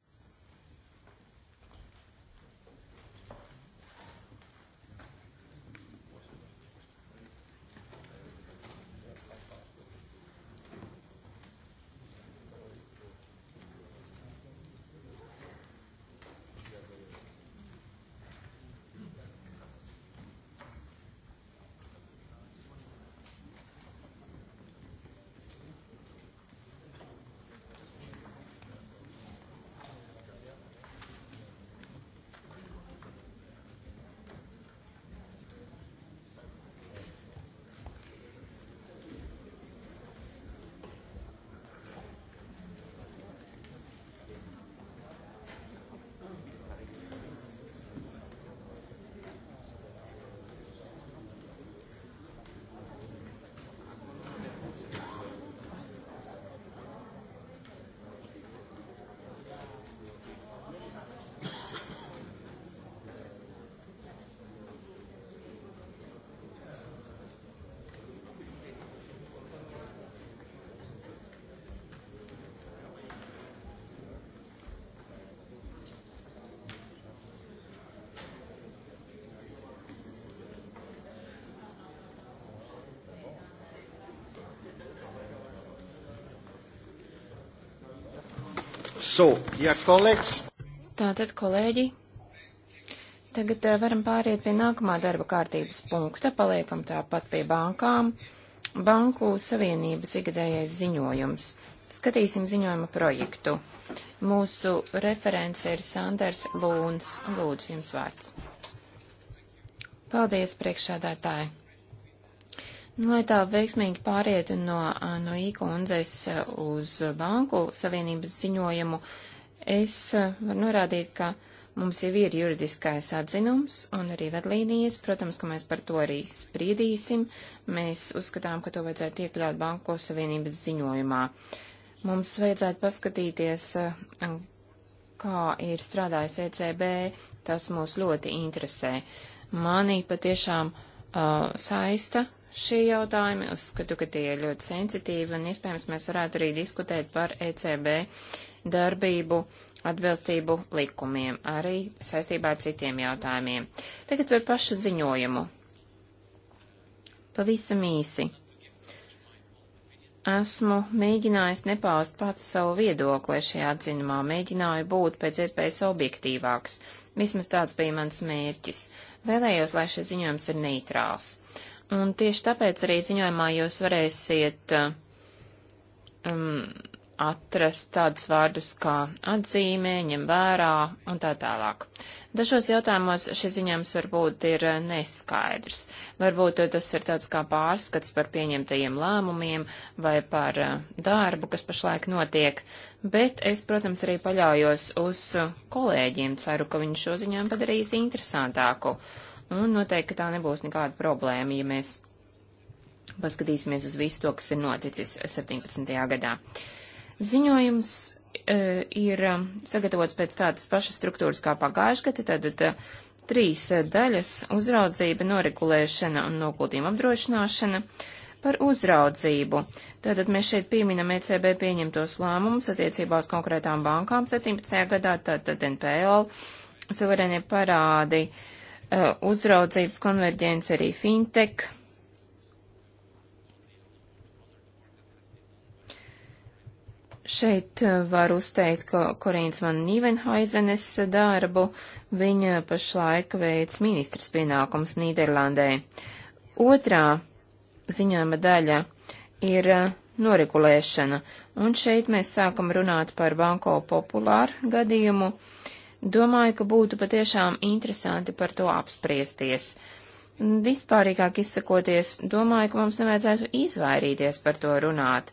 So, ja kolēģis. Tātad, kolēģi, tagad eh, varam pāriet pie nākamā darba kārtības punkta. Paliekam tāpat pie bankām. Banku savienības ikgadējais ziņojums. Skatīsim ziņojuma projektu. Mūsu referents ir Sanders Lūns. Lūdzu, jums vārds. Paldies, priekšādātāji! Nu, lai tā veiksmīgi pāriet no, no īkundzes uz banku savienības ziņojumu, es varu norādīt, ka mums jau ir juridiskais atzinums un arī vadlīnijas. Protams, ka mēs par to arī spriedīsim. Mēs uzskatām, ka to vajadzētu iekļaut banku savienības ziņojumā. Mums vajadzētu paskatīties, kā ir strādājis ECB, tas mūs ļoti interesē. Manī patiešām uh, saista šī jautājuma. Uzskatu, ka tie ir ļoti sensitīvi un iespējams mēs varētu arī diskutēt par ECB darbību atbilstību likumiem, arī saistībā ar citiem jautājumiem. Tagad par pašu ziņojumu. Pavisam īsi. Esmu mēģinājis nepaust pats savu viedokli šajā atzinumā, mēģināju būt pēc iespējas objektīvāks. Vismaz tāds bija mans mērķis. Vēlējos, lai šis ziņojums ir neitrāls. Un tieši tāpēc arī ziņojumā jūs varēsiet um, atrast tādus vārdus kā atzīmē, ņem vērā un tā tālāk. Dažos jautājumos šis ziņojums varbūt ir neskaidrs. Varbūt tas ir tāds kā pārskats par pieņemtajiem lēmumiem vai par uh, darbu, kas pašlaik notiek, bet es, protams, arī paļaujos uz kolēģiem, ceru, ka viņi šo ziņojumu padarīs interesantāku. Uh, un noteikti, ka tā nebūs nekāda problēma, ja mēs paskatīsimies uz visu to, kas ir noticis 17. gadā. Ziņojums e, ir um, sagatavots pēc tādas pašas struktūras kā pagājušajā gadā, tad, tad e, trīs daļas - uzraudzība, noregulēšana un nokultīma apdrošināšana par uzraudzību. Tātad mēs šeit pieminam ECB pieņemtos lēmumus attiecībā uz konkrētām bankām 17. gadā, tātad NPL, suverēnie parādi, uh, Uh, uzraudzības konverģence arī fintech. Šeit uh, var uzteikt ko Korīnas van Nīvenhaizenes darbu. Viņa pašlaik veic ministrs pienākums Nīderlandē. Otrā ziņojuma daļa ir uh, noregulēšana, un šeit mēs sākam runāt par Banko populāru gadījumu. Uh, Domāju, ka būtu patiešām interesanti par to apspriesties. Vispārīgāk izsakoties, domāju, ka mums nevajadzētu izvairīties par to runāt.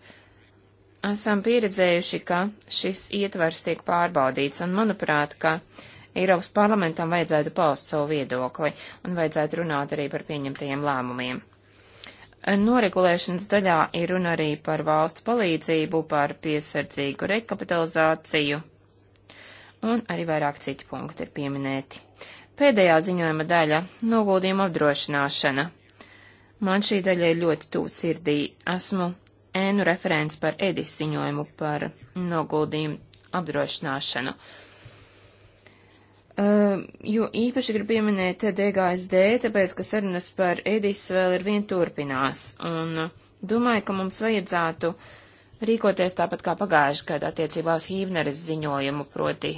Esam pieredzējuši, ka šis ietvers tiek pārbaudīts, un manuprāt, ka Eiropas parlamentam vajadzētu paust savu viedokli un vajadzētu runāt arī par pieņemtajiem lēmumiem. Noregulēšanas daļā ir runa arī par valstu palīdzību, par piesardzīgu rekapitalizāciju un arī vairāk citi punkti ir pieminēti. Pēdējā ziņojuma daļa - noguldījuma apdrošināšana. Man šī daļa ir ļoti tuvu sirdī. Esmu ēnu referents par Edis ziņojumu par noguldījumu apdrošināšanu. Uh, jo īpaši gribu pieminēt DGSD, tāpēc, ka sarunas par Edis vēl ir vien turpinās, un domāju, ka mums vajadzētu uh, rīkoties tāpat kā pagājuši, kad attiecībā uz Hībneres ziņojumu, proti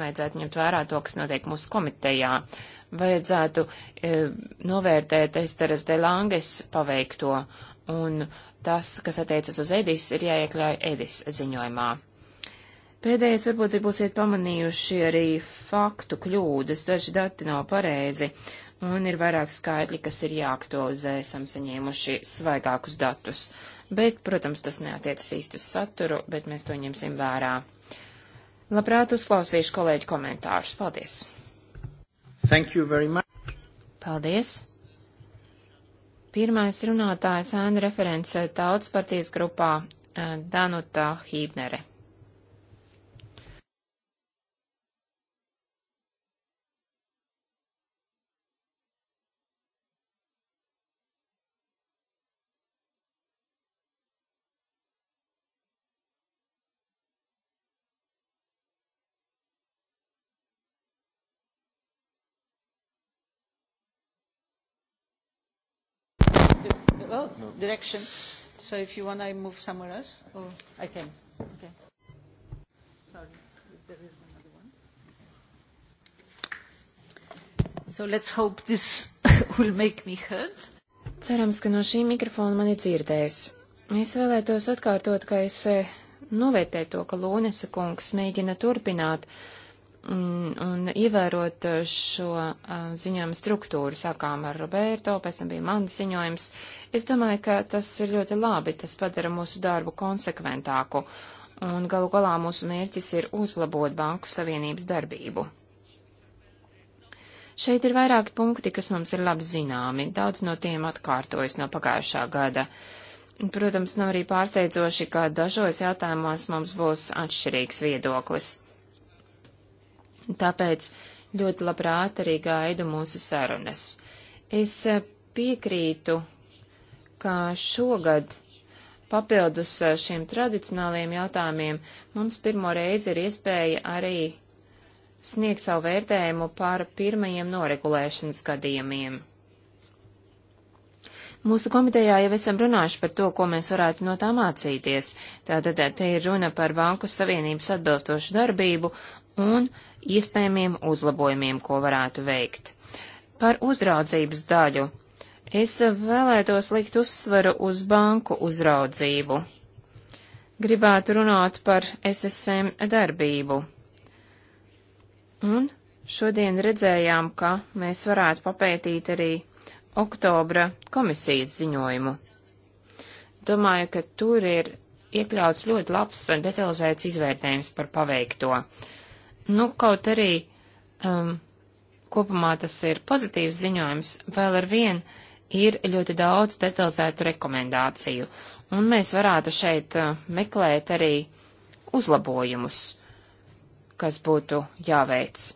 vajadzētu ņemt vērā to, kas notiek mūsu komitejā. Vajadzētu e, novērtēt Esteras de Langes paveikto, un tas, kas attiecas uz Edis, ir jāiekļauj Edis ziņojumā. Pēdējais varbūt ir būsiet pamanījuši arī faktu kļūdas, daži dati nav pareizi, un ir vairāk skaitļi, kas ir jāaktualizē, esam saņēmuši svaigākus datus. Uh, bet, protams, tas neatiecas īsti uz saturu, bet mēs to ņemsim vērā. Labprāt uzklausīšu kolēģu komentārus. Paldies! Thank you very much! Paldies! Pirmais runātājs ēnu reference tautas partijas grupā eh, Danuta Hībnere. direction. So if you want, I move somewhere else, or I can. Okay. Sorry, there is another one. So let's hope this <laughs> will make me heard. Cerams, ka no šī mikrofona mani dzirdēs. Es vēlētos atkārtot, ka es eh, novērtēju to, ka Lūnesa kungs mēģina turpināt uh, un, un ievērot uh, šo uh, ziņojumu struktūru, sākām ar Roberto, pēc tam bija mans ziņojums. Es domāju, ka tas ir ļoti labi, tas padara mūsu darbu konsekventāku, un galu galā mūsu mērķis ir uzlabot Banku Savienības darbību. Šeit ir vairāki punkti, kas mums ir labi zināmi, daudz no tiem atkārtojas no pagājušā gada. Protams, nav arī pārsteidzoši, ka dažos jautājumos mums būs atšķirīgs viedoklis. Tāpēc ļoti labprāt arī gaidu mūsu sarunas. Es eh, piekrītu, ka šogad papildus eh, šiem tradicionāliem jautājumiem mums pirmo reizi ir iespēja arī sniegt savu vērtējumu par pirmajiem noregulēšanas gadījumiem. Mūsu komitejā jau esam runājuši par to, ko mēs varētu no tā mācīties. Tātad eh, te ir runa par Banku Savienības atbilstošu darbību un iespējamiem uzlabojumiem, ko varētu veikt. Par uzraudzības daļu. Es vēlētos likt uzsvaru uz banku uzraudzību. Gribētu runāt par SSM darbību. Un šodien redzējām, ka mēs varētu papētīt arī oktobra komisijas ziņojumu. Domāju, ka tur ir iekļauts ļoti labs detalizēts izvērtējums par paveikto. Uh, Nu, kaut arī um, kopumā tas ir pozitīvs ziņojums, vēl ar vien ir ļoti daudz detalizētu rekomendāciju, un mēs varētu šeit uh, meklēt arī uzlabojumus, kas būtu jāveic.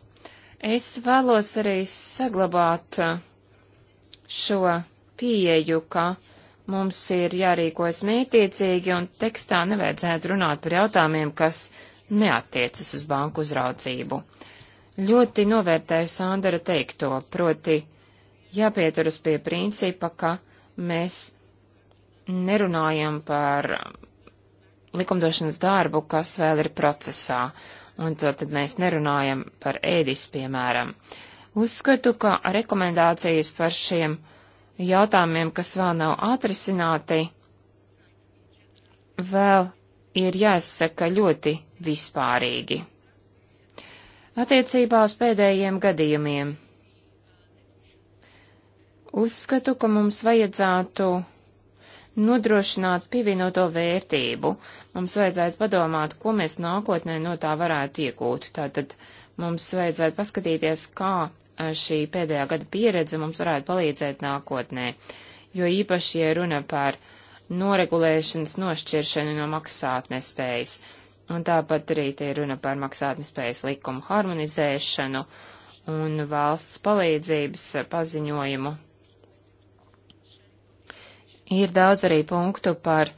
Es vēlos arī saglabāt uh, šo pieeju, ka mums ir jārīkojas mērķiecīgi un tekstā nevajadzētu runāt par jautājumiem, kas uh, neatiecas uz banku uzraudzību. Ļoti novērtēju Sandra teikto, proti jāpieturas pie principa, ka mēs nerunājam par likumdošanas darbu, kas vēl ir procesā, un tad mēs nerunājam par ēdis, piemēram. Uzskatu, ka rekomendācijas par šiem jautājumiem, kas vēl nav atrisināti, vēl ir jāizsaka ļoti vispārīgi. Attiecībā uz pēdējiem gadījumiem. Uzskatu, ka mums vajadzētu nodrošināt pievienoto vērtību. Mums vajadzētu padomāt, ko mēs nākotnē no tā varētu iegūt. Tātad mums vajadzētu paskatīties, kā šī pēdējā gada pieredze mums varētu palīdzēt nākotnē. Jo īpaši, ja runa par noregulēšanas nošķiršanu no maksātnespējas. spējas Un tāpat arī te ir runa par maksātnespējas likumu harmonizēšanu un valsts palīdzības paziņojumu. Ir daudz arī punktu par uh,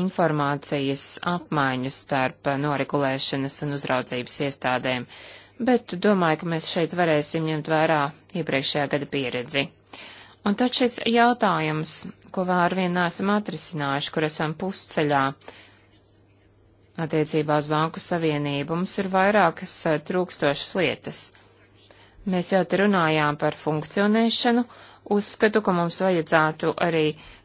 informācijas apmaiņu starp noregulēšanas un uzraudzības iestādēm, bet domāju, ka mēs šeit varēsim ņemt vērā iepriekšējā gada pieredzi. Un tad šis jautājums, ko vēl arvien neesam atrisinājuši, kur esam pusceļā, uh, attiecībā uz Banku Savienību. Mums ir vairākas eh, trūkstošas lietas. Mēs jau te runājām par funkcionēšanu. Uzskatu, ka mums vajadzētu arī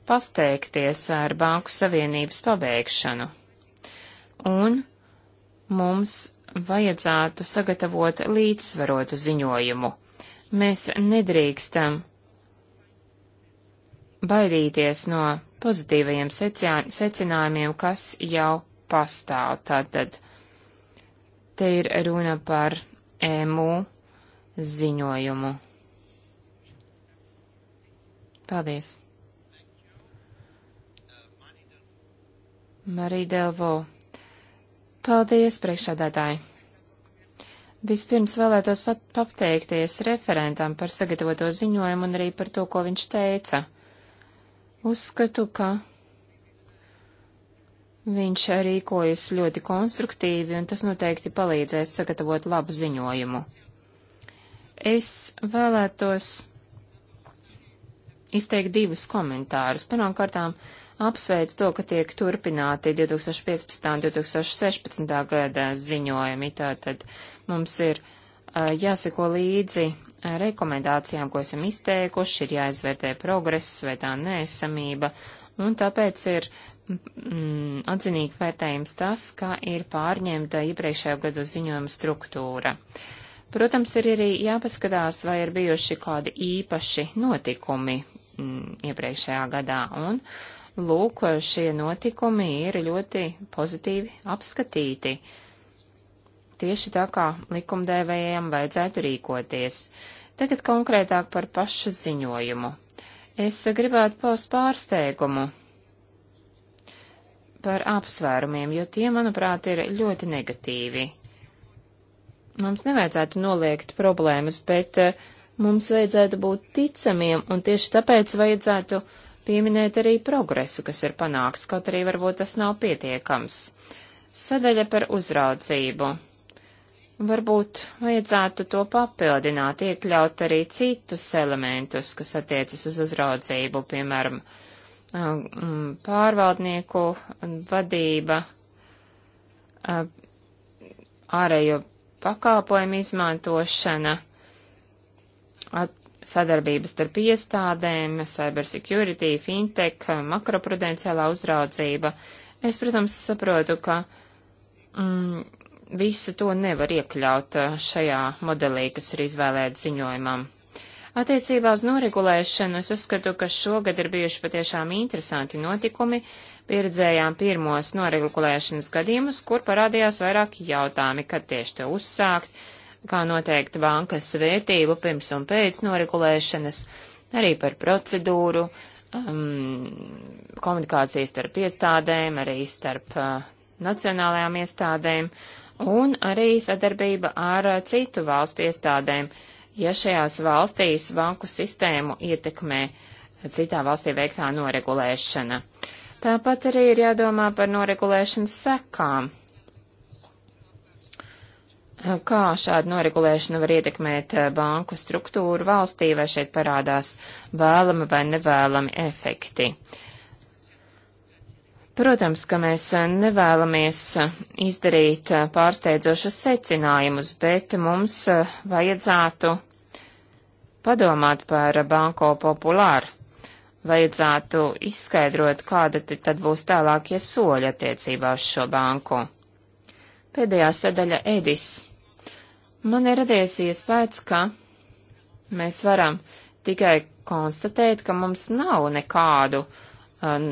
pasteikties ar Banku Savienības pabeigšanu. Un mums vajadzētu sagatavot līdzsvarotu ziņojumu. Mēs nedrīkstam baidīties no pozitīvajiem secinājumiem, kas jau pastāv. Tātad te ir runa par emu ziņojumu. Paldies. Marija Delvo. Paldies, priekšādātāji. Vispirms vēlētos pat pateikties referentam par sagatavoto ziņojumu un arī par to, ko viņš teica. Uzskatu, ka Viņš rīkojas ļoti konstruktīvi, un tas noteikti palīdzēs sagatavot labu ziņojumu. Es vēlētos izteikt divus komentārus. Pirmkārtām, apsveic to, ka tiek turpināti 2015. un 2016. gada ziņojumi. Tātad mums ir uh, jāseko līdzi uh, rekomendācijām, ko esam izteikuši, ir jāizvērtē progress vai tā neesamība, un tāpēc ir mm, atzinīgi vērtējams tas, ka ir pārņemta iepriekšējo gadu ziņojuma struktūra. Protams, ir arī jāpaskatās, vai ir bijuši kādi īpaši notikumi mm, iepriekšējā gadā, un lūk, šie notikumi ir ļoti pozitīvi apskatīti. Tieši tā kā likumdevējiem vajadzētu rīkoties. Tagad konkrētāk par pašu ziņojumu. Es gribētu paust pārsteigumu, par apsvērumiem, jo tie, manuprāt, ir ļoti negatīvi. Mums nevajadzētu noliegt problēmas, bet eh, mums vajadzētu būt ticamiem, un tieši tāpēc vajadzētu pieminēt arī progresu, kas ir panākts, kaut arī varbūt tas nav pietiekams. Sadaļa par uzraudzību. Varbūt vajadzētu to papildināt, iekļaut arī citus elementus, kas attiecas uz uzraudzību, piemēram, uh, Um, pārvaldnieku vadība, um, ārējo pakalpojumu izmantošana, sadarbības starp iestādēm, cybersecurity, fintech, makroprudenciālā uzraudzība. Es, protams, saprotu, ka mm, visu to nevar iekļaut uh, šajā modelī, kas ir izvēlēts ziņojumam. Attiecībā uz noregulēšanu es uzskatu, ka šogad ir bijuši patiešām interesanti notikumi. Pieredzējām pirmos noregulēšanas gadījumus, kur parādījās vairāki jautājumi, kad tieši to uzsākt, kā noteikt bankas vērtību pirms un pēc noregulēšanas, arī par procedūru, um, komunikācijas starp iestādēm, arī starp uh, nacionālajām iestādēm un arī sadarbība ar uh, citu valstu iestādēm. Uh, ja šajās valstīs banku sistēmu ietekmē citā valstī veiktā noregulēšana. Tāpat arī ir jādomā par noregulēšanas sekām. Kā šāda noregulēšana var ietekmēt eh, banku struktūru valstī, vai šeit parādās vēlami vai nevēlami efekti. Uh, Protams, ka mēs eh, nevēlamies eh, izdarīt eh, pārsteidzošus secinājumus, bet mums vajadzētu padomāt par banko populāru. Vajadzētu izskaidrot, kāda tad būs tālākie soļi attiecībā uz šo banku. Pēdējā sadaļa Edis. Man ir radies iespējas, ka mēs varam tikai konstatēt, ka mums nav nekādu um,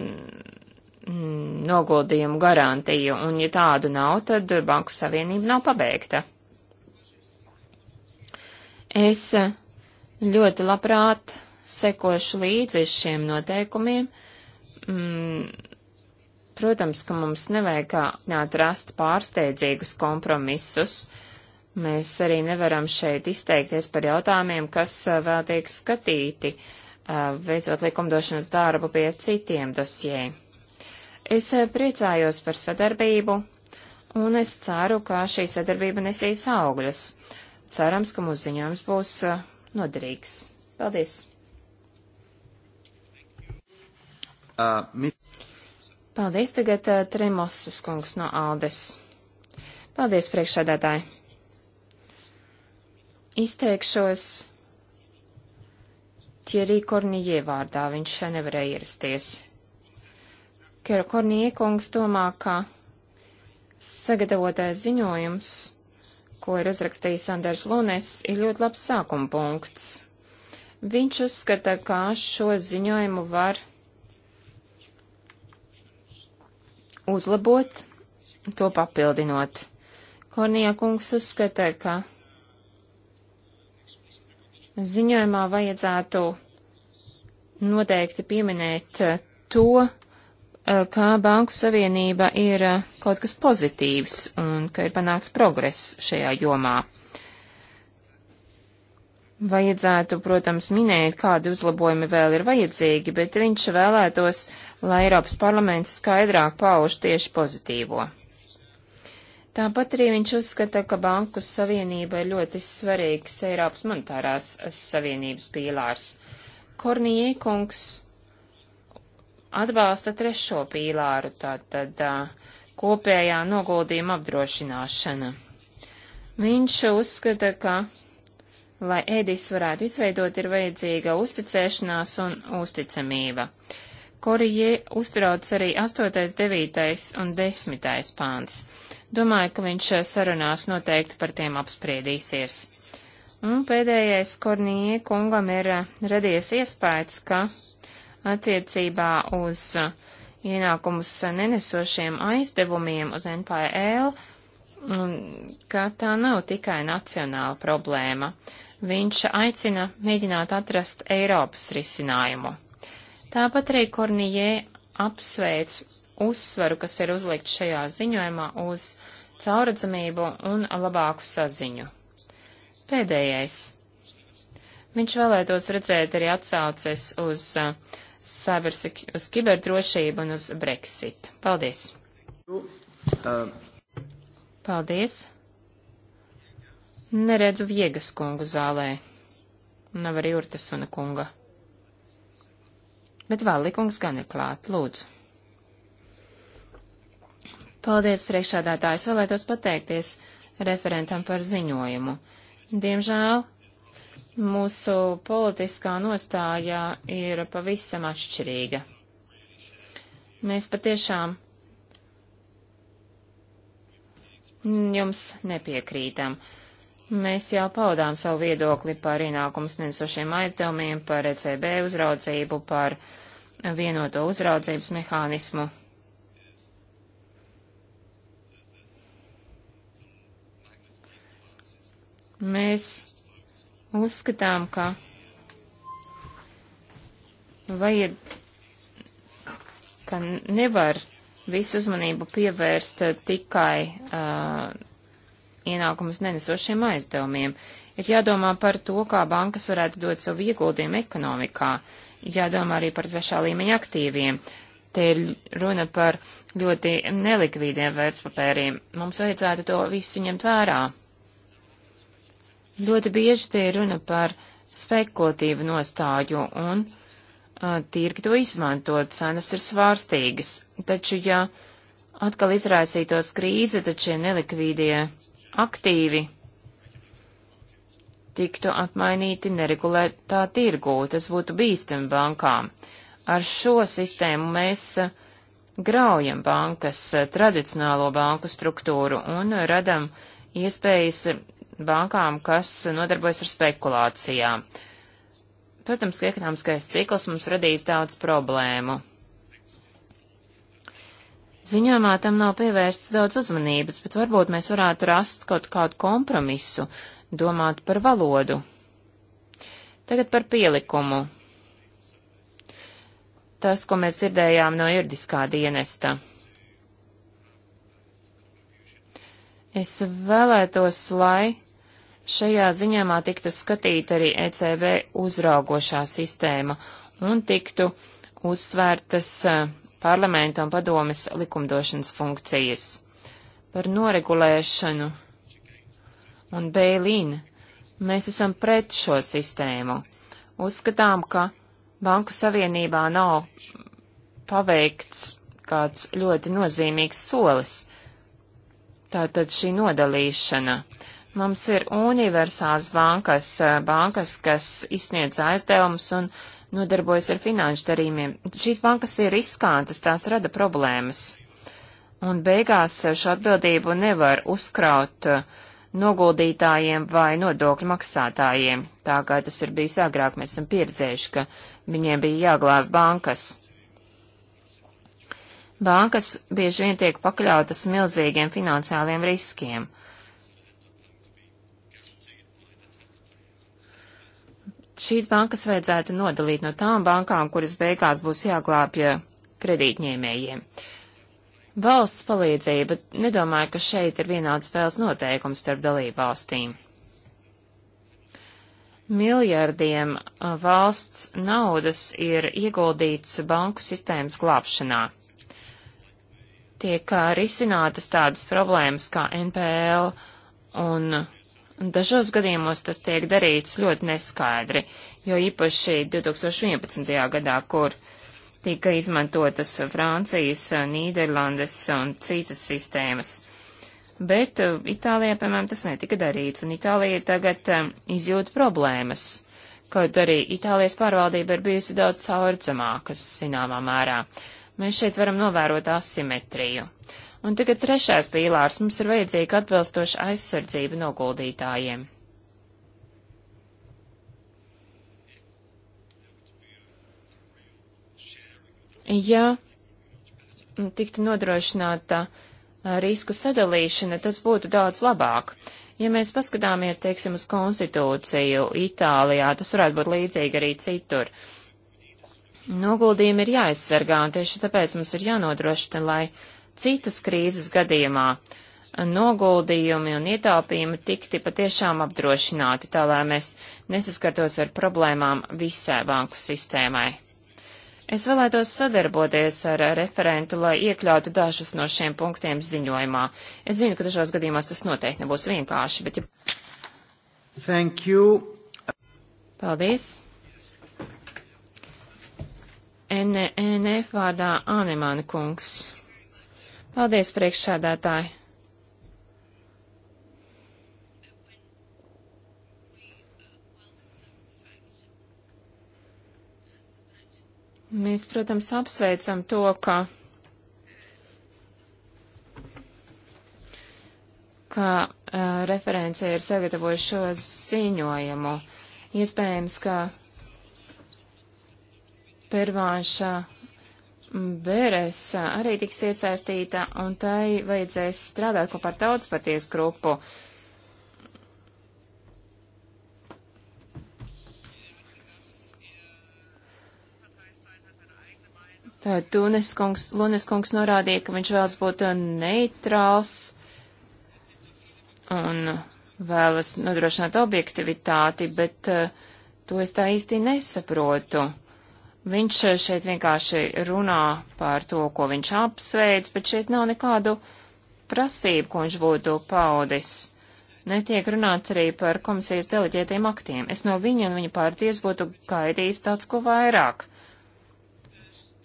Mm, noguldījumu garantiju, un ja tādu nav, tad Banku Savienība nav pabeigta. Es eh, ļoti labprāt sekošu līdzi šiem noteikumiem. Mm, protams, ka mums nevajag atrast pārsteidzīgus kompromisus. Mēs arī nevaram šeit izteikties par jautājumiem, kas vēl tiek skatīti, veicot likumdošanas darbu pie citiem dosjiem. Es eh, priecājos par sadarbību, un es ceru, ka šī sadarbība nesīs augļus. Cerams, ka mūsu ziņojums būs eh, noderīgs. Paldies! Uh, mit... Paldies tagad uh, Tremosas kungs no Aldes. Paldies priekšsēdētāji. Izteikšos Tierī Kornijie vārdā, viņš nevarēja ierasties. Korniekungs domā, ka sagatavotais ziņojums, ko ir uzrakstījis Anders Lunes, ir ļoti labs sākuma punkts. Viņš uzskata, ka šo ziņojumu var uzlabot, to papildinot. Kornija kungs uzskata, ka ziņojumā vajadzētu noteikti pieminēt to, Eh, kā Banku Savienība ir eh, kaut kas pozitīvs un ka ir panāks progress šajā jomā. Vajadzētu, protams, minēt, kādi uzlabojumi vēl ir vajadzīgi, bet viņš vēlētos, lai Eiropas parlaments skaidrāk pauž tieši pozitīvo. Tāpat arī viņš uzskata, ka Banku Savienība ir ļoti svarīgs Eiropas monetārās savienības pīlārs. Kornijai kungs atbalsta trešo pīlāru, tātad kopējā noguldījuma apdrošināšana. Viņš uzskata, ka, lai ēdis varētu izveidot, ir vajadzīga uzticēšanās un uzticamība. Korijē uztrauc arī 8., 9. un 10. pāns. Domāju, ka viņš sarunās noteikti par tiem apspriedīsies. Un pēdējais Kornija kungam ir radies iespējas, ka attiecībā uz uh, ienākumus nenesošiem aizdevumiem uz NPL, ka tā nav tikai nacionāla problēma. Viņš aicina mēģināt atrast Eiropas risinājumu. Tāpat arī Kornijē apsveic uzsvaru, kas ir uzlikt šajā ziņojumā uz cauradzamību un labāku saziņu. Pēdējais. Viņš vēlētos redzēt arī atsauces uz uh, uz kiberdrošību un uz Brexit. Paldies! Paldies! Neredzu Viegas kungu zālē. Nav arī Urtasuna kunga. Bet Vallikungs gan ir klāt, lūdzu. Paldies, priekšādātājs, vēlētos pateikties referentam par ziņojumu. Diemžēl mūsu politiskā nostājā ir pavisam atšķirīga. Mēs patiešām jums nepiekrītam. Mēs jau paudām savu viedokli par ienākumus nesošiem aizdevumiem, par ECB uzraudzību, par vienoto uzraudzības mehānismu. Mēs Uzskatām, ka vajad, ka nevar visu uzmanību pievērst tikai uh, ienākumus nenesošiem aizdevumiem. Ir jādomā par to, kā bankas varētu dot savu ieguldījumu ekonomikā. Jādomā arī par trešā līmeņa aktīviem. Te ir runa par ļoti nelikvīdiem vērtspapēriem. Mums vajadzētu to visu ņemt vērā. Ļoti bieži te ir runa par spekulatīvu nostāju un uh, tirgi to izmantot, cenas ir svārstīgas. Taču, ja atkal izraisītos krīze, tad šie nelikvīdie aktīvi tiktu apmainīti neregulētā tirgū, tas būtu bīstami bankām. Ar šo sistēmu mēs graujam bankas tradicionālo banku struktūru un radam iespējas bankām, kas nodarbojas ar spekulācijām. Protams, ka ekonomiskais cikls mums radīs daudz problēmu. Ziņojumā tam nav pievērsts daudz uzmanības, bet varbūt mēs varētu rast kaut kādu kompromisu, domāt par valodu. Tagad par pielikumu. Tas, ko mēs dzirdējām no juridiskā dienesta. Es vēlētos, lai šajā ziņāmā tiktu skatīta arī ECB uzraugošā sistēma un tiktu uzsvērtas eh, parlamenta un padomes likumdošanas funkcijas. Par noregulēšanu un bēlīnu mēs esam pret šo sistēmu. Uzskatām, ka Banku Savienībā nav paveikts kāds ļoti nozīmīgs solis. Tātad šī nodalīšana. Mums ir universāls bankas, eh, bankas, kas izsniedz aizdevumus un nodarbojas ar finanšu darījumiem. Šīs bankas ir riskantas, tās rada problēmas. Un beigās šo atbildību nevar uzkraut eh, noguldītājiem vai nodokļu maksātājiem. Tā kā tas ir bijis agrāk, mēs esam pieredzējuši, ka viņiem bija jāglāb bankas. Bankas bieži vien tiek pakļautas milzīgiem finansiāliem riskiem. Šīs bankas vajadzētu nodalīt no tām bankām, kuras beigās būs jāglābj kredītņēmējiem. Valsts palīdzība, nedomāju, ka šeit ir vienāds spēles noteikums starp dalību valstīm. Miljardiem uh, valsts naudas ir ieguldīts banku sistēmas glābšanā tiek risinātas tādas problēmas kā NPL, un dažos gadījumos tas tiek darīts ļoti neskaidri, jo īpaši 2011. gadā, kur tika izmantotas Francijas, Nīderlandes un citas sistēmas. Bet Itālijā, piemēram, tas netika darīts, un Itālija tagad izjūta problēmas kaut arī Itālijas pārvaldība ir bijusi daudz caurdzamākas, zināmā mērā. Mēs šeit varam novērot asimetriju. Un tagad trešais pīlārs mums ir vajadzīga atbilstoša aizsardzība noguldītājiem. Ja tiktu nodrošināta uh, risku sadalīšana, tas būtu daudz labāk. Ja mēs paskatāmies, teiksim, uz konstitūciju Itālijā, tas varētu būt līdzīgi arī citur. Uh, Noguldījumi ir jāaizsargā, un tieši tāpēc mums ir jānodrošina, lai citas krīzes gadījumā noguldījumi un ietaupījumi tikti patiešām apdrošināti, tā lai mēs nesaskartos ar problēmām visai banku sistēmai. Es vēlētos sadarboties ar referentu, lai iekļautu dažus no šiem punktiem ziņojumā. Es zinu, ka dažos gadījumos tas noteikti nebūs vienkārši, bet. Thank you. Paldies. NF e, vārdā Ānemāna kungs. Paldies, priekšsādātāji! Mēs, protams, apsveicam to, ka, ka uh, eh, referencija ir sagatavojuši šo ziņojumu. Iespējams, ka Pervānša Bērēs arī tiks iesaistīta, un tai vajadzēs strādāt kopā ar tautas paties grupu. Tātad Tunes kungs, Lunes kungs norādīja, ka viņš vēlas būt neitrāls un vēlas nodrošināt objektivitāti, bet uh, to es tā īsti nesaprotu. Viņš eh, šeit vienkārši runā par to, ko viņš apsveic, bet šeit nav nekādu prasību, ko viņš būtu paudis. Netiek runāts arī par komisijas deleģētiem aktiem. Es no viņa un viņa pārties būtu gaidījis tāds, ko vairāk.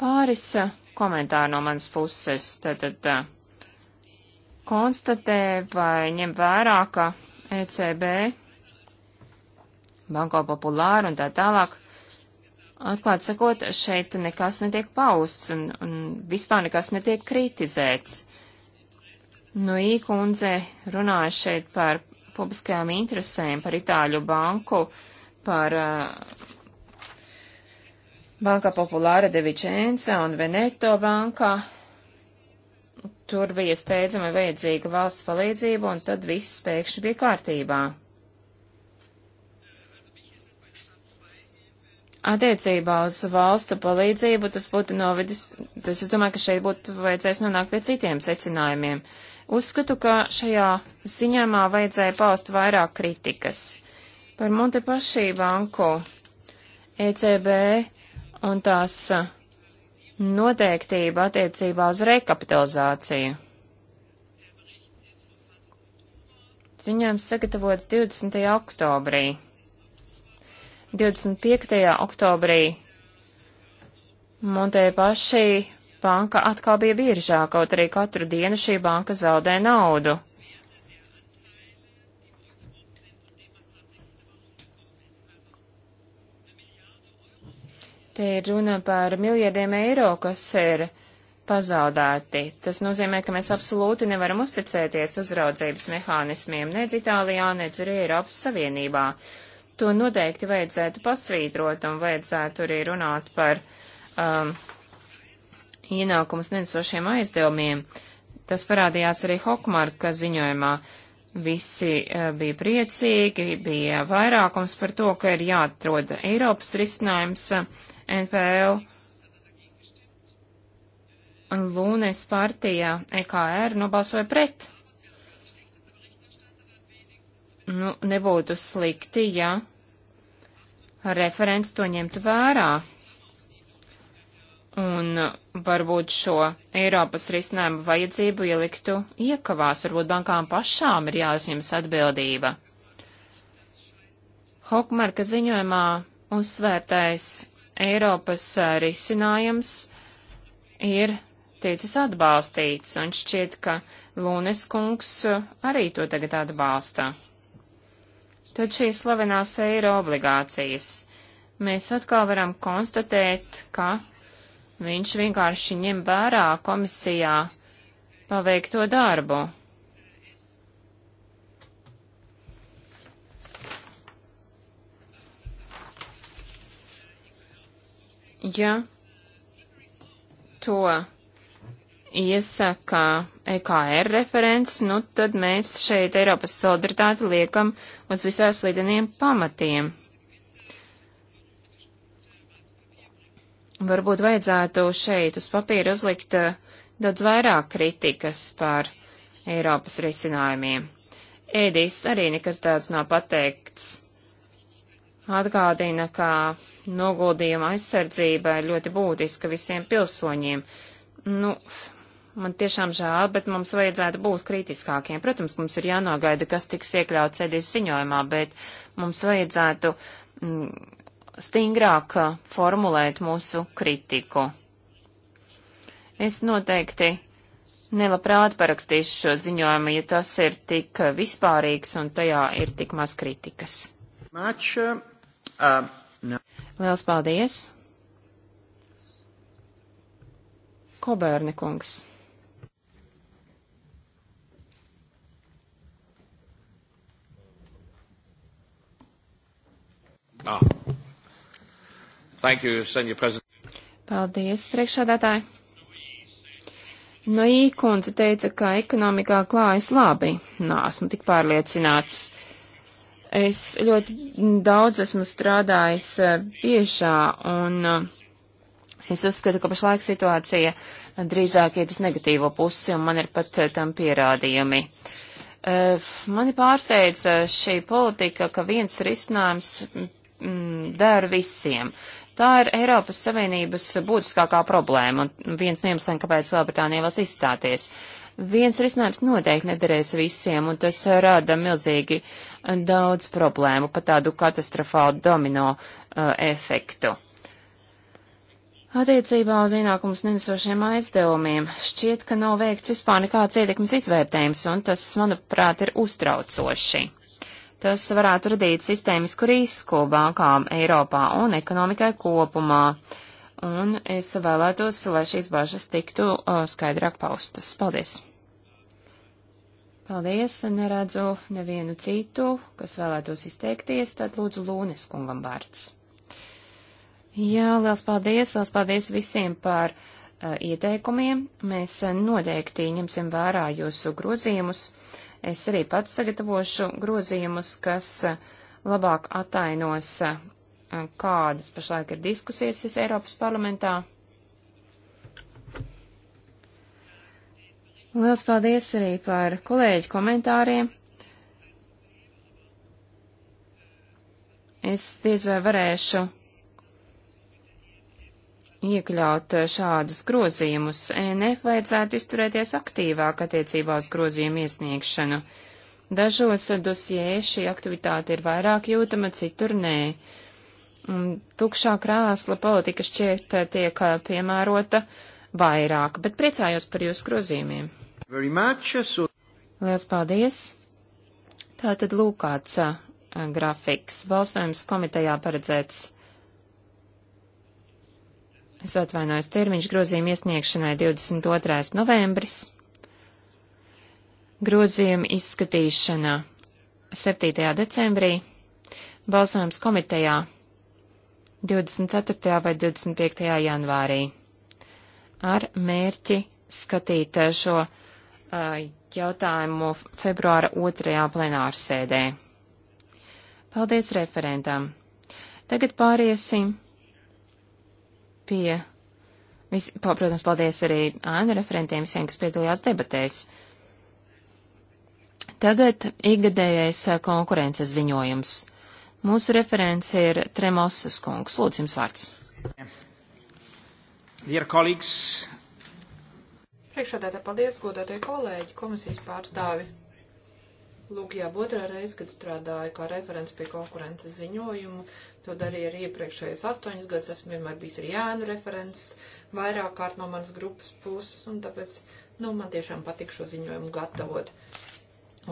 Pāris eh, komentāri no manas puses, tad, tad eh, konstatē vai ņem vērā, ka ECB, Banko Populāra un tā tālāk Atklāt sakot, šeit nekas netiek pausts un, un vispār nekas netiek kritizēts. Nu, īkundze runāja šeit par publiskajām interesēm, par Itāļu banku, par uh, Banka Populāra de Vicenza un Veneto bankā. Tur bija steidzami vajadzīga valsts palīdzība, un tad viss pēkšņi bija kārtībā. attiecībā uz valstu palīdzību tas būtu novedis, tas es domāju, ka šeit būtu vajadzēs nonākt pie citiem secinājumiem. Uzskatu, ka šajā ziņāmā vajadzēja paust vairāk kritikas. Par Montepaši banku, ECB un tās noteiktību attiecībā uz rekapitalizāciju. Ziņojums sagatavots 20. oktobrī. 25. oktobrī Montēpašī banka atkal bija biržā, kaut arī katru dienu šī banka zaudē naudu. Te ir runa par miljardiem eiro, kas ir pazaudēti. Tas nozīmē, ka mēs absolūti nevaram uzticēties uzraudzības mehānismiem nec Itālijā, nec arī Eiropas Savienībā. Uh, to noteikti vajadzētu pasvītrot un vajadzētu arī runāt par um, ienākumus nenesošiem aizdevumiem. Tas parādījās arī Hokmarka ziņojumā. Visi uh, bija priecīgi, bija vairākums par to, ka ir jāatrod Eiropas risinājums uh, NPL. Lūnes partija EKR nobalsoja pret. Nu, nebūtu slikti, ja referents to ņemtu vērā. Un varbūt šo Eiropas risinājumu vajadzību ieliktu iekavās, varbūt bankām pašām ir jāuzņemas atbildība. Hokmarka ziņojumā uzsvērtais Eiropas risinājums ir ticis atbalstīts, un šķiet, ka Lūnes kungs arī to tagad atbalsta. Tad šīs slavenās eiro obligācijas. Mēs atkal varam konstatēt, ka viņš vienkārši ņem vērā komisijā paveikto darbu. Ja to iesaka EKR referents, nu tad mēs šeit Eiropas solidaritāti liekam uz visai slideniem pamatiem. Varbūt vajadzētu šeit uz papīra uzlikt eh, daudz vairāk kritikas par Eiropas risinājumiem. Ēdīs arī nekas tāds nav pateikts. Atgādina, ka noguldījuma aizsardzība ir ļoti būtiska visiem pilsoņiem. Nu, Man tiešām žēl, bet mums vajadzētu būt kritiskākiem. Protams, mums ir jānogaida, kas tiks iekļauts sēdīs ziņojumā, bet mums vajadzētu mm, stingrāk uh, formulēt mūsu kritiku. Es noteikti nelabprāt parakstīšu šo ziņojumu, ja tas ir tik uh, vispārīgs un tajā ir tik maz kritikas. Much, uh, uh no. Liels paldies! Kobērni kungs. Ah. Thank you, senor president. Paldies, priekšādātāji. No nu, īkundze teica, ka ekonomikā klājas labi. Nā, esmu tik pārliecināts. Es ļoti daudz esmu strādājis piešā eh, un eh, es uzskatu, ka pašlaik situācija drīzāk iet uz negatīvo pusi un man ir pat eh, tam pierādījumi. Mani pārsteidza šī politika, ka viens risinājums mm, dara visiem. Tā ir Eiropas Savienības būtiskākā problēma un viens no iemesliem, kāpēc Lielbritānija vēlas izstāties. Viens risinājums noteikti nederēs visiem, un tas rada milzīgi eh, daudz problēmu, pat tādu katastrofālu domino uh, efektu. Attiecībā uz ienākumus nenesošiem aizdevumiem šķiet, ka nav veikts vispār nekāds ietekmes izvērtējums, un tas, manuprāt, ir uztraucoši. Tas varētu radīt sistēmisku risku bankām Eiropā un ekonomikai kopumā. Un es vēlētos, lai šīs bažas tiktu uh, skaidrāk paustas. Paldies! Paldies, neredzu nevienu citu, kas vēlētos izteikties, tad lūdzu Lūnes kungam vārds. Jā, liels paldies, liels paldies visiem par uh, ieteikumiem. Mēs uh, noteikti ņemsim vērā jūsu grozījumus. Uh, Es arī pats sagatavošu grozījumus, kas labāk atainos, kādas pašlaik ir diskusijas Eiropas parlamentā. Liels paldies arī par kolēģu komentāriem. Es diez vai varēšu iekļaut eh, šādus grozījumus. ENF vajadzētu izturēties aktīvāk attiecībā uz grozījumu iesniegšanu. Dažos eh, dosjē šī aktivitāte ir vairāk jūtama, citur nē. Tukšā krāsla politika šķiet eh, tiek piemērota vairāk, bet priecājos par jūsu grozījumiem. So... Lielas paldies! Tātad lūkāts grafiks. Balsojums komitejā paredzēts Es atvainojos, termiņš grozījuma iesniegšanai 22. novembris, grozījuma izskatīšana 7. decembrī, balsojums komitejā 24. vai 25. janvārī ar mērķi skatīt šo uh, jautājumu februāra 2. plenārsēdē. Paldies referentam! Tagad pāriesim pie. Vis, protams, paldies arī ānu referentiem visiem, kas piedalījās debatēs. Tagad ikgadējais eh, konkurences ziņojums. Mūsu referents ir Tremosas kungs. Lūdzu, jums vārds. Dear colleagues. Priekšādātā paldies, godātie kolēģi, komisijas pārstāvi. Lūk, jā, otrā reize, kad strādāju kā referents pie konkurences ziņojumu, to darīju arī iepriekšējos astoņus gadus, esmu vienmēr bijis arī Jānu referents, vairāk kārt no manas grupas puses, un tāpēc, nu, man tiešām patīk šo ziņojumu gatavot.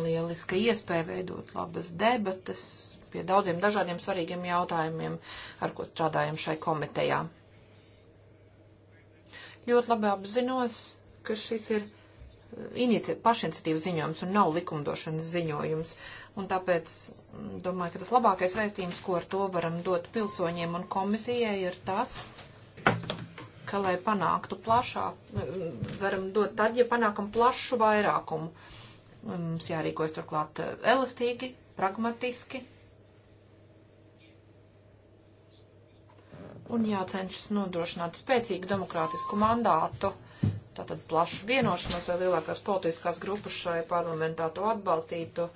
Lieliska iespēja veidot labas debatas pie daudziem dažādiem svarīgiem jautājumiem, ar ko strādājam šai komitejā. Ļoti labi apzinos, ka šis ir inici, pašiniciatīvas ziņojums un nav likumdošanas ziņojums. Un tāpēc mm, domāju, ka tas labākais vēstījums, ko ar to varam dot pilsoņiem un komisijai, ir tas, ka, lai panāktu plašāk, mm, varam dot tad, ja panākam plašu vairākumu. Mums jārīkojas turklāt eh, elastīgi, pragmatiski un jācenšas nodrošināt spēcīgu demokrātisku mandātu tātad plašu vienošanos, lai lielākās politiskās grupas šai parlamentā to atbalstītu.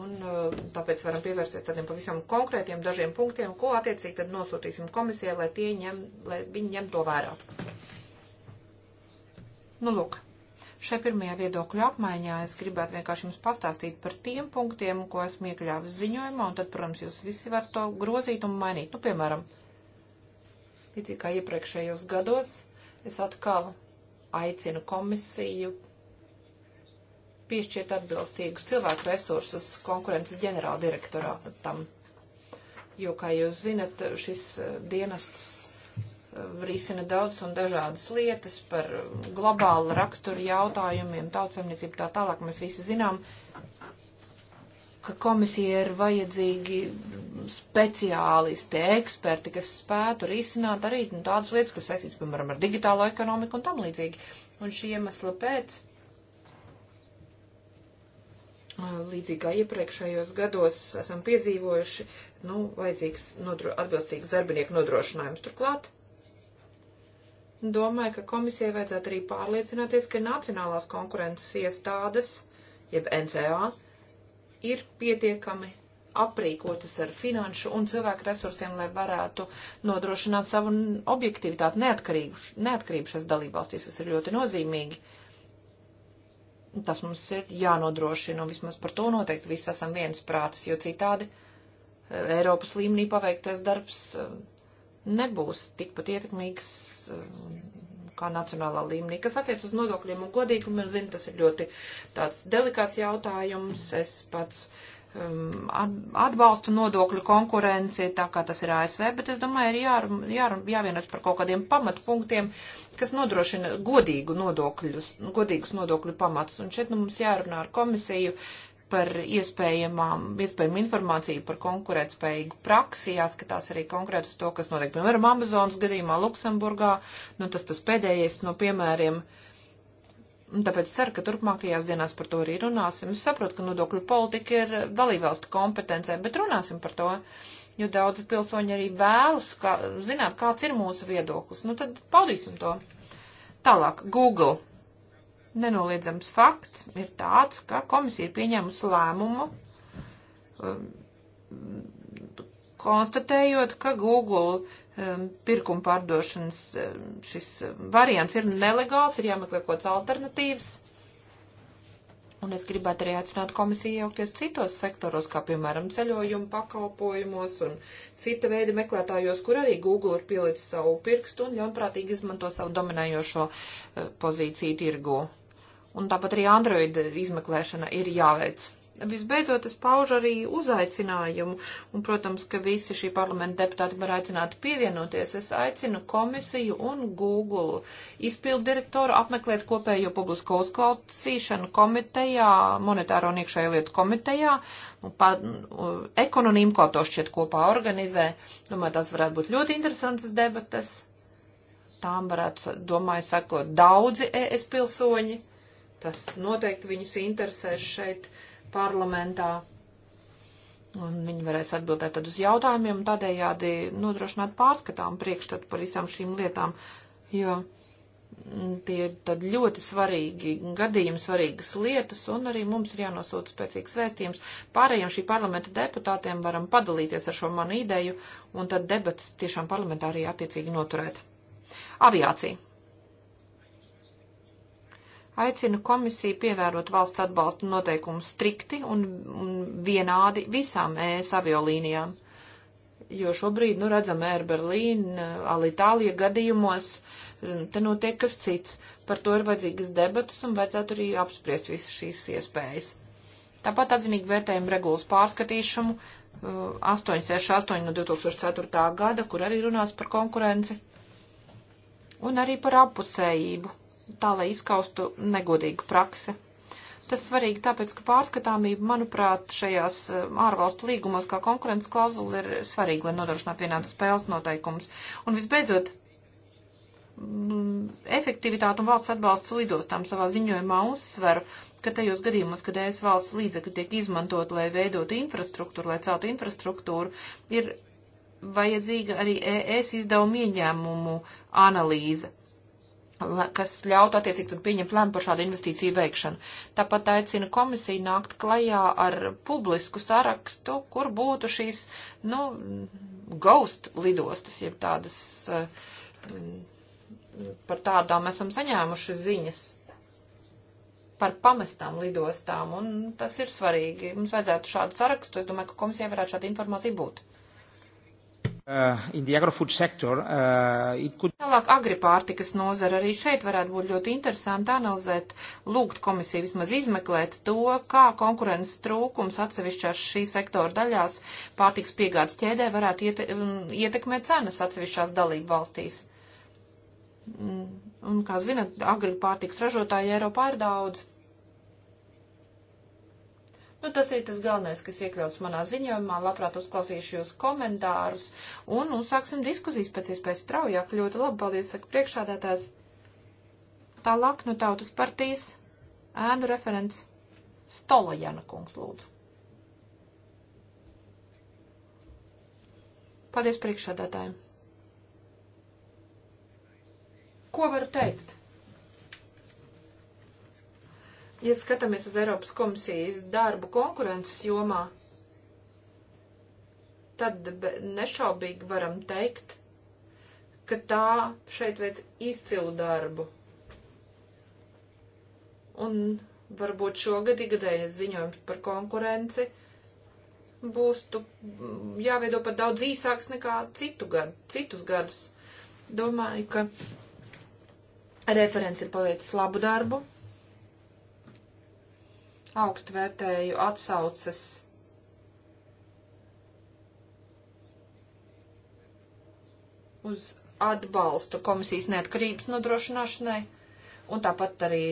Un uh, tāpēc varam pievērsties tādiem pavisam konkrētiem dažiem punktiem, ko attiecīgi tad nosūtīsim komisijai, lai, tie ņem, lai viņi ņem to vērā. Nu, lūk, šai pirmajā viedokļu apmaiņā es gribētu vienkārši jums pastāstīt par tiem punktiem, ko esmu iekļāvis ziņojumā, un tad, protams, jūs visi varat to grozīt un mainīt. Nu, piemēram, līdzīgi kā iepriekšējos gados, es atkal aicinu komisiju piešķirt atbilstīgus cilvēku resursus konkurences ģenerāla direktorātam. Jo, kā jūs zinat, šis eh, dienests eh, risina daudz un dažādas lietas par globālu raksturu jautājumiem, tautsemniecību tā tālāk. Mēs visi zinām, uh, ka komisija ir vajadzīgi speciālisti, eksperti, kas spētu risināt arī nu, tādas lietas, kas saistīts, piemēram, ar digitālo ekonomiku un tam līdzīgi. Un šī iemesla pēc, līdzīgi kā iepriekšējos gados, esam piedzīvojuši, nu, vajadzīgs nodro, atbilstīgs darbinieku nodrošinājums turklāt. Domāju, ka komisijai vajadzētu arī pārliecināties, ka nacionālās konkurences iestādes, jeb NCA, ir pietiekami aprīkotas ar finanšu un cilvēku resursiem, lai varētu nodrošināt savu objektivitāti, neatkarību, neatkarību šās dalībvalstīs, kas ir ļoti nozīmīgi. Tas mums ir jānodrošina, un vismaz par to noteikti visi esam viens prātis, jo citādi eh, Eiropas līmenī paveiktais darbs eh, nebūs tikpat ietekmīgs eh, kā nacionālā līmenī. Kas attiec uz nodokļiem un godīgumu, es zinu, tas ir ļoti tāds delikāts jautājums. Es pats um, atbalstu nodokļu konkurenci, tā kā tas ir ASV, bet es domāju, ir jār, jār, jāvienas par kaut kādiem pamatpunktiem, kas nodrošina godīgu nodokļus, godīgus nodokļu pamats. Un šeit nu, mums jārunā ar komisiju. Uh, par iespējamām, iespējamu informāciju par konkurētspējīgu praksi, jāskatās arī konkrēt uz to, kas notiek, piemēram, Amazonas gadījumā Luksemburgā, nu tas tas pēdējais no piemēriem. Un tāpēc ceru, ka turpmākajās dienās par to arī runāsim. Es saprotu, ka nodokļu politika ir dalībvalstu kompetencē, bet runāsim par to, jo daudzi pilsoņi arī vēlas kā, zināt, kāds ir mūsu viedoklis. Nu tad paudīsim to. Tālāk, Google nenoliedzams fakts ir tāds, ka komisija pieņēmusi lēmumu, um, konstatējot, ka Google um, pirkuma pārdošanas um, šis um, variants ir nelegāls, ir jāmeklē kaut kāds alternatīvs. Un es gribētu arī aicināt komisiju jaukties citos sektoros, kā piemēram ceļojumu pakalpojumos un cita veida meklētājos, kur arī Google ir pielicis savu pirkstu un ļaunprātīgi izmanto savu dominējošo uh, pozīciju tirgu un tāpat arī Android izmeklēšana ir jāveic. Visbeidzot, es paužu arī uzaicinājumu, un, protams, ka visi šī parlamenta deputāti var aicināt pievienoties. Es aicinu komisiju un Google izpildu direktoru apmeklēt kopējo publisko uzklausīšanu komitejā, monetāro un iekšējo lietu komitejā, pa, ekonomīm, ko to šķiet kopā organizē. Domāju, tās varētu būt ļoti interesantas debatas. Tām varētu, domāju, sakot, daudzi ES pilsoņi Tas noteikti viņus interesēs šeit parlamentā. Un viņi varēs atbildēt tad uz jautājumiem un tādējādi nodrošināt pārskatām priekšstatu par visām šīm lietām, jo mm, tie ir tad ļoti svarīgi gadījumi, svarīgas lietas, un arī mums ir jānosūta spēcīgs vēstījums. Pārējiem šī parlamenta deputātiem varam padalīties ar šo manu ideju, un tad debats tiešām parlamentā arī attiecīgi noturēt. Aviācija aicina komisiju pievērot valsts atbalsta noteikumus strikti un, un vienādi visām ES aviolīnijām. Jo šobrīd, nu, redzam, Air Berlīna, Alitalija gadījumos, te notiek kas cits. Par to ir vajadzīgas debatas un vajadzētu arī apspriest visas šīs iespējas. Tāpat atzinīgi vērtējumu regulas pārskatīšanu 868 uh, no 2004. gada, kur arī runās par konkurenci un arī par apusējību tā, lai izkaustu negodīgu praksi. Tas svarīgi tāpēc, ka pārskatāmība, manuprāt, šajās eh, ārvalstu līgumos kā konkurences klauzula ir svarīga, lai nodrošinātu vienādu spēles noteikumus. Un visbeidzot, mm, efektivitāte un valsts atbalsts lidostām savā ziņojumā uzsveru, ka tajos gadījumos, kad ES valsts līdzekļi tiek izmantot, lai veidotu infrastruktūru, lai celtu infrastruktūru, ir vajadzīga arī ES izdevumu ieņēmumu analīze kas ļautu attiecīgi tad pieņemt lēmu par šādu investīciju veikšanu. Tāpat aicina komisiju nākt klajā ar publisku sarakstu, kur būtu šīs, nu, ghost lidostas, jeb tādas, eh, par tādām esam saņēmuši ziņas par pamestām lidostām, un tas ir svarīgi. Mums vajadzētu šādu sarakstu, es domāju, ka komisijai varētu šāda informācija būt. Uh, sector, uh, could... Tālāk agripārtikas nozara arī šeit varētu būt ļoti interesanti analizēt, lūgt komisiju vismaz izmeklēt to, kā konkurences trūkums atsevišķās šī sektora daļās pārtikas piegādes ķēdē varētu iete um, ietekmēt cenas atsevišķās dalību valstīs. Mm, un, kā zinat, agripārtikas ražotāji Eiropā ir daudz. Nu, tas ir tas galvenais, kas iekļauts manā ziņojumā. Labprāt uzklausīšu jūs komentārus un uzsāksim diskusijas pēc iespējas straujāk. Ļoti labi, paldies, saka priekšādātājs. Tālāk no nu, tautas partijas ēnu referents Stolojana kungs lūdzu. Paldies priekšādātājiem. Ko varu teikt? Ja skatāmies uz Eiropas komisijas darbu konkurences jomā, tad nešaubīgi varam teikt, ka tā šeit veic izcilu darbu. Un varbūt šogad ikgadējais ziņojums par konkurenci būs tu jāveido pat daudz īsāks nekā citu gadu, citus gadus. Domāju, ka referents ir paveicis labu darbu augstu vērtēju atsaucas uz atbalstu komisijas neatkarības nodrošināšanai un tāpat arī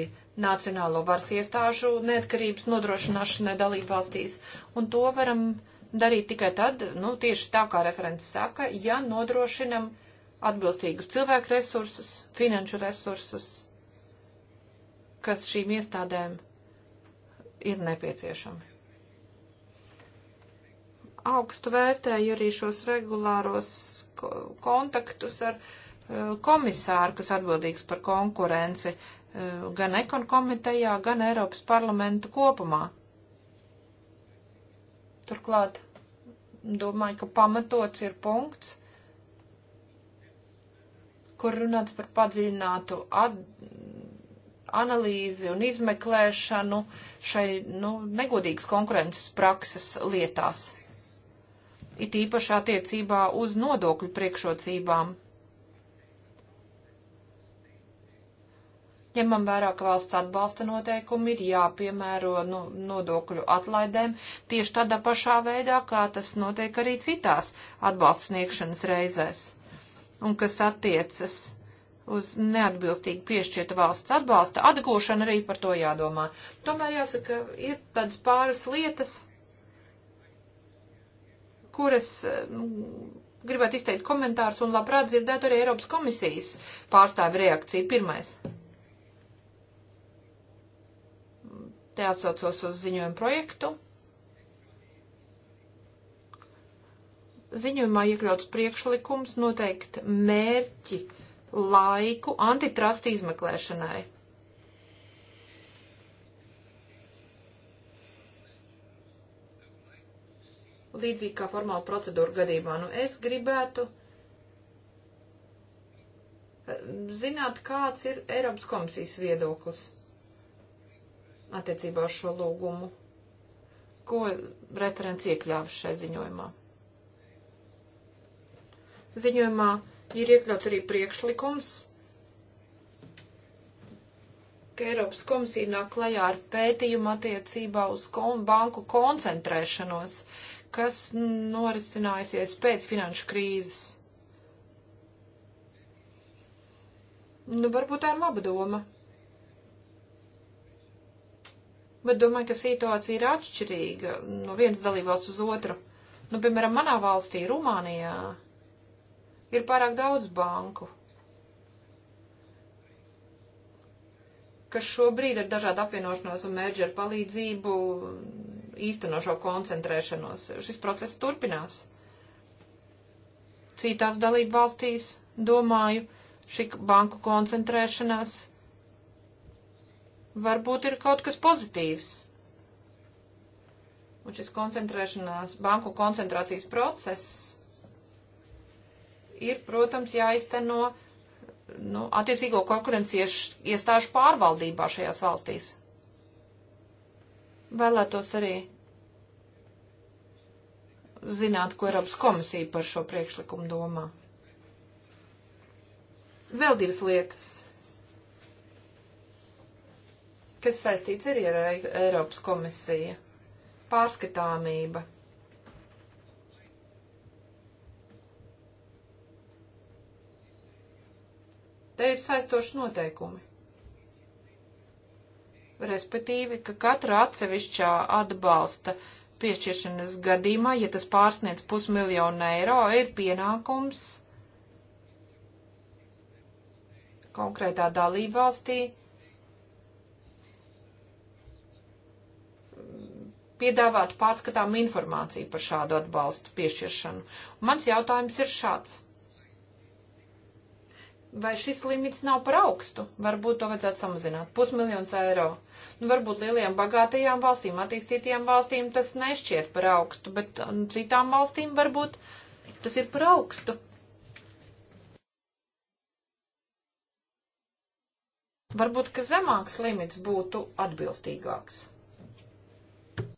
nacionālo varas iestāžu neatkarības nodrošināšanai dalību valstīs. Un to varam darīt tikai tad, nu, tieši tā kā referents saka, ja nodrošinam atbilstīgus cilvēku resursus, finanšu resursus, kas šīm iestādēm ir nepieciešami. Augstu vērtēju arī šos regulāros kontaktus ar e, komisāru, kas atbildīgs par konkurenci e, gan ekon komitejā, gan Eiropas parlamentu kopumā. Turklāt domāju, ka pamatots ir punkts, kur runāts par padziļinātu at analīzi un izmeklēšanu šai nu, negodīgas konkurences prakses lietās. It īpaši attiecībā uz nodokļu priekšrocībām. Ņemam vērā, ka valsts atbalsta noteikumi ir jāpiemēro nu, nodokļu atlaidēm tieši tādā pašā veidā, kā tas notiek arī citās atbalsta sniegšanas reizēs. Un kas attiecas uz neatbilstīgi piešķirta valsts atbalsta atgūšana arī par to jādomā. Tomēr jāsaka, ir tādas pāris lietas, kuras nu, gribētu izteikt komentārus un labprāt dzirdētu arī Eiropas komisijas pārstāvi reakciju. Pirmais. Te atsaucos uz ziņojumu projektu. Ziņojumā iekļauts priekšlikums noteikt mērķi uh, laiku antitrasta izmeklēšanai. Līdzīgi kā formāla procedūra gadījumā, nu es gribētu eh, zināt, kāds ir Eiropas komisijas viedoklis attiecībā uz šo lūgumu, ko referents iekļāvis šai ziņojumā. Ziņojumā ir iekļauts arī priekšlikums, ka Eiropas komisija nāk klajā ar pētījumu attiecībā uz kon banku koncentrēšanos, kas norisinājusies pēc finanšu krīzes. Nu, varbūt tā ir laba doma. Bet domāju, ka situācija ir atšķirīga no vienas dalībvalsts uz otru. Nu, piemēram, manā valstī, Rumānijā, uh, Ir pārāk daudz banku, kas šobrīd ar dažādu apvienošanos un mērģeru palīdzību īsteno šo koncentrēšanos. Šis process turpinās. Citās dalību valstīs, domāju, šī banku koncentrēšanās varbūt ir kaut kas pozitīvs. Un šis koncentrēšanās, banku koncentrācijas process ir, protams, jāizteno nu, attiecīgo konkurences iestāžu pārvaldībā šajās valstīs. Vēlētos arī zināt, ko Eiropas komisija par šo priekšlikumu domā. Vēl divas lietas, kas saistīts arī ar Eiropas komisiju. Pārskatāmība te ir saistoši noteikumi. Respektīvi, ka katra atsevišķā atbalsta piešķiršanas gadījumā, ja tas pārsniec pusmiljonu eiro, ir pienākums konkrētā dalībvalstī piedāvāt pārskatām informāciju par šādu atbalstu piešķiršanu. Un mans jautājums ir šāds vai šis limits nav par augstu? Varbūt to vajadzētu samazināt. Pusmiljons eiro. Nu, varbūt lielajām bagātajām valstīm, attīstītajām valstīm tas nešķiet par augstu, bet um, citām valstīm varbūt tas ir par augstu. Varbūt, ka zemāks limits būtu atbilstīgāks.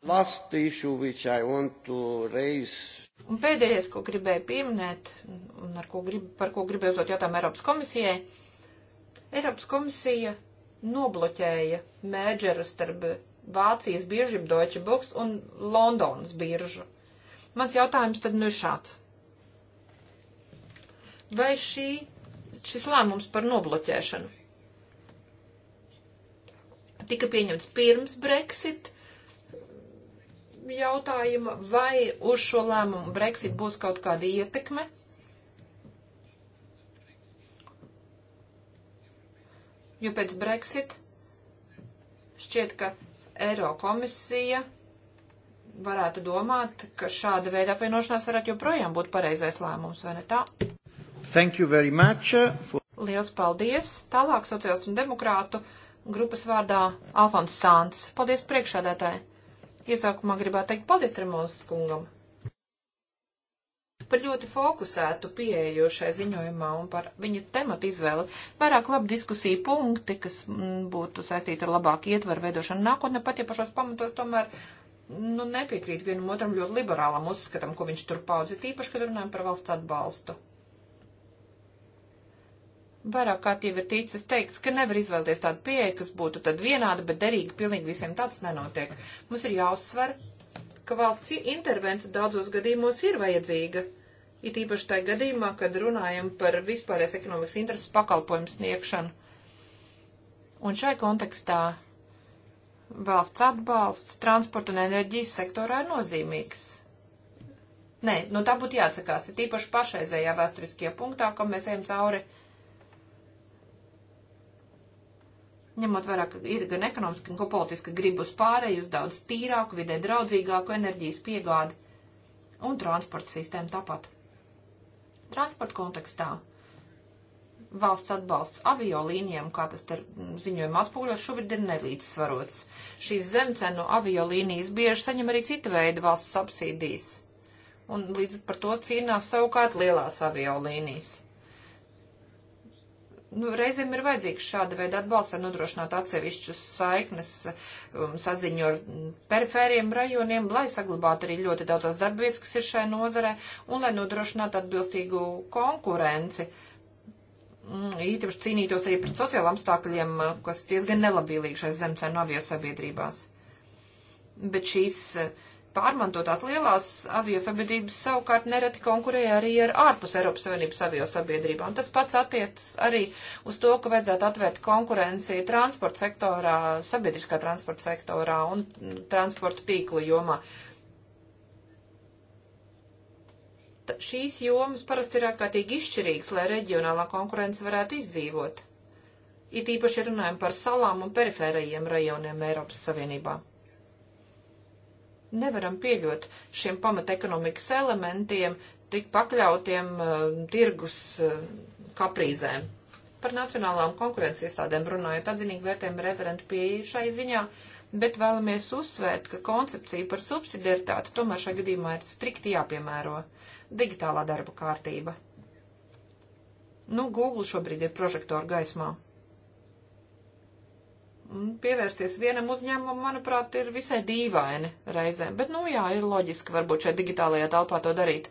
Last issue which I want to raise Un pēdējais, ko gribēju pieminēt, un ko grib, par ko gribēju uzdot jautājumu Eiropas komisijai, Eiropas komisija nobloķēja mēģeru starp Vācijas biržu Deutsche Buchs un Londonas biržu. Mans jautājums tad nu ir šāds. Vai šī, šis lēmums par nobloķēšanu tika pieņemts pirms Brexit jautājuma, vai uz šo lēmumu Brexit būs kaut kāda ietekme. Jo pēc Brexit šķiet, ka Eiro komisija varētu domāt, ka šāda veida apvienošanās varētu joprojām būt pareizais lēmums, vai ne tā? Thank you very much. Uh, for... Liels paldies. Tālāk sociālistu un demokrātu grupas vārdā Alfons Sāns. Paldies priekšādētāji. Iesākumā gribētu teikt paldies Tremozes kungam par ļoti fokusētu pieeju šai ziņojumā un par viņa tematu izvēli. Vairāk labi diskusija punkti, kas mm, būtu saistīti ar labāku ietvaru veidošanu nākotnē, pat ja pašos pamatos tomēr. Nu, nepiekrīt vienam otram ļoti liberālam uzskatam, ko viņš tur paudzi, tīpaši, kad runājam par valsts atbalstu. Vairāk kārtība ir ticis teikts, ka nevar izvēlēties tādu pieeju, kas būtu tad vienāda, bet derīga pilnīgi visiem tāds nenotiek. Mums ir jāuzsver, ka valsts intervence daudzos gadījumos ir vajadzīga. It īpaši tajā gadījumā, kad runājam par vispārējais ekonomikas intereses pakalpojumu sniegšanu. Un šai kontekstā valsts atbalsts transporta un enerģijas sektorā ir nozīmīgs. Nē, no tā būtu jāatsakās, ir īpaši pašreizējā vēsturiskajā punktā, kam mēs ejam cauri. ņemot vērā, ka ir gan ekonomiski, gan politiski gribus pārēju uz daudz tīrāku, vidē draudzīgāku enerģijas piegādi un transporta sistēmu tāpat. Transporta kontekstā valsts atbalsts aviolīnijām, kā tas ar ziņojumu atspūļos, šobrīd ir nelīdzsvarots. Šīs zemcenu aviolīnijas bieži saņem arī cita veida valsts subsīdijas, un līdz par to cīnās savukārt lielās aviolīnijas nu, reizēm ir vajadzīgs šāda veida atbalsts, lai nodrošinātu atsevišķus saiknes um, saziņu ar perifēriem rajoniem, lai saglabātu arī ļoti daudzas darbvietas, kas ir šai nozarē, un lai nodrošinātu atbilstīgu konkurenci. Mm, īpaši cīnītos arī pret sociālām apstākļiem, kas diezgan nelabīlīgi šais zemcēnu avio sabiedrībās. Bet šīs uh, pārmantotās lielās aviosabiedrības savukārt nereti konkurēja arī ar ārpus Eiropas Savienības aviosabiedrībām. Tas pats attiecas arī uz to, ka vajadzētu atvērt konkurenci transporta sektorā, sabiedriskā transporta sektorā un transporta tīkla jomā. T šīs jomas parasti ir ārkārtīgi izšķirīgas, lai reģionālā konkurence varētu izdzīvot. It īpaši runājam par salām un perifērajiem rajoniem Eiropas Savienībā nevaram pieļot šiem pamatekonomikas elementiem, tik pakļautiem uh, tirgus uh, kaprīzēm. Par nacionālām konkurences iestādēm runājot, atzinīgi vērtējam referentu pieeju šai ziņā, bet vēlamies uzsvērt, ka koncepcija par subsidiaritāti tomēr šajā gadījumā ir strikti jāpiemēro digitālā darba kārtība. Nu, Google šobrīd ir prožektoru gaismā. Pievērsties vienam uzņēmumam, manuprāt, ir visai dīvaini reizēm, bet, nu jā, ir loģiski varbūt šeit digitālajā telpā to darīt.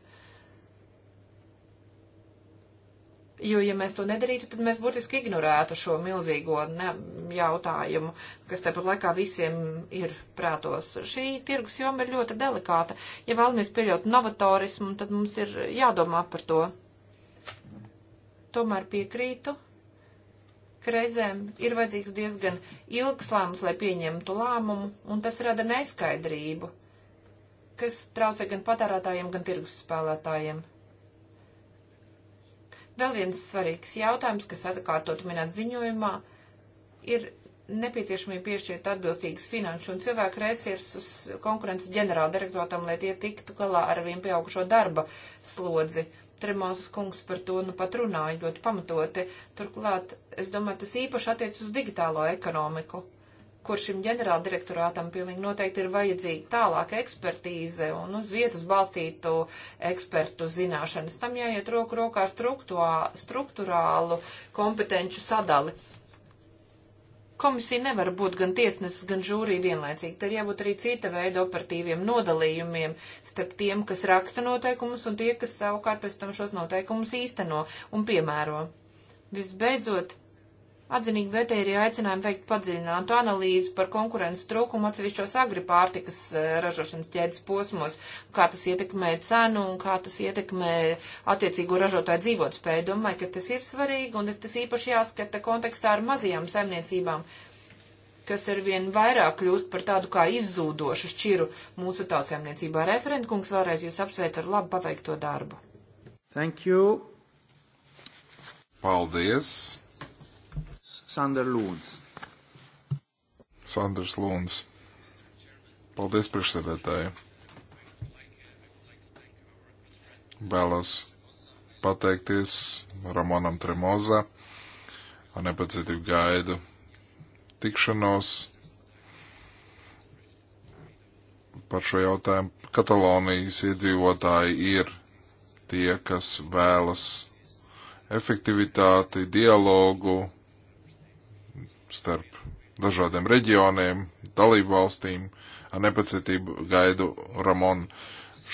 Jo, ja mēs to nedarītu, tad mēs būtiski ignorētu šo milzīgo ne, jautājumu, kas tepat laikā visiem ir prātos. Šī tirgus joma ir ļoti delikāta. Ja vēlamies pieļaut novatorismu, tad mums ir jādomā par to. Tomēr piekrītu ka reizēm ir vajadzīgs diezgan ilgs lēmums, lai pieņemtu lēmumu, un tas rada neskaidrību, kas traucē gan patērētājiem, gan tirgus spēlētājiem. Vēl viens svarīgs jautājums, kas atkārtot minēt ziņojumā, ir nepieciešamība piešķirt atbilstīgas finanšu un cilvēku resursus konkurences ģenerāldirektoram, lai tie tiktu galā ar vien pieaugušo darba slodzi Tremāzes kungs par to nu pat runāja ļoti pamatoti. Turklāt, es domāju, tas īpaši attiec uz digitālo ekonomiku, kur šim ģenerāldirektorātam pilnīgi noteikti ir vajadzīga tālāka ekspertīze un uz vietas balstītu ekspertu zināšanas. Tam jāiet roku rokā ar struktūrālu kompetenču sadali. Komisija nevar būt gan tiesnesis, gan žūrī vienlaicīgi. Tad jābūt arī cita veida operatīviem nodalījumiem starp tiem, kas raksta noteikumus un tie, kas savukārt pēc tam šos noteikumus īsteno un piemēro. Visbeidzot, Atzinīgi vērtē arī aicinājumu veikt padziļinātu analīzi par konkurences trūkumu atsevišķos agripārtikas eh, ražošanas ķēdes posmos, kā tas ietekmē cenu un kā tas ietekmē attiecīgo ražotāju dzīvotspēju. Domāju, ka tas ir svarīgi un tas īpaši jāskata kontekstā ar mazajām saimniecībām kas ar vien vairāk kļūst par tādu kā izzūdošu šķiru mūsu tautsēmniecībā. Referentkungs vēlreiz jūs apsveic ar labu paveikto darbu. Thank you. Paldies. Sander Lūns. Sanders Lūns. Paldies priekšsēdētāji. Vēlos pateikties Ramonam Tremoza ar nepacietību gaidu tikšanos par šo jautājumu. Katalonijas iedzīvotāji ir tie, kas vēlas efektivitāti, dialogu, starp dažādiem reģioniem, dalību valstīm. Ar nepacietību gaidu Ramon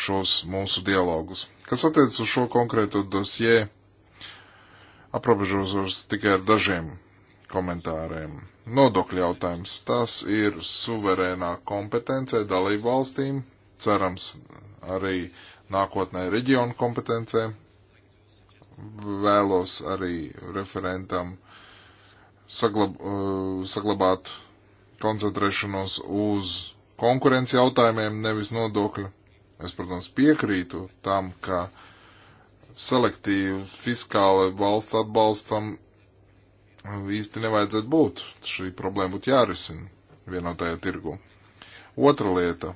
šos mūsu dialogus. Kas attiecas uz šo konkrēto dosjē, aprobežosos tikai ar dažiem komentāriem. Nodokļu jautājums. Tas ir suverēnā kompetencē dalību valstīm, cerams arī nākotnē reģionu kompetencē. Vēlos arī referentam uh, saglab, eh, saglabāt koncentrēšanos uz konkurenci jautājumiem, nevis nodokļu. Es, protams, piekrītu tam, ka selektīvi fiskāli valsts atbalstam īsti nevajadzētu būt. Šī problēma būtu jārisina vienotajā tirgu. Otra lieta.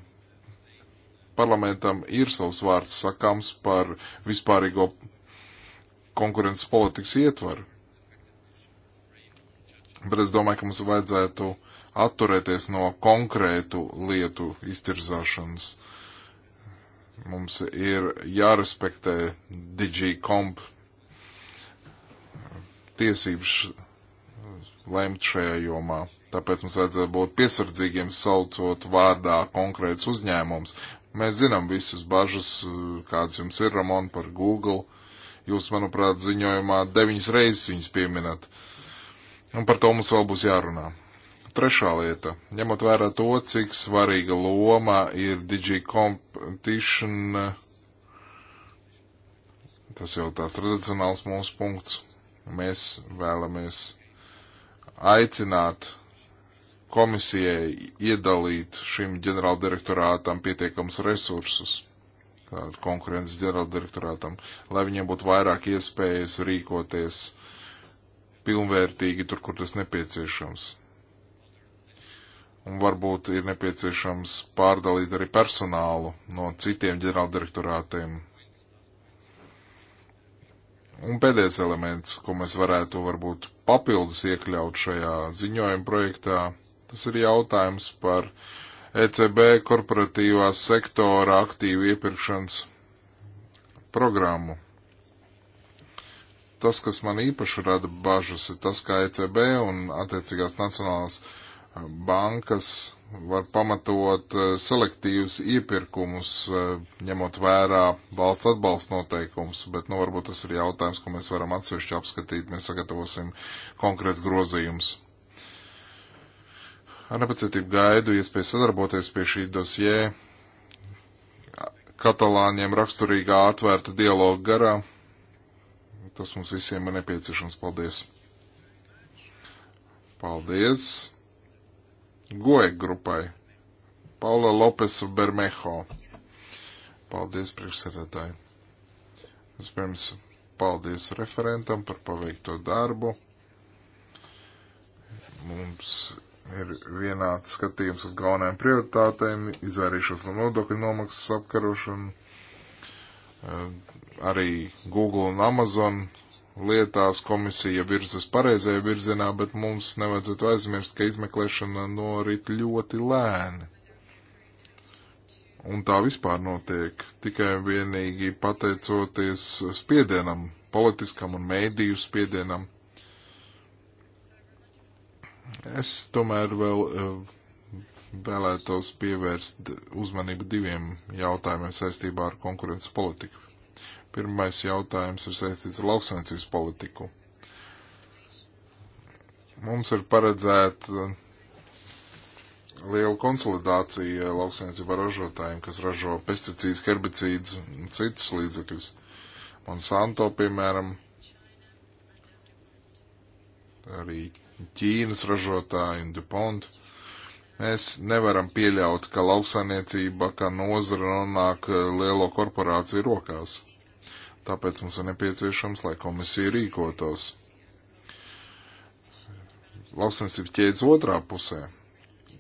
Parlamentam ir savs vārds sakāms par vispārīgo konkurences politikas ietvaru Bet es domāju, ka mums vajadzētu atturēties no konkrētu lietu iztirzāšanas. Mums ir jārespektē DigiComp tiesības lemt šajā jomā. Tāpēc mums vajadzētu būt piesardzīgiem, saucot vārdā konkrēts uzņēmums. Mēs zinām visas bažas, kādas jums ir, Ramon, par Google. Jūs, manuprāt, ziņojumā deviņas reizes viņas pieminat. Uh, Un par to mums vēl būs jārunā. Trešā lieta, ņemot vērā to, cik svarīga loma ir DigiCompetition, tas jau tās tradicionāls mūsu punkts. Mēs vēlamies aicināt komisijai iedalīt šim ģenerāldirektorātam pietiekams resursus, konkurences ģenerāldirektorātam, lai viņiem būtu vairāk iespējas rīkoties pilnvērtīgi tur, kur tas nepieciešams. Un varbūt ir nepieciešams pārdalīt arī personālu no citiem ģenerāldirektorātiem. Un pēdējais elements, ko mēs varētu varbūt papildus iekļaut šajā ziņojuma projektā, tas ir jautājums par ECB korporatīvās sektora aktīvu iepirkšanas programmu tas, kas man īpaši rada bažas, ir tas, kā ECB un attiecīgās nacionālās eh, bankas var pamatot eh, selektīvus iepirkumus, eh, ņemot vērā valsts atbalsta noteikumus, bet, nu, varbūt tas ir jautājums, ko mēs varam atsevišķi apskatīt, mēs sagatavosim konkrēts grozījums. Ar nepacietību gaidu iespēju sadarboties pie šī dosjē, katalāņiem raksturīgā atvērta dialoga garā Tas mums visiem ir nepieciešams. Paldies! Paldies! Goe grupai! Paula Lopes Bermejo. Paldies, priekšsēdētāji! Vispirms paldies referentam par paveikto darbu. Mums ir vienāds skatījums uz galvenajām prioritātēm, izvairīšos no nodokļu nomaksas apkarošanu, arī Google un Amazon lietās komisija virzas pareizajā virzienā, bet mums nevajadzētu aizmirst, ka izmeklēšana norit ļoti lēni. Un tā vispār notiek tikai vienīgi pateicoties spiedienam, politiskam un mēdīju spiedienam. Es tomēr vēl eh, vēlētos pievērst uzmanību diviem jautājumiem saistībā ar konkurences politiku. Pirmais jautājums ir saistīts ar lauksaimniecības politiku. Mums ir paredzēta liela konsolidācija lauksaimniecībā ražotājiem, kas ražo pesticīdus, herbicīdus un citus līdzekļus. Monsanto, piemēram, arī Ķīnas ražotāji un DuPont. Mēs nevaram pieļaut, ka lauksaimniecība, kā nozara nonāk lielo korporāciju rokās. Tāpēc mums ir nepieciešams, lai komisija rīkotos. Lauksaimniecība ķēdes otrā pusē.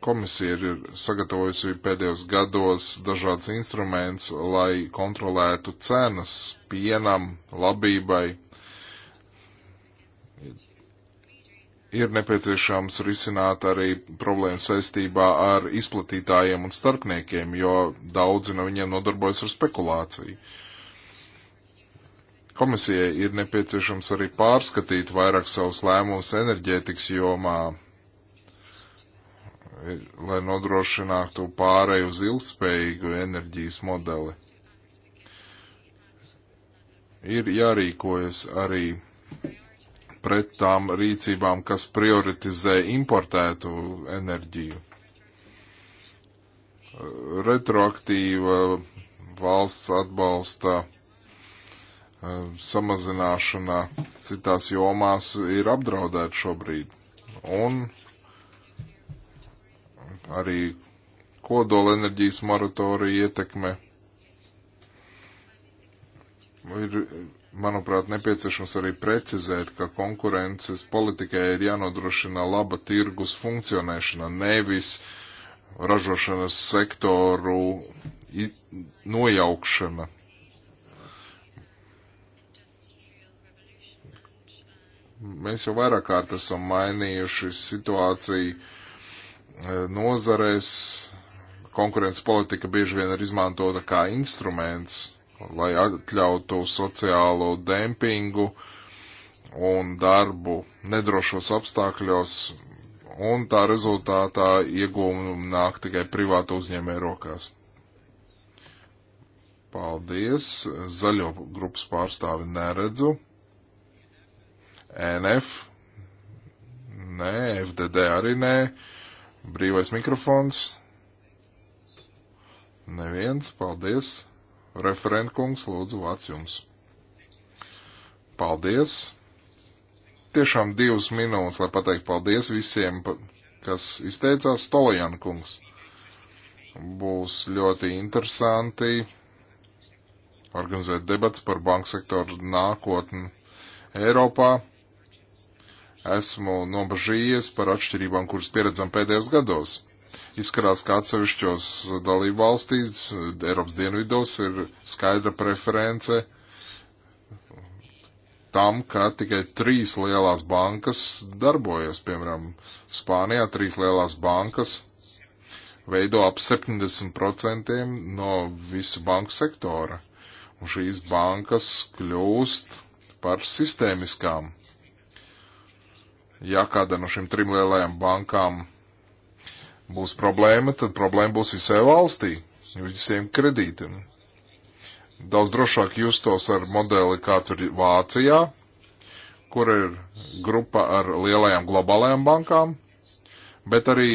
Komisija ir sagatavojusi pēdējos gados dažādas instruments, lai kontrolētu cenas pienam, labībai, ir nepieciešams risināt arī problēmas saistībā ar izplatītājiem un starpniekiem, jo daudzi no viņiem nodarbojas ar spekulāciju. Komisijai ir nepieciešams arī pārskatīt vairāk savus lēmumus enerģētikas jomā, eh, lai nodrošinātu pārēju uz ilgspējīgu enerģijas modeli. Ir jārīkojas arī pret tām rīcībām, kas prioritizē importētu enerģiju. Eh, retroaktīva valsts atbalsta Eh, samazināšana citās jomās ir apdraudēta šobrīd. Un arī kodola enerģijas moratorija ietekme ir, manuprāt, nepieciešams arī precizēt, ka konkurences politikai ir jānodrošina laba tirgus funkcionēšana, nevis ražošanas sektoru nojaukšana Mēs jau vairāk kārt esam mainījuši situāciju e, nozarēs. Konkurences politika bieži vien ir izmantota kā instruments, lai atļautu sociālo dempingu un darbu nedrošos apstākļos, un tā rezultātā iegūmi nāk tikai privātu uzņēmēju rokās. Paldies! Zaļo grupas pārstāvi neredzu. NF? Nē, FDD arī nē. Brīvais mikrofons? Neviens, paldies. Referentkungs, lūdzu, vārds jums. Paldies. Tiešām divas minūtes, lai pateiktu paldies visiem, kas izteicās Stolijankungs būs ļoti interesanti organizēt debats par banku sektoru nākotni Eiropā. Esmu nobažījies par atšķirībām, kuras pieredzam pēdējos gados. Izskatās, ka atsevišķos dalību valstīs, Eiropas dienvidos, ir skaidra preference tam, ka tikai trīs lielās bankas darbojas. Piemēram, Spānijā trīs lielās bankas veido ap 70% no visa banku sektora. Un šīs bankas kļūst par sistēmiskām ja kāda no šīm trim lielajām bankām būs problēma, tad problēma būs visai valstī, visiem kredītiem. Daudz drošāk justos ar modeli, kāds ir Vācijā, kur ir grupa ar lielajām globālajām bankām, bet arī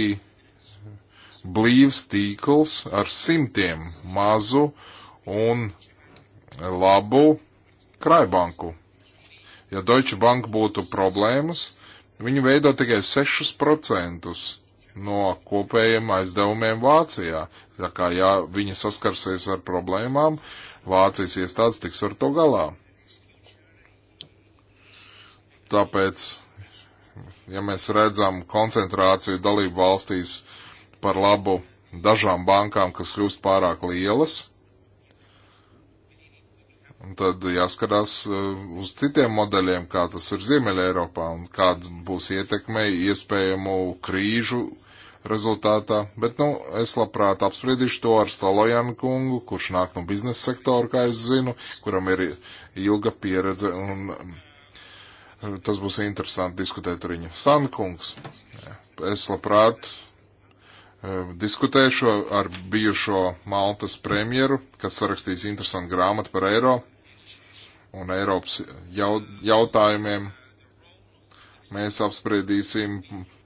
blīvs tīkls ar simtiem mazu un labu krājbanku. Ja Deutsche Bank būtu problēmas, Viņi veido tikai 6% no kopējiem aizdevumiem Vācijā. Tā kā, ja viņi saskarsies ar problēmām, Vācijas iestādes tiks ar to galā. Tāpēc, ja mēs redzam koncentrāciju dalību valstīs par labu dažām bankām, kas kļūst pārāk lielas, Un tad jāskatās eh, uz citiem modeļiem, kā tas ir Ziemeļa Eiropā un kāda būs ietekme iespējamu krīžu rezultātā. Bet, nu, es labprāt apspriedīšu to ar Stalojanu kungu, kurš nāk no biznesa sektora, kā es zinu, kuram ir ilga pieredze un eh, tas būs interesanti diskutēt ar viņu. Sankungs, es labprāt eh, diskutēšu ar bijušo Maltas premjeru, kas sarakstīs interesantu grāmatu par eiro un Eiropas jautājumiem. Mēs apspriedīsim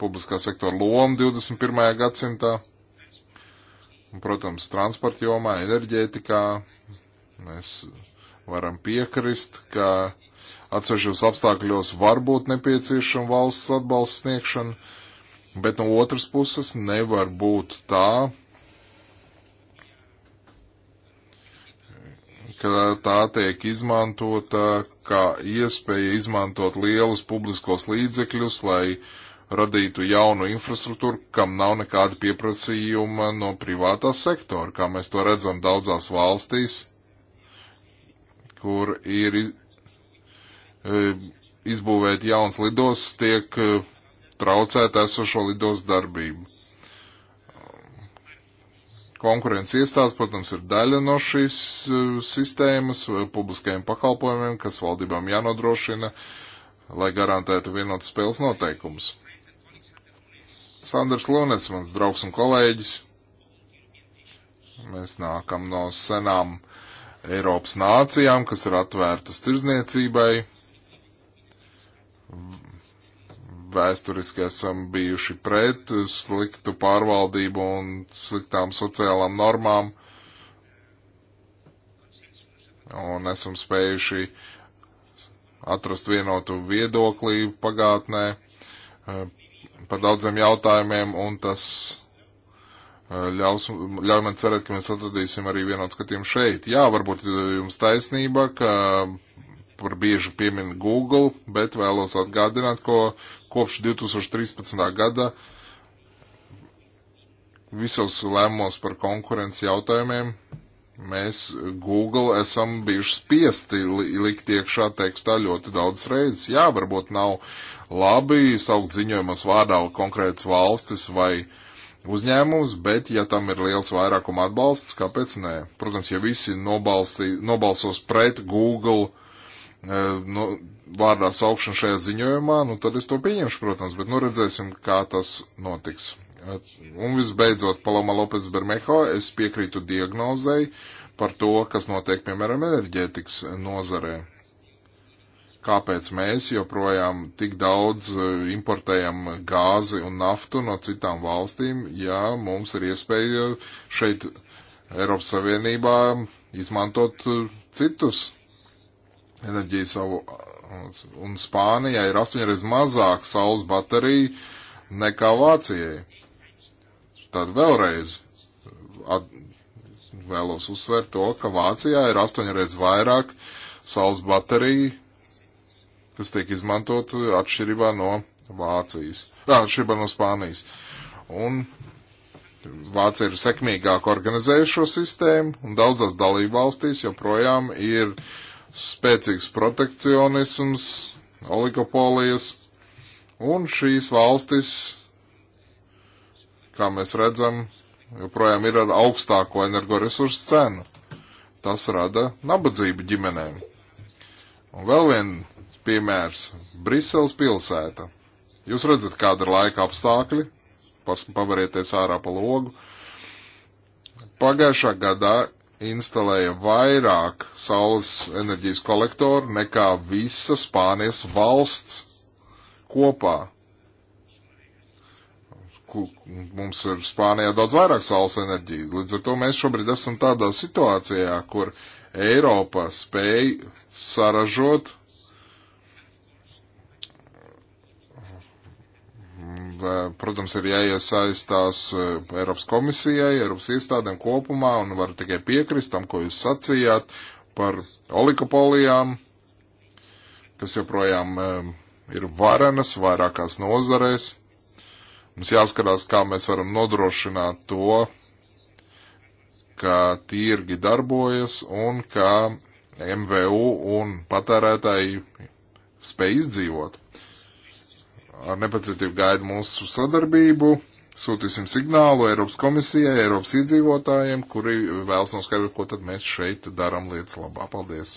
publiskā sektora lomu 21. gadsimtā. Un, protams, transporta jomā, enerģētikā mēs varam piekrist, ka atsevišķos apstākļos var būt nepieciešama valsts atbalsts sniegšana, bet no otras puses nevar būt tā, ka tā tiek izmantota kā iespēja izmantot lielus publiskos līdzekļus, lai radītu jaunu infrastruktūru, kam nav nekāda pieprasījuma no privātā sektora, kā mēs to redzam daudzās valstīs, kur ir e, izbūvēt jauns lidos, tiek e, traucēt esošo lidos darbību. Konkurences iestādes, protams, ir daļa no šīs e, sistēmas e, publiskajiem pakalpojumiem, kas valdībām jānodrošina, lai garantētu vienotas spēles noteikumus. Sanders Lunes, mans draugs un kolēģis, mēs nākam no senām Eiropas nācijām, kas ir atvērtas tirzniecībai vēsturiski esam bijuši pret sliktu pārvaldību un sliktām sociālām normām. Un esam spējuši atrast vienotu viedoklī pagātnē eh, par daudziem jautājumiem, un tas eh, ļaus, ļauj man cerēt, ka mēs atradīsim arī vienotu skatījumu šeit. Jā, varbūt eh, jums taisnība, ka par bieži piemin Google, bet vēlos atgādināt, ko kopš 2013. gada visos lēmumos par konkurences jautājumiem mēs Google esam bijuši spiesti likt iekšā tekstā ļoti daudz reizes. Jā, varbūt nav labi saukt ziņojumas vārdā konkrētas valstis vai uzņēmums, bet ja tam ir liels vairākuma atbalsts, kāpēc nē? Protams, ja visi nobalsi, nobalsos pret Google no, nu, vārdā saukšanu šajā ziņojumā, nu tad es to pieņemšu, protams, bet nu redzēsim, kā tas notiks. Un visbeidzot, Paloma Lopes Bermeho, es piekrītu diagnozei par to, kas notiek, piemēram, enerģētikas nozarē. Kāpēc mēs joprojām tik daudz importējam gāzi un naftu no citām valstīm, ja mums ir iespēja šeit Eiropas Savienībā izmantot citus enerģiju savu, un Spānijai ir astoņreiz mazāk saules bateriju nekā Vācijai. Tad vēlreiz at, vēlos uzsvērt to, ka Vācijā ir astoņreiz vairāk saules bateriju, kas tiek izmantot atšķirībā no Vācijas, atšķirībā no Spānijas. Un Vācija ir sekmīgāk organizējušo sistēmu, un daudzās dalībvalstīs joprojām ir uh, spēcīgs protekcionisms, oligopolijas, un šīs valstis, kā mēs redzam, joprojām ir ar augstāko energoresursu cenu. Tas rada nabadzību ģimenēm. Un vēl viens piemērs - Briseles pilsēta. Jūs redzat, kāda ir laika apstākļi, Pas, pavarieties ārā pa logu. Pagājušā gadā instalēja vairāk saules enerģijas kolektoru nekā visa Spānijas valsts kopā. Mums ir Spānijā daudz vairāk saules enerģijas. Līdz ar to mēs šobrīd esam tādā situācijā, kur Eiropa spēj saražot Eh, protams, ir jāiesaistās eh, Eiropas komisijai, Eiropas iestādēm kopumā, un var tikai piekrist tam, ko jūs sacījāt par oligopolijām, kas joprojām eh, ir varenas vairākās nozarēs. Mums jāskarās, kā mēs varam nodrošināt to, ka tirgi darbojas un ka MVU un patērētāji spēj izdzīvot ar nepacietību gaida mūsu sadarbību. Sūtīsim signālu Eiropas komisijai, Eiropas iedzīvotājiem, kuri vēlas noskaidrot, ko tad mēs šeit darām lietas labā. Paldies!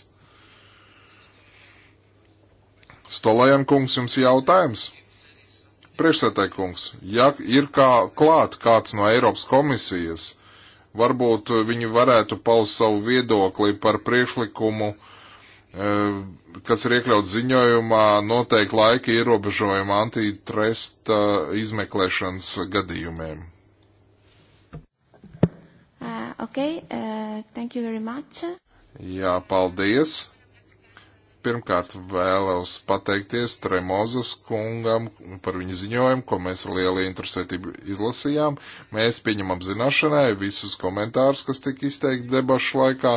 Stolajan kungs, jums jautājums? Priekšsētāj kungs, ja ir kā klāt kāds no Eiropas komisijas, varbūt viņi varētu paust savu viedokli par priekšlikumu uh, Eh, kas ir iekļauts ziņojumā, noteikti laika ierobežojuma antitresta izmeklēšanas gadījumiem. Uh, okay, uh, thank you very much. Jā, paldies. Pirmkārt vēlos pateikties Tremozas kungam par viņa ziņojumu, ko mēs ar lielu interesētību izlasījām. Mēs pieņemam zināšanai visus komentārus, kas tika izteikti debašu laikā,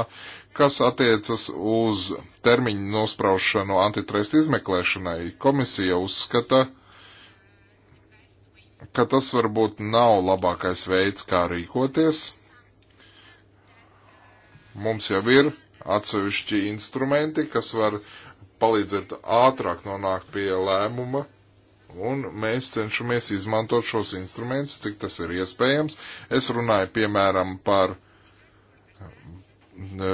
kas attiecas uz termiņu nospraušanu antitrust izmeklēšanai. Komisija uzskata, ka tas varbūt nav labākais veids, kā rīkoties. Mums jau ir atsevišķi instrumenti, kas var palīdzēt ātrāk nonākt pie lēmuma, un mēs cenšamies izmantot šos instrumentus, cik tas ir iespējams. Es runāju, piemēram, par e,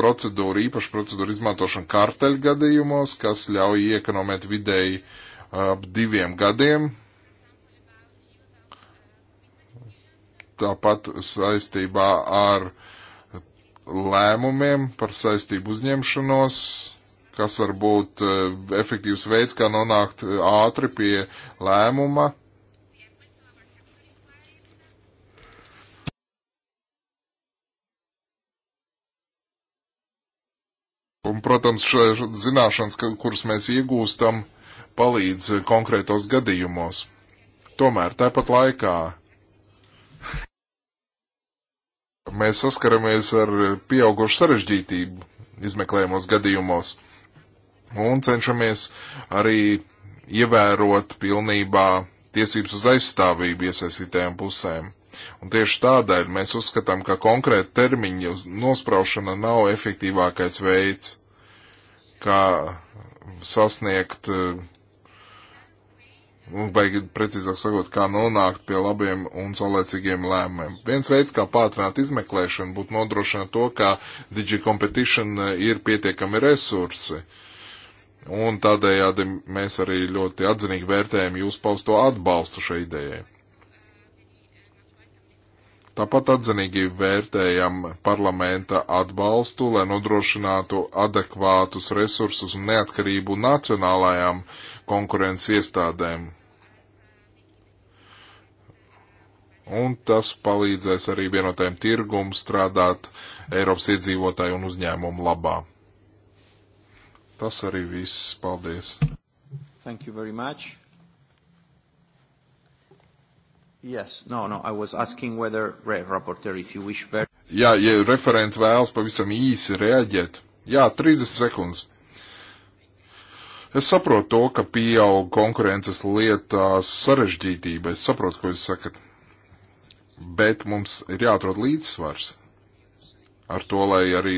procedūru, īpašu procedūru izmantošanu karteļu gadījumos, kas ļauj iekonomēt vidēji e, ap diviem gadiem. Tāpat saistībā ar lēmumiem par saistību uzņemšanos, kas var būt eh, efektīvs veids, kā nonākt eh, ātri pie lēmuma. Un, protams, šīs zināšanas, kuras mēs iegūstam, palīdz eh, konkrētos gadījumos. Tomēr tāpat laikā Mēs saskaramies ar pieaugušu sarežģītību izmeklējumos gadījumos un cenšamies arī ievērot pilnībā tiesības uz aizstāvību iesaistītajām pusēm. Un tieši tādēļ mēs uzskatām, ka konkrēta termiņa nospraušana nav efektīvākais veids, kā sasniegt uh, vai precīzāk sakot, kā nonākt pie labiem un saulēcīgiem lēmumiem. Viens veids, kā pātrināt izmeklēšanu, būtu nodrošināt to, ka DigiCompetition ir pietiekami resursi. Un tādējādi mēs arī ļoti atzinīgi vērtējam jūsu pausto atbalstu šai idejai. Tāpat atzinīgi vērtējam parlamenta atbalstu, lai nodrošinātu adekvātus resursus un neatkarību nacionālajām konkurences iestādēm, un tas palīdzēs arī vienotajam tirgum strādāt Eiropas iedzīvotāju un uzņēmumu labā. Tas arī viss. Paldies! Thank you very much. Yes, no, no, I was asking whether, re, rapporteur, if you wish very... Jā, ja referents vēlas pavisam īsi reaģēt. Jā, 30 sekundes. Es saprotu to, ka pieaug konkurences lietās sarežģītība. Es saprotu, ko jūs sakat bet mums ir jāatrod līdzsvars ar to, lai arī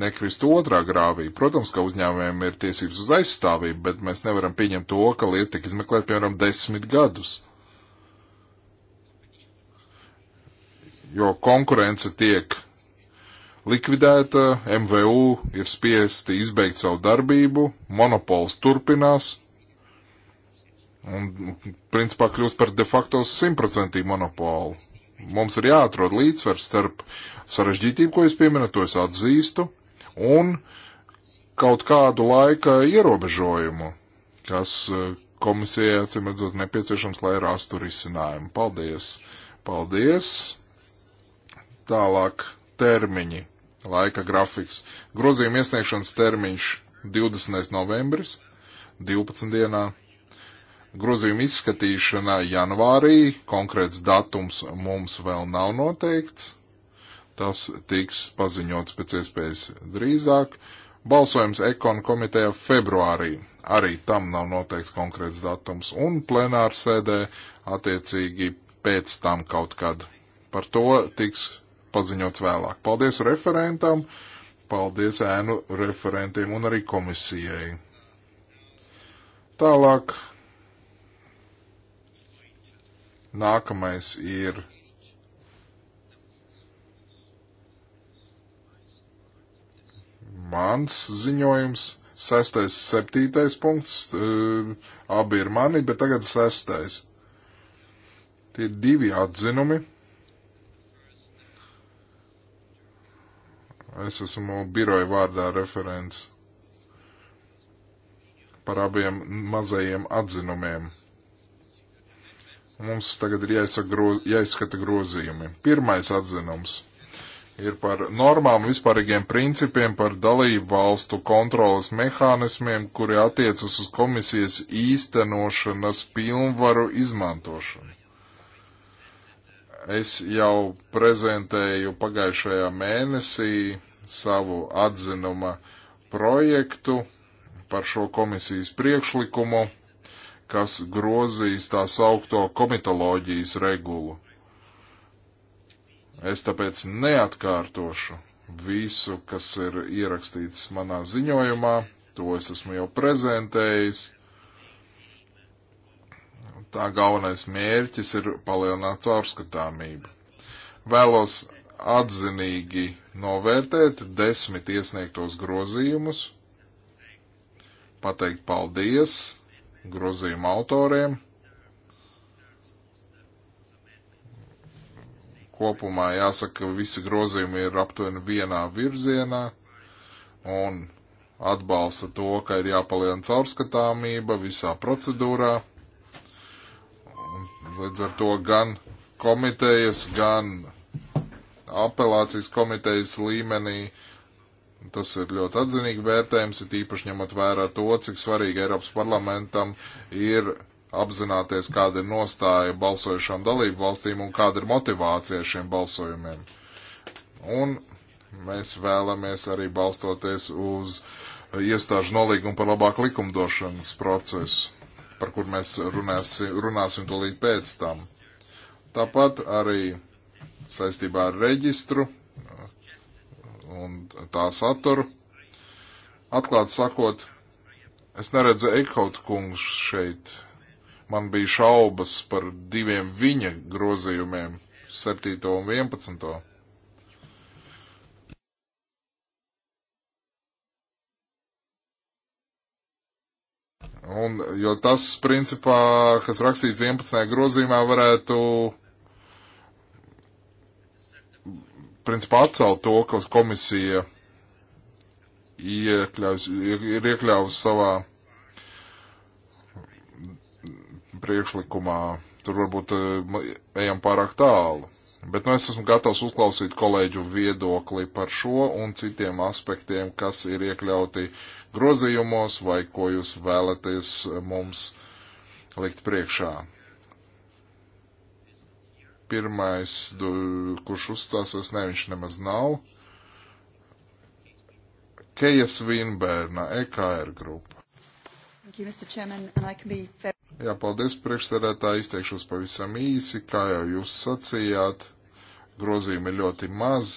nekristu otrā grāvī. Protams, ka uzņēmējiem ir tiesības uz aizstāvību, bet mēs nevaram pieņemt to, ka lieta tiek izmeklēta, piemēram, desmit gadus. Jo konkurence tiek likvidēta, MVU ir spiesti izbeigt savu darbību, monopols turpinās un, principā, kļūst par de facto simtprocentīgu monopolu. Mums ir jāatrod līdzsvars starp sarežģītību, ko jūs pieminat, to es atzīstu, un kaut kādu laika ierobežojumu, kas eh, komisijai acīm redzot nepieciešams, lai rastu risinājumu. Paldies! Paldies! Tālāk termiņi, laika grafiks. Grozījuma iesniegšanas termiņš 20. novembris, 12. dienā. Grozījuma izskatīšana janvārī, konkrēts datums mums vēl nav noteikts. Tas tiks paziņots pēc iespējas drīzāk. Balsojums ekonu komitejā februārī. Arī tam nav noteikts konkrēts datums un plenārs sēdē attiecīgi pēc tam kaut kad. Par to tiks paziņots vēlāk. Paldies referentam, paldies ēnu referentiem un arī komisijai. Tālāk Nākamais ir mans ziņojums. Sestais, septītais punkts, abi ir mani, bet tagad sestais. Tie ir divi atzinumi. Es esmu biroja vārdā referents par abiem mazajiem atzinumiem. Mums tagad ir groz, jāizskata grozījumi. Pirmais atzinums ir par normām, vispārīgiem principiem par dalību valstu kontrolas mehānismiem, kuri attiecas uz komisijas īstenošanas pilnvaru izmantošanu. Es jau prezentēju pagājušajā mēnesī savu atzinuma projektu par šo komisijas priekšlikumu kas grozīs tā saukto komitoloģijas regulu. Es tāpēc neatkārtošu visu, kas ir ierakstīts manā ziņojumā, to es esmu jau prezentējis. Tā galvenais mērķis ir palielināt caurskatāmību. Vēlos atzinīgi novērtēt desmit iesniegtos grozījumus, pateikt paldies grozījuma autoriem. Kopumā jāsaka, ka visi grozījumi ir aptuveni vienā virzienā un atbalsta to, ka ir jāpalielina caurskatāmība visā procedūrā. Līdz ar to gan komitejas, gan apelācijas komitejas līmenī uh, Tas ir ļoti atzinīgi vērtējums, ir īpaši ņemot vērā to, cik svarīgi Eiropas parlamentam ir apzināties, kāda ir nostāja balsojušām dalību valstīm un kāda ir motivācija šiem balsojumiem. Un mēs vēlamies arī balstoties uz iestāžu nolīgumu par labāku likumdošanas procesu, par kur mēs runāsim, runāsim tūlīt pēc tam. Tāpat arī saistībā ar reģistru un tā saturu. Atklāt sakot, es neredzu Eikhaut kungus šeit. Man bija šaubas par diviem viņa grozījumiem, 7. un 11. Un, jo tas, principā, kas rakstīts 11. grozījumā, varētu uh, principā atcelt to, ka komisija iekļaus, ir iekļāvusi savā priekšlikumā. Tur varbūt eh, ejam pārāk tālu. Bet nu, es esmu gatavs uzklausīt kolēģu viedokli par šo un citiem aspektiem, kas ir iekļauti grozījumos vai ko jūs vēlaties mums likt priekšā. Pirmais, kurš uzstāsies, ne viņš nemaz nav. Keja Svinbērna, EKR grupa. You, Chairman, very... Jā, paldies priekšsēdētāji, izteikšos pavisam īsi, kā jau jūs sacījāt. Grozījumi ir ļoti maz,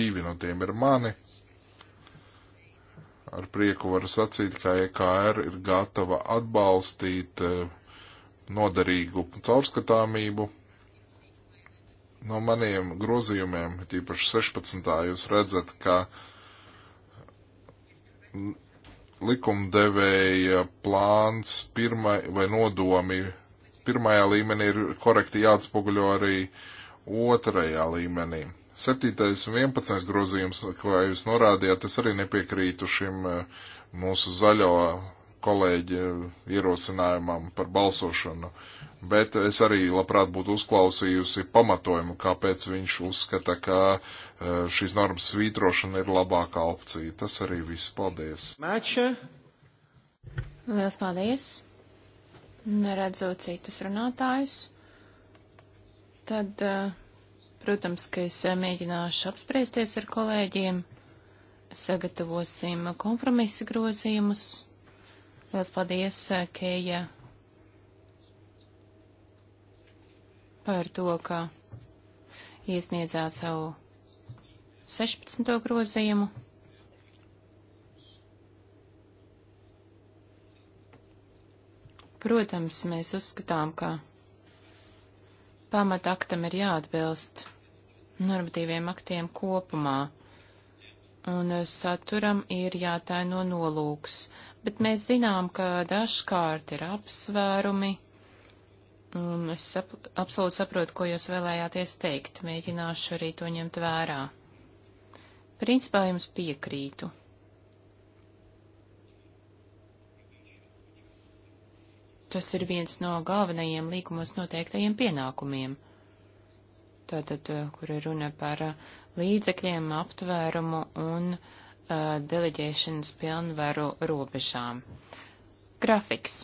divi no tiem ir mani. Ar prieku varu sacīt, ka EKR ir gatava atbalstīt eh, noderīgu caurskatāmību no maniem grozījumiem, tīpaši 16. jūs redzat, ka likumdevēja plāns pirmai, vai nodomi pirmajā līmenī ir korekti jāatspoguļo arī otrajā līmenī. 7. un 11. grozījums, ko jūs norādījāt, es arī nepiekrītu šim e, mūsu zaļo kolēģi e, ierosinājumam par balsošanu bet es arī labprāt būtu uzklausījusi pamatojumu, kāpēc viņš uzskata, ka e, šīs normas svītrošana ir labākā opcija. Tas arī viss. Paldies! Mēča! Lielas paldies! Neredzot citus runātājus, tad, e, protams, ka es e, mēģināšu apspriesties ar kolēģiem, sagatavosim kompromisa grozījumus. Lielas paldies, Keija! par to, ka iesniedzāt savu 16. grozījumu. Protams, mēs uzskatām, ka pamataktam ir jāatbilst normatīviem aktiem kopumā, un saturam ir jātaino nolūks, bet mēs zinām, ka dažkārt ir apsvērumi Un um, es sap, absolūti saprotu, ko jūs vēlējāties teikt. Mēģināšu arī to ņemt vērā. Principā jums piekrītu. Tas ir viens no galvenajiem līgumos noteiktajiem pienākumiem. Tātad, uh, kur ir runa par uh, līdzekļiem, aptvērumu un uh, deleģēšanas pilnvaru robežām. Grafiks.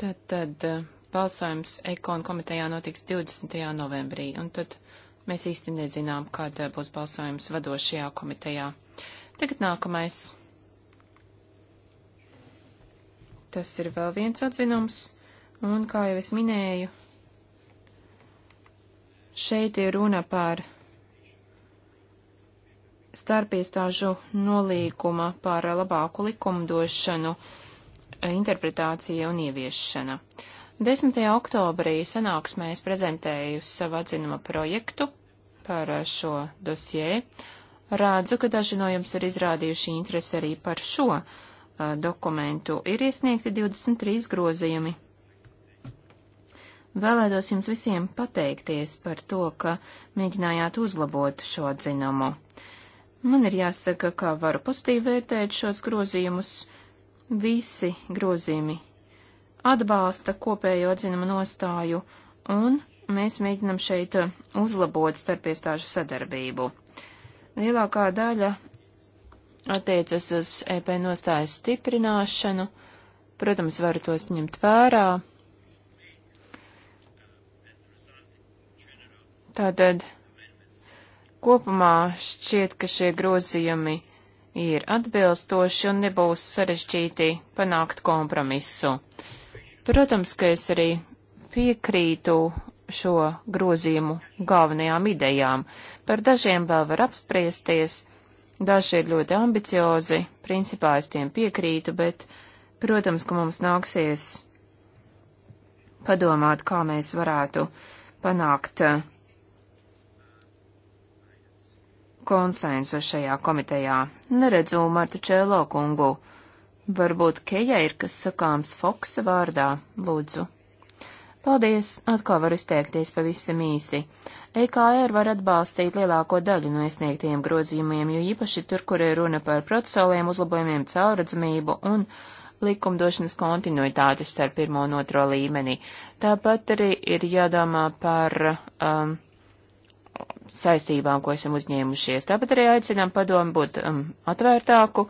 Tad, tad eh, balsojums ekonu komitejā notiks 20. novembrī, un tad mēs īsti nezinām, kad eh, būs balsojums vadošajā komitejā. Tagad nākamais. Tas ir vēl viens atzinums, un kā jau es minēju, šeit ir runa par starpiestāžu nolīguma par labāku likumdošanu interpretācija un ieviešana. 10. oktobrī sanāksmē es prezentēju savu atzinuma projektu par šo dosie. Rādzu, ka daži no jums ir izrādījuši interesi arī par šo a, uh, dokumentu. Ir iesniegti 23 grozījumi. Vēlētos jums visiem pateikties par to, ka mēģinājāt uzlabot šo atzinumu. Man ir jāsaka, ka varu pozitīvi vērtēt šos grozījumus visi grozījumi atbalsta kopējo atzinuma nostāju, un mēs mēģinam šeit uh, uzlabot starpiestāžu sadarbību. Lielākā daļa attiecas uz EP nostājas stiprināšanu, protams, varu tos ņemt vērā. Tātad kopumā šķiet, ka šie grozījumi ir atbilstoši un nebūs sarežģīti panākt kompromisu. Protams, ka es arī piekrītu šo grozījumu galvenajām idejām. Par dažiem vēl var apspriesties, daži ir ļoti ambiciozi, principā es tiem piekrītu, bet, protams, ka mums nāksies padomāt, kā mēs varētu panākt eh, konsensu šajā komitejā neredzu Martu Čēlo kungu. Varbūt Keja ir kas sakāms Foksa vārdā, lūdzu. Paldies, atkal var izteikties pavisam īsi. EKR var atbalstīt lielāko daļu no iesniegtiem grozījumiem, jo īpaši tur, kur ir runa par procesuāliem uzlabojumiem, caurredzamību un likumdošanas kontinuitāti starp pirmo un otro līmeni. Tāpat arī ir jādomā par um, saistībām, ko esam uzņēmušies. Tāpat arī aicinām padomu būt um, atvērtāku,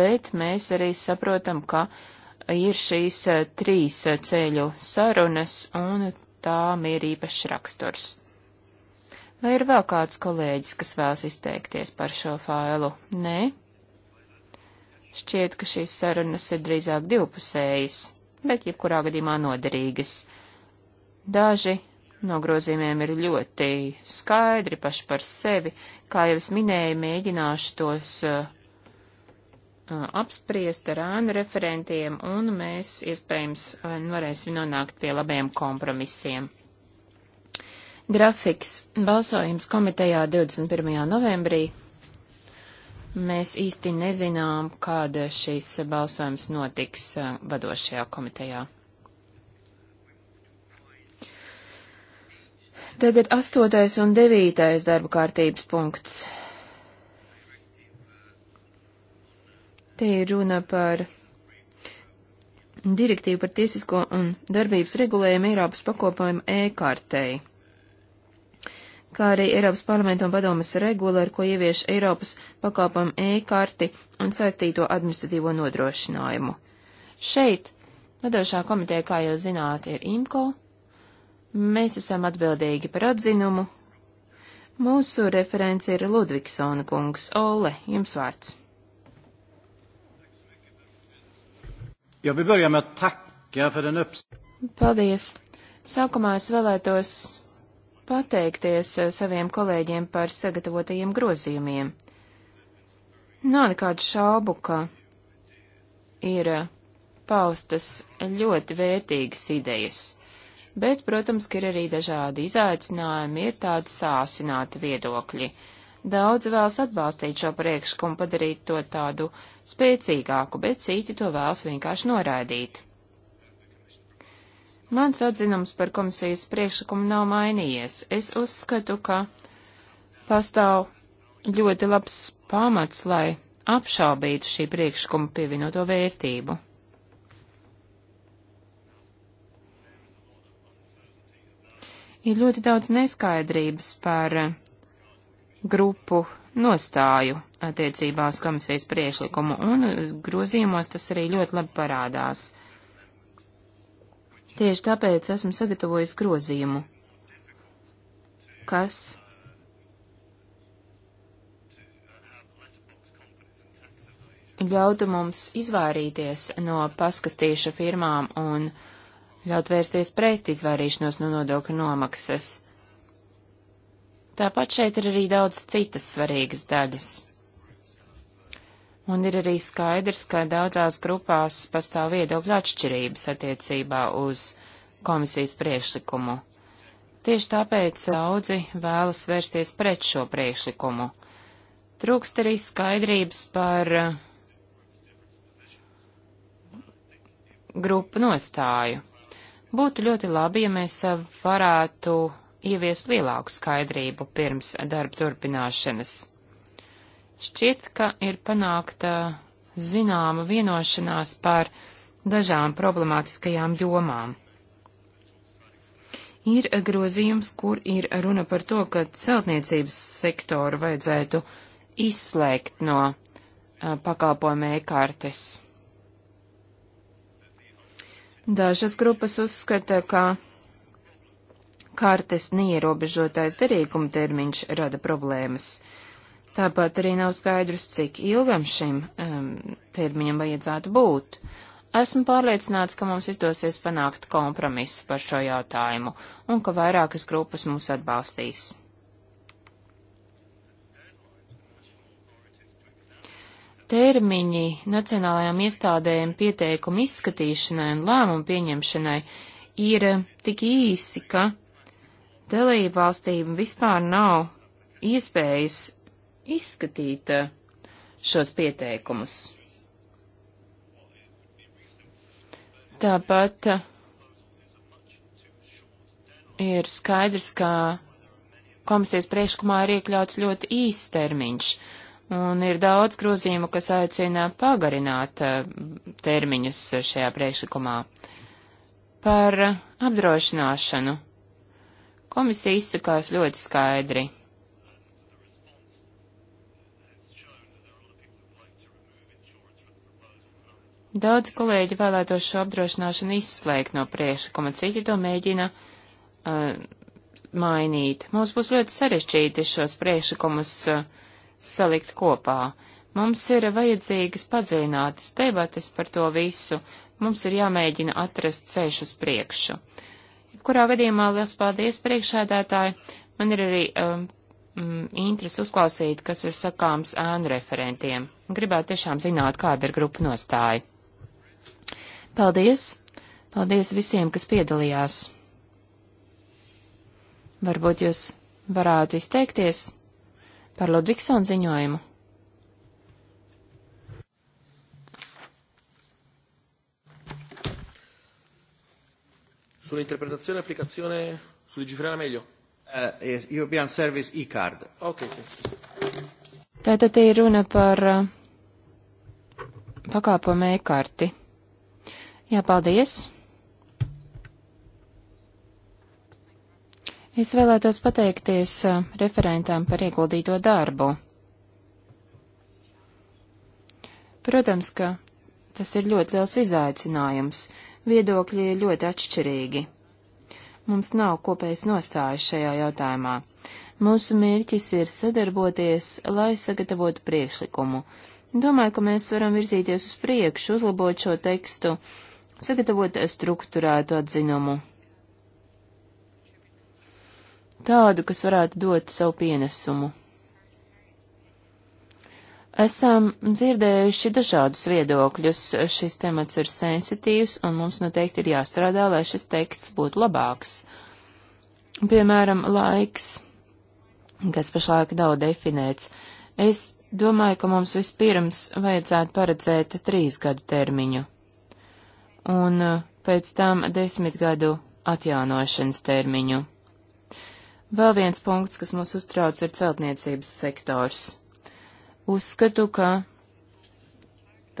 bet mēs arī saprotam, ka ir šīs uh, trīs uh, ceļu sarunas un tām ir īpašs raksturs. Vai ir vēl kāds kolēģis, kas vēlas izteikties par šo failu? Nē? Šķiet, ka šīs sarunas ir drīzāk divpusējas, bet jebkurā gadījumā noderīgas. Daži Nogrozījumiem ir ļoti skaidri paši par sevi. Kā jau es minēju, mēģināšu tos uh, uh apspriest ar ānu referentiem, un mēs iespējams uh, varēsim nonākt pie labiem kompromisiem. Grafiks balsojums komitejā 21. novembrī. Mēs īsti nezinām, kāda šīs balsojums notiks uh, vadošajā komitejā. Tagad astotais un devītais darba kārtības punkts. Te ir runa par direktīvu par tiesisko un darbības regulējumu Eiropas pakopojumu e-kārtei, kā arī Eiropas parlamenta un padomas regula, ar ko ievieš Eiropas pakalpojumu e-karti un saistīto administratīvo nodrošinājumu. Šeit vadošā komiteja, kā jūs zināt, ir IMCO, Mēs esam atbildīgi par atzinumu. Mūsu referents ir Ludvigsona kungs. Ole, jums vārds. Jag vill börja med att tacka för den upps... Paldies. Sākumā es vēlētos pateikties eh, saviem kolēģiem par sagatavotajiem grozījumiem. Nav nekādu šaubu, ka ir eh, paustas ļoti vērtīgas idejas bet, protams, ka ir arī dažādi izaicinājumi, ir tādi sāsināti viedokļi. Daudzi vēlas atbalstīt šo priekšlikumu, padarīt to tādu spēcīgāku, bet citi to vēlas vienkārši noraidīt. Mans atzinums par komisijas priekšlikumu nav mainījies. Es uzskatu, ka pastāv ļoti labs pamats, lai apšaubītu šī priekšlikuma pievienoto vērtību. Ir ļoti daudz neskaidrības par eh, grupu nostāju attiecībā uz komisijas priešlikumu, un eh, grozījumos tas arī ļoti labi parādās. Tieši tāpēc esmu sagatavojis grozījumu, kas ļautu mums izvairīties no paskastīša firmām un uh, ļaut vērsties pret izvairīšanos no nodokļu nomaksas. Tāpat šeit ir arī daudz citas svarīgas daļas. Un ir arī skaidrs, ka daudzās grupās pastāv viedokļu atšķirības attiecībā uz komisijas priekšlikumu. Tieši tāpēc daudzi vēlas vērsties pret šo priekšlikumu. Trūkst arī skaidrības par eh, grupu nostāju. Būtu ļoti labi, ja mēs eh, varētu ieviest lielāku skaidrību pirms darba turpināšanas. Šķiet, ka ir panākta zināma vienošanās par dažām problemātiskajām jomām. Ir grozījums, kur ir runa par to, ka celtniecības sektoru vajadzētu izslēgt no eh, pakalpojuma e-kartes. Dažas grupas uzskata, ka kartes neierobežotais derīguma termiņš rada problēmas. Tāpat arī nav skaidrs, cik ilgam šim um, termiņam vajadzētu būt. Esmu pārliecināts, ka mums izdosies panākt kompromisu par šo jautājumu un ka vairākas grupas mūs atbalstīs. termiņi nacionālajām iestādēm pieteikumu izskatīšanai un lēmumu pieņemšanai ir tik īsi, ka dalībvalstīm vispār nav iespējas izskatīt eh, šos pieteikumus. Tāpat eh, ir skaidrs, ka komisijas priekšlikumā ir iekļauts ļoti īsts termiņš. Uh, un ir daudz grozījumu, kas aicina pagarināt eh, termiņus šajā priekšlikumā. Par apdrošināšanu. Komisija izsakās ļoti skaidri. Daudz kolēģi vēlētos šo apdrošināšanu izslēgt no priekšlikuma, citi to mēģina uh, mainīt. Mums būs ļoti sarežģīti šos priekšlikumus uh, salikt kopā. Mums ir vajadzīgas padziļinātas debates par to visu, mums ir jāmēģina atrast ceļš uz priekšu. Jebkurā gadījumā liels paldies priekšēdētāji, man ir arī um, mm, interesi uzklausīt, kas ir sakāms ēnu referentiem. Gribētu tiešām zināt, kāda ir grupa nostāja. Paldies! Paldies visiem, kas piedalījās! Varbūt jūs varētu izteikties? par Ludvigsona ziņojumu. Sull'interpretazione e applicazione, su legiferare meglio. Uh, yes, European Service e-card. Okay, Tātad te ir runa par uh, eh, pakāpojumu e-karti. Jā, paldies. Es vēlētos pateikties uh, referentām par ieguldīto darbu. Protams, ka tas ir ļoti liels izaicinājums. Viedokļi ir ļoti atšķirīgi. Mums nav kopējas nostājas šajā jautājumā. Mūsu mērķis ir sadarboties, lai sagatavotu priekšlikumu. Domāju, ka mēs varam virzīties uz priekšu, uzlabot šo tekstu, sagatavot struktūrētu atzinumu tādu, kas varētu dot savu pienesumu. Esam dzirdējuši dažādus viedokļus. Šis temats ir sensitīvs, un mums noteikti ir jāstrādā, lai šis teksts būtu labāks. Piemēram, laiks, kas pašlaik daudz definēts. Es domāju, ka mums vispirms vajadzētu paredzēt trīs gadu termiņu, un uh, pēc tam desmit gadu atjaunošanas termiņu. Vēl viens punkts, kas mūs uztrauc, ir celtniecības sektors. Uzskatu, ka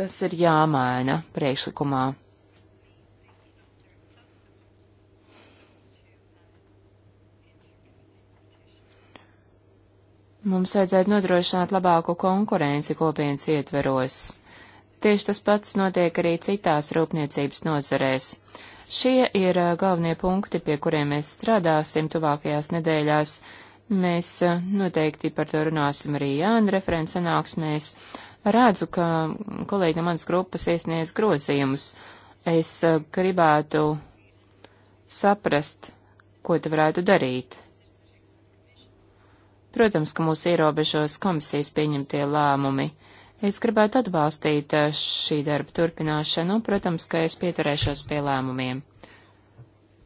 tas ir jāmaina priekšlikumā. Mums vajadzētu nodrošināt labāku konkurenci kopienas ietveros. Tieši tas pats notiek arī citās rūpniecības nozarēs. Šie ir uh, galvenie punkti, pie kuriem mēs strādāsim tuvākajās nedēļās. Mēs uh, noteikti par to runāsim arī Jāna referents sanāksmēs. Redzu, ka kolēģi no manas grupas iesniedz grozījumus. Es uh, gribētu saprast, ko te varētu darīt. Protams, ka mūs ierobežos komisijas pieņemtie lēmumi. Es gribētu atbalstīt eh, šī darba turpināšanu, un, nu, protams, ka es pieturēšos pie lēmumiem.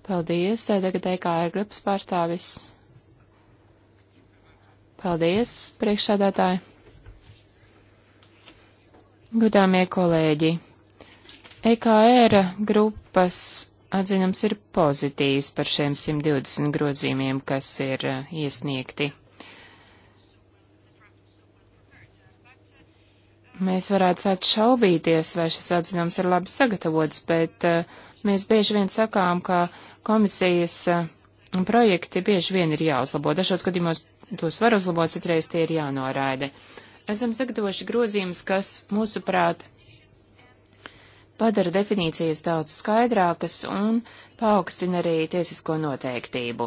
Paldies, eh, tagad EKR grupas pārstāvis. Paldies, priekšsādātāji. Gudāmie kolēģi, EKR grupas atzinums ir pozitīvs par šiem 120 grozījumiem, kas ir eh, iesniegti. Mēs varētu sākt šaubīties, vai šis atzinums ir labi sagatavots, bet uh, mēs bieži vien sakām, ka komisijas uh, projekti bieži vien ir jāuzlabo. Dažos gadījumos tos var uzlabot, citreiz tie ir jānoraida. Esam sagatavojuši grozījumus, kas, mūsuprāt, padara definīcijas daudz skaidrākas un paaugstina arī tiesisko noteiktību.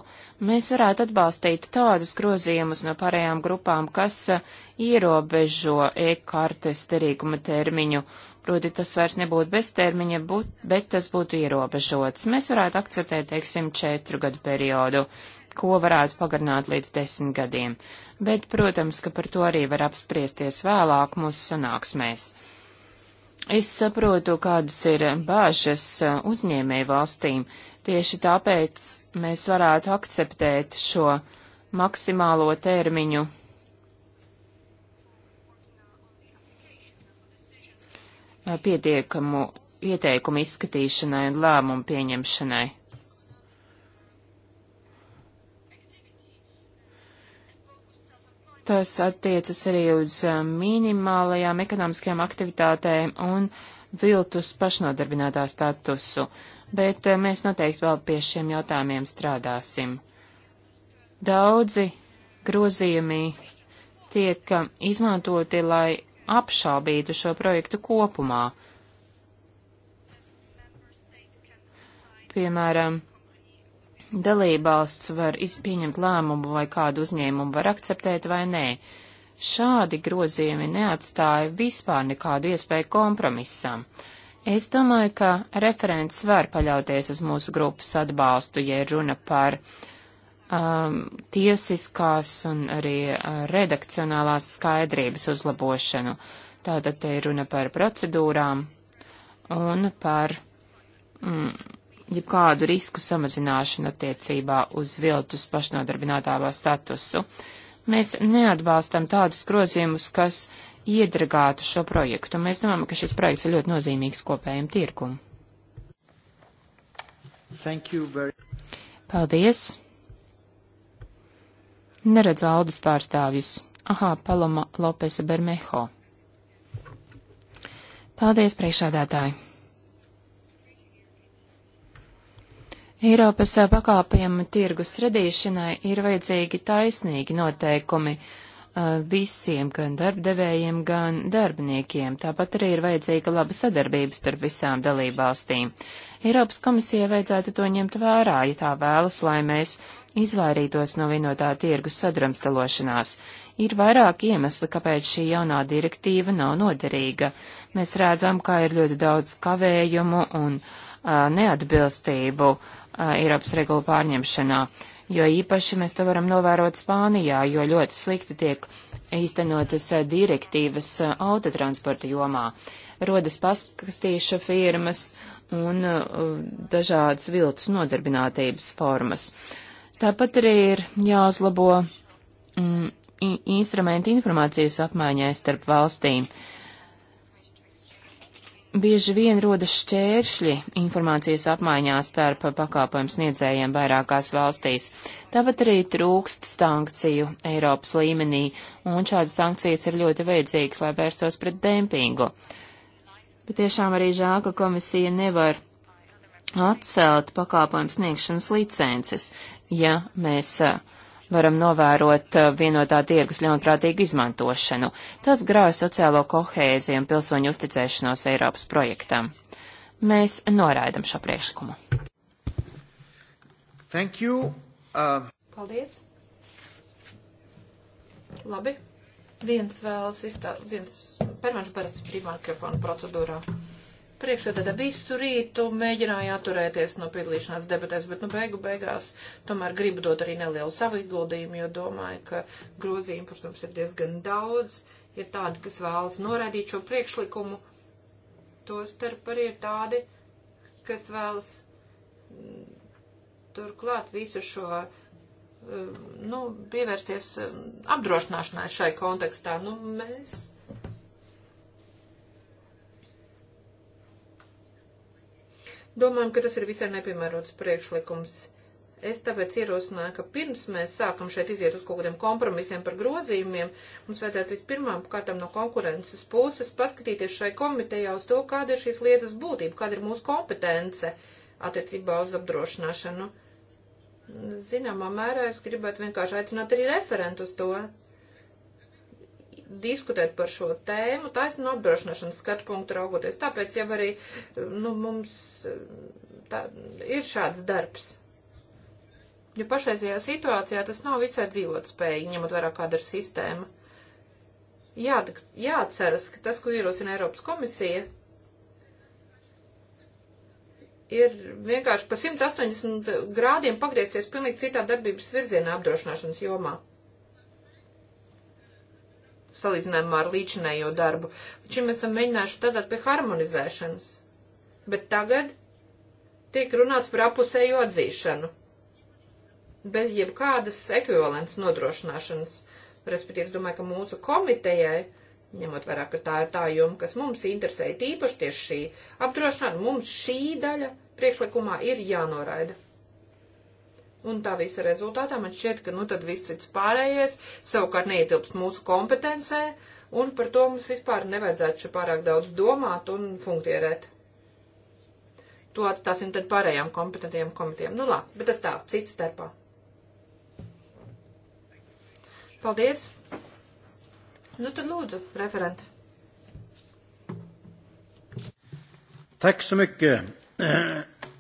Mēs varētu atbalstīt tādus grozījumus no pārējām grupām, kas uh, ierobežo e-kartes derīguma termiņu, proti tas vairs nebūtu bez termiņa, būt, bet tas būtu ierobežots. Mēs varētu akceptēt, teiksim, četru gadu periodu, ko varētu pagarināt līdz desmit gadiem, bet, protams, ka par to arī var apspriesties vēlāk mūsu sanāksmēs. Es saprotu, kādas ir bāžas uzņēmēju valstīm. Tieši tāpēc mēs varētu akceptēt šo maksimālo termiņu. pietiekamu ieteikumu izskatīšanai un lēmumu pieņemšanai. Tas attiecas arī uz eh, minimālajām ekonomiskajām aktivitātēm un viltus pašnodarbinātā statusu, bet eh, mēs noteikti vēl pie šiem jautājumiem strādāsim. Daudzi grozījumi tiek eh, izmantoti, lai apšaubītu šo projektu kopumā. Piemēram, dalībvalsts var pieņemt lēmumu, vai kādu uzņēmumu var akceptēt vai nē. Šādi grozījumi neatstāja vispār nekādu iespēju kompromisam. Es domāju, ka referents var paļauties uz mūsu grupas atbalstu, ja runa par um, tiesiskās un arī uh, redakcionālās skaidrības uzlabošanu. Tātad te ir runa par procedūrām un par mm, jebkādu risku samazināšanu attiecībā uz viltus pašnodarbinātāvā statusu. Mēs neatbalstam tādus grozījumus, kas iedragātu šo projektu. Mēs domājam, ka šis projekts ir ļoti nozīmīgs kopējiem tirkumu. Very... Paldies! Neredz valdes pārstāvjus. Aha, Paloma Lopesa Bermeho. Paldies, priekšādātāji! Eiropas pakāpojuma tirgus redīšanai ir vajadzīgi taisnīgi noteikumi uh, visiem, gan darbdevējiem, gan darbiniekiem. Tāpat arī ir vajadzīga laba sadarbība starp visām dalībvalstīm. Eiropas komisija vajadzētu to ņemt vērā, ja tā vēlas, lai mēs izvairītos no vienotā tirgus sadrumstalošanās. Ir vairāk iemesli, kāpēc šī jaunā direktīva nav noderīga. Mēs redzam, ka ir ļoti daudz kavējumu un uh, neatbilstību uh, Eiropas regulu pārņemšanā, jo īpaši mēs to varam novērot Spānijā, jo ļoti slikti tiek īstenotas direktīvas autotransporta jomā. Rodas paskastīša firmas un dažādas viltus nodarbinātības formas. Tāpat arī ir jāuzlabo mm, instrumenti informācijas apmaiņai starp valstīm. Uh, bieži vien rodas šķēršļi informācijas apmaiņā starp pakāpojumu sniedzējiem vairākās valstīs. Tāpat arī trūkst sankciju Eiropas līmenī, un šādas sankcijas ir ļoti vajadzīgas, lai vērstos pret dempingu. Bet tiešām arī žēl, ka komisija nevar atcelt pakāpojumu sniegšanas licences, ja mēs uh, varam novērot eh, vienotā tirgus ļaunprātīgu izmantošanu. Tas grauj sociālo kohēziju un pilsoņu uzticēšanos Eiropas projektam. Mēs noraidam šo priekšlikumu. Thank you. Uh... Paldies. Labi. Viens vēlas izstāst, viens permanents parāds brīvā mikrofona procedūrā priekšsēdētā visu rītu mēģināja atturēties no piedalīšanās debatēs, bet nu beigu beigās tomēr gribu dot arī nelielu savu ieguldījumu, jo domāju, ka grozījumi, protams, ir diezgan daudz, ir tādi, kas vēlas noraidīt šo priekšlikumu, tostarp arī ir tādi, kas vēlas mm, turklāt visu šo mm, nu, pievērsties mm, apdrošināšanai šai kontekstā. Nu, mēs Domājam, ka tas ir visai nepiemērots priekšlikums. Es tāpēc ierosināju, ka pirms mēs sākam šeit iziet uz kaut kādiem kompromisiem par grozījumiem, mums vajadzētu vispirmām kārtām no konkurences puses paskatīties šai komitejā uz to, kāda ir šīs lietas būtība, kāda ir mūsu kompetence attiecībā uz apdrošināšanu. Zināmā mērā es gribētu vienkārši aicināt arī referentu uz to, diskutēt par šo tēmu taisnu apdrošināšanas skatu punktu raugoties. Tāpēc jau arī nu, mums eh, tā, ir šāds darbs. Jo pašreizajā situācijā tas nav visai dzīvotspējīgi, ņemot vērā kāda ir sistēma. Jā, jāatceras, ka tas, ko ierosina Eiropas komisija, ir vienkārši pa 180 grādiem pagriezties pilnīgi citā darbības virzienā apdrošināšanas jomā salīdzinājumā ar līdzinējo darbu. Taču ja mēs esam mēģinājuši tādāt pie harmonizēšanas. Bet tagad tiek runāts par apusēju atzīšanu. Bez jebkādas ekvivalents nodrošināšanas. Respektīvi, es domāju, ka mūsu komitejai, ņemot vērā, ka tā ir tā joma, kas mums interesē, tīpaši tieši šī apdrošināšana, mums šī daļa priekšlikumā ir jānoraida. Un tā visa rezultātā man šķiet, ka nu tad viss cits pārējais savukārt neietilpst mūsu kompetencē, un par to mums vispār nevajadzētu šeit pārāk daudz domāt un funktierēt. To atstāsim tad pārējām kompetentajām komitejām. Nu labi, bet tas tā, cits starpā. Paldies! Nu tad lūdzu, referenti. Tack så mycket.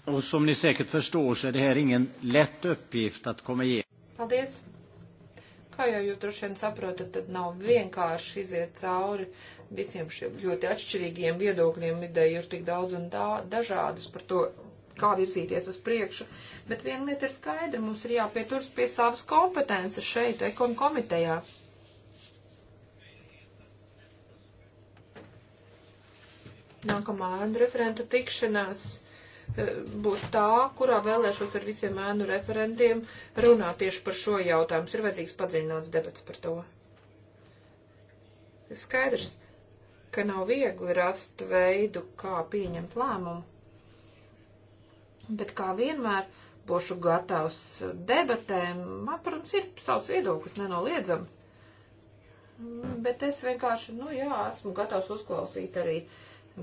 Och som ni säkert förstår så är det här ingen lätt uppgift att komma igenom. Paldies! Kā jau jūs droši vien saprotat, tad nav vienkārši iziet cauri visiem šiem ļoti atšķirīgiem viedokļiem, ideja ir tik daudz un tā, dažādas par to, kā virzīties uz priekšu. Bet viena lieta ir skaidra, mums ir jāpieturas pie savas kompetences šeit, ekon komitejā. Nākamā referentu tikšanās E, būs tā, kurā vēlēšos ar visiem ēnu referentiem runāt tieši par šo jautājumu. Ir vajadzīgs padziļināts debats par to. Skaidrs, ka nav viegli rast veidu, kā pieņemt lēmumu. Bet kā vienmēr būšu gatavs debatēm, man, protams, ir savs viedoklis nenoliedzami. Bet es vienkārši, nu jā, esmu gatavs uzklausīt arī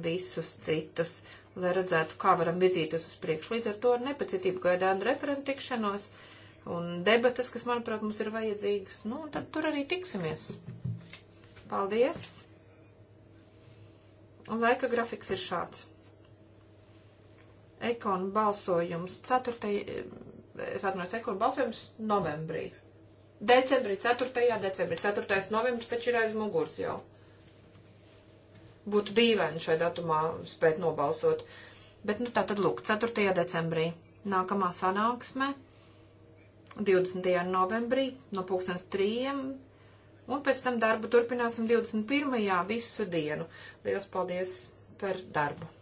visus citus lai redzētu, kā varam virzīties uz priekšu. Līdz ar to ar nepacietību gaidām referentu tikšanos un debatas, kas, manuprāt, mums ir vajadzīgas. Nu, un tad tur arī tiksimies. Paldies! Un laika grafiks ir šāds. Ekon balsojums 4. Es atminos, ekon balsojums novembrī. Decembrī, 4. decembrī, 4. novembris taču ir aiz muguras jau būtu dīvaini šai datumā spēt nobalsot. Bet, nu, tā tad lūk, 4. decembrī nākamā sanāksme, 20. novembrī no 2003. Un pēc tam darbu turpināsim 21. visu dienu. Lielas paldies par darbu!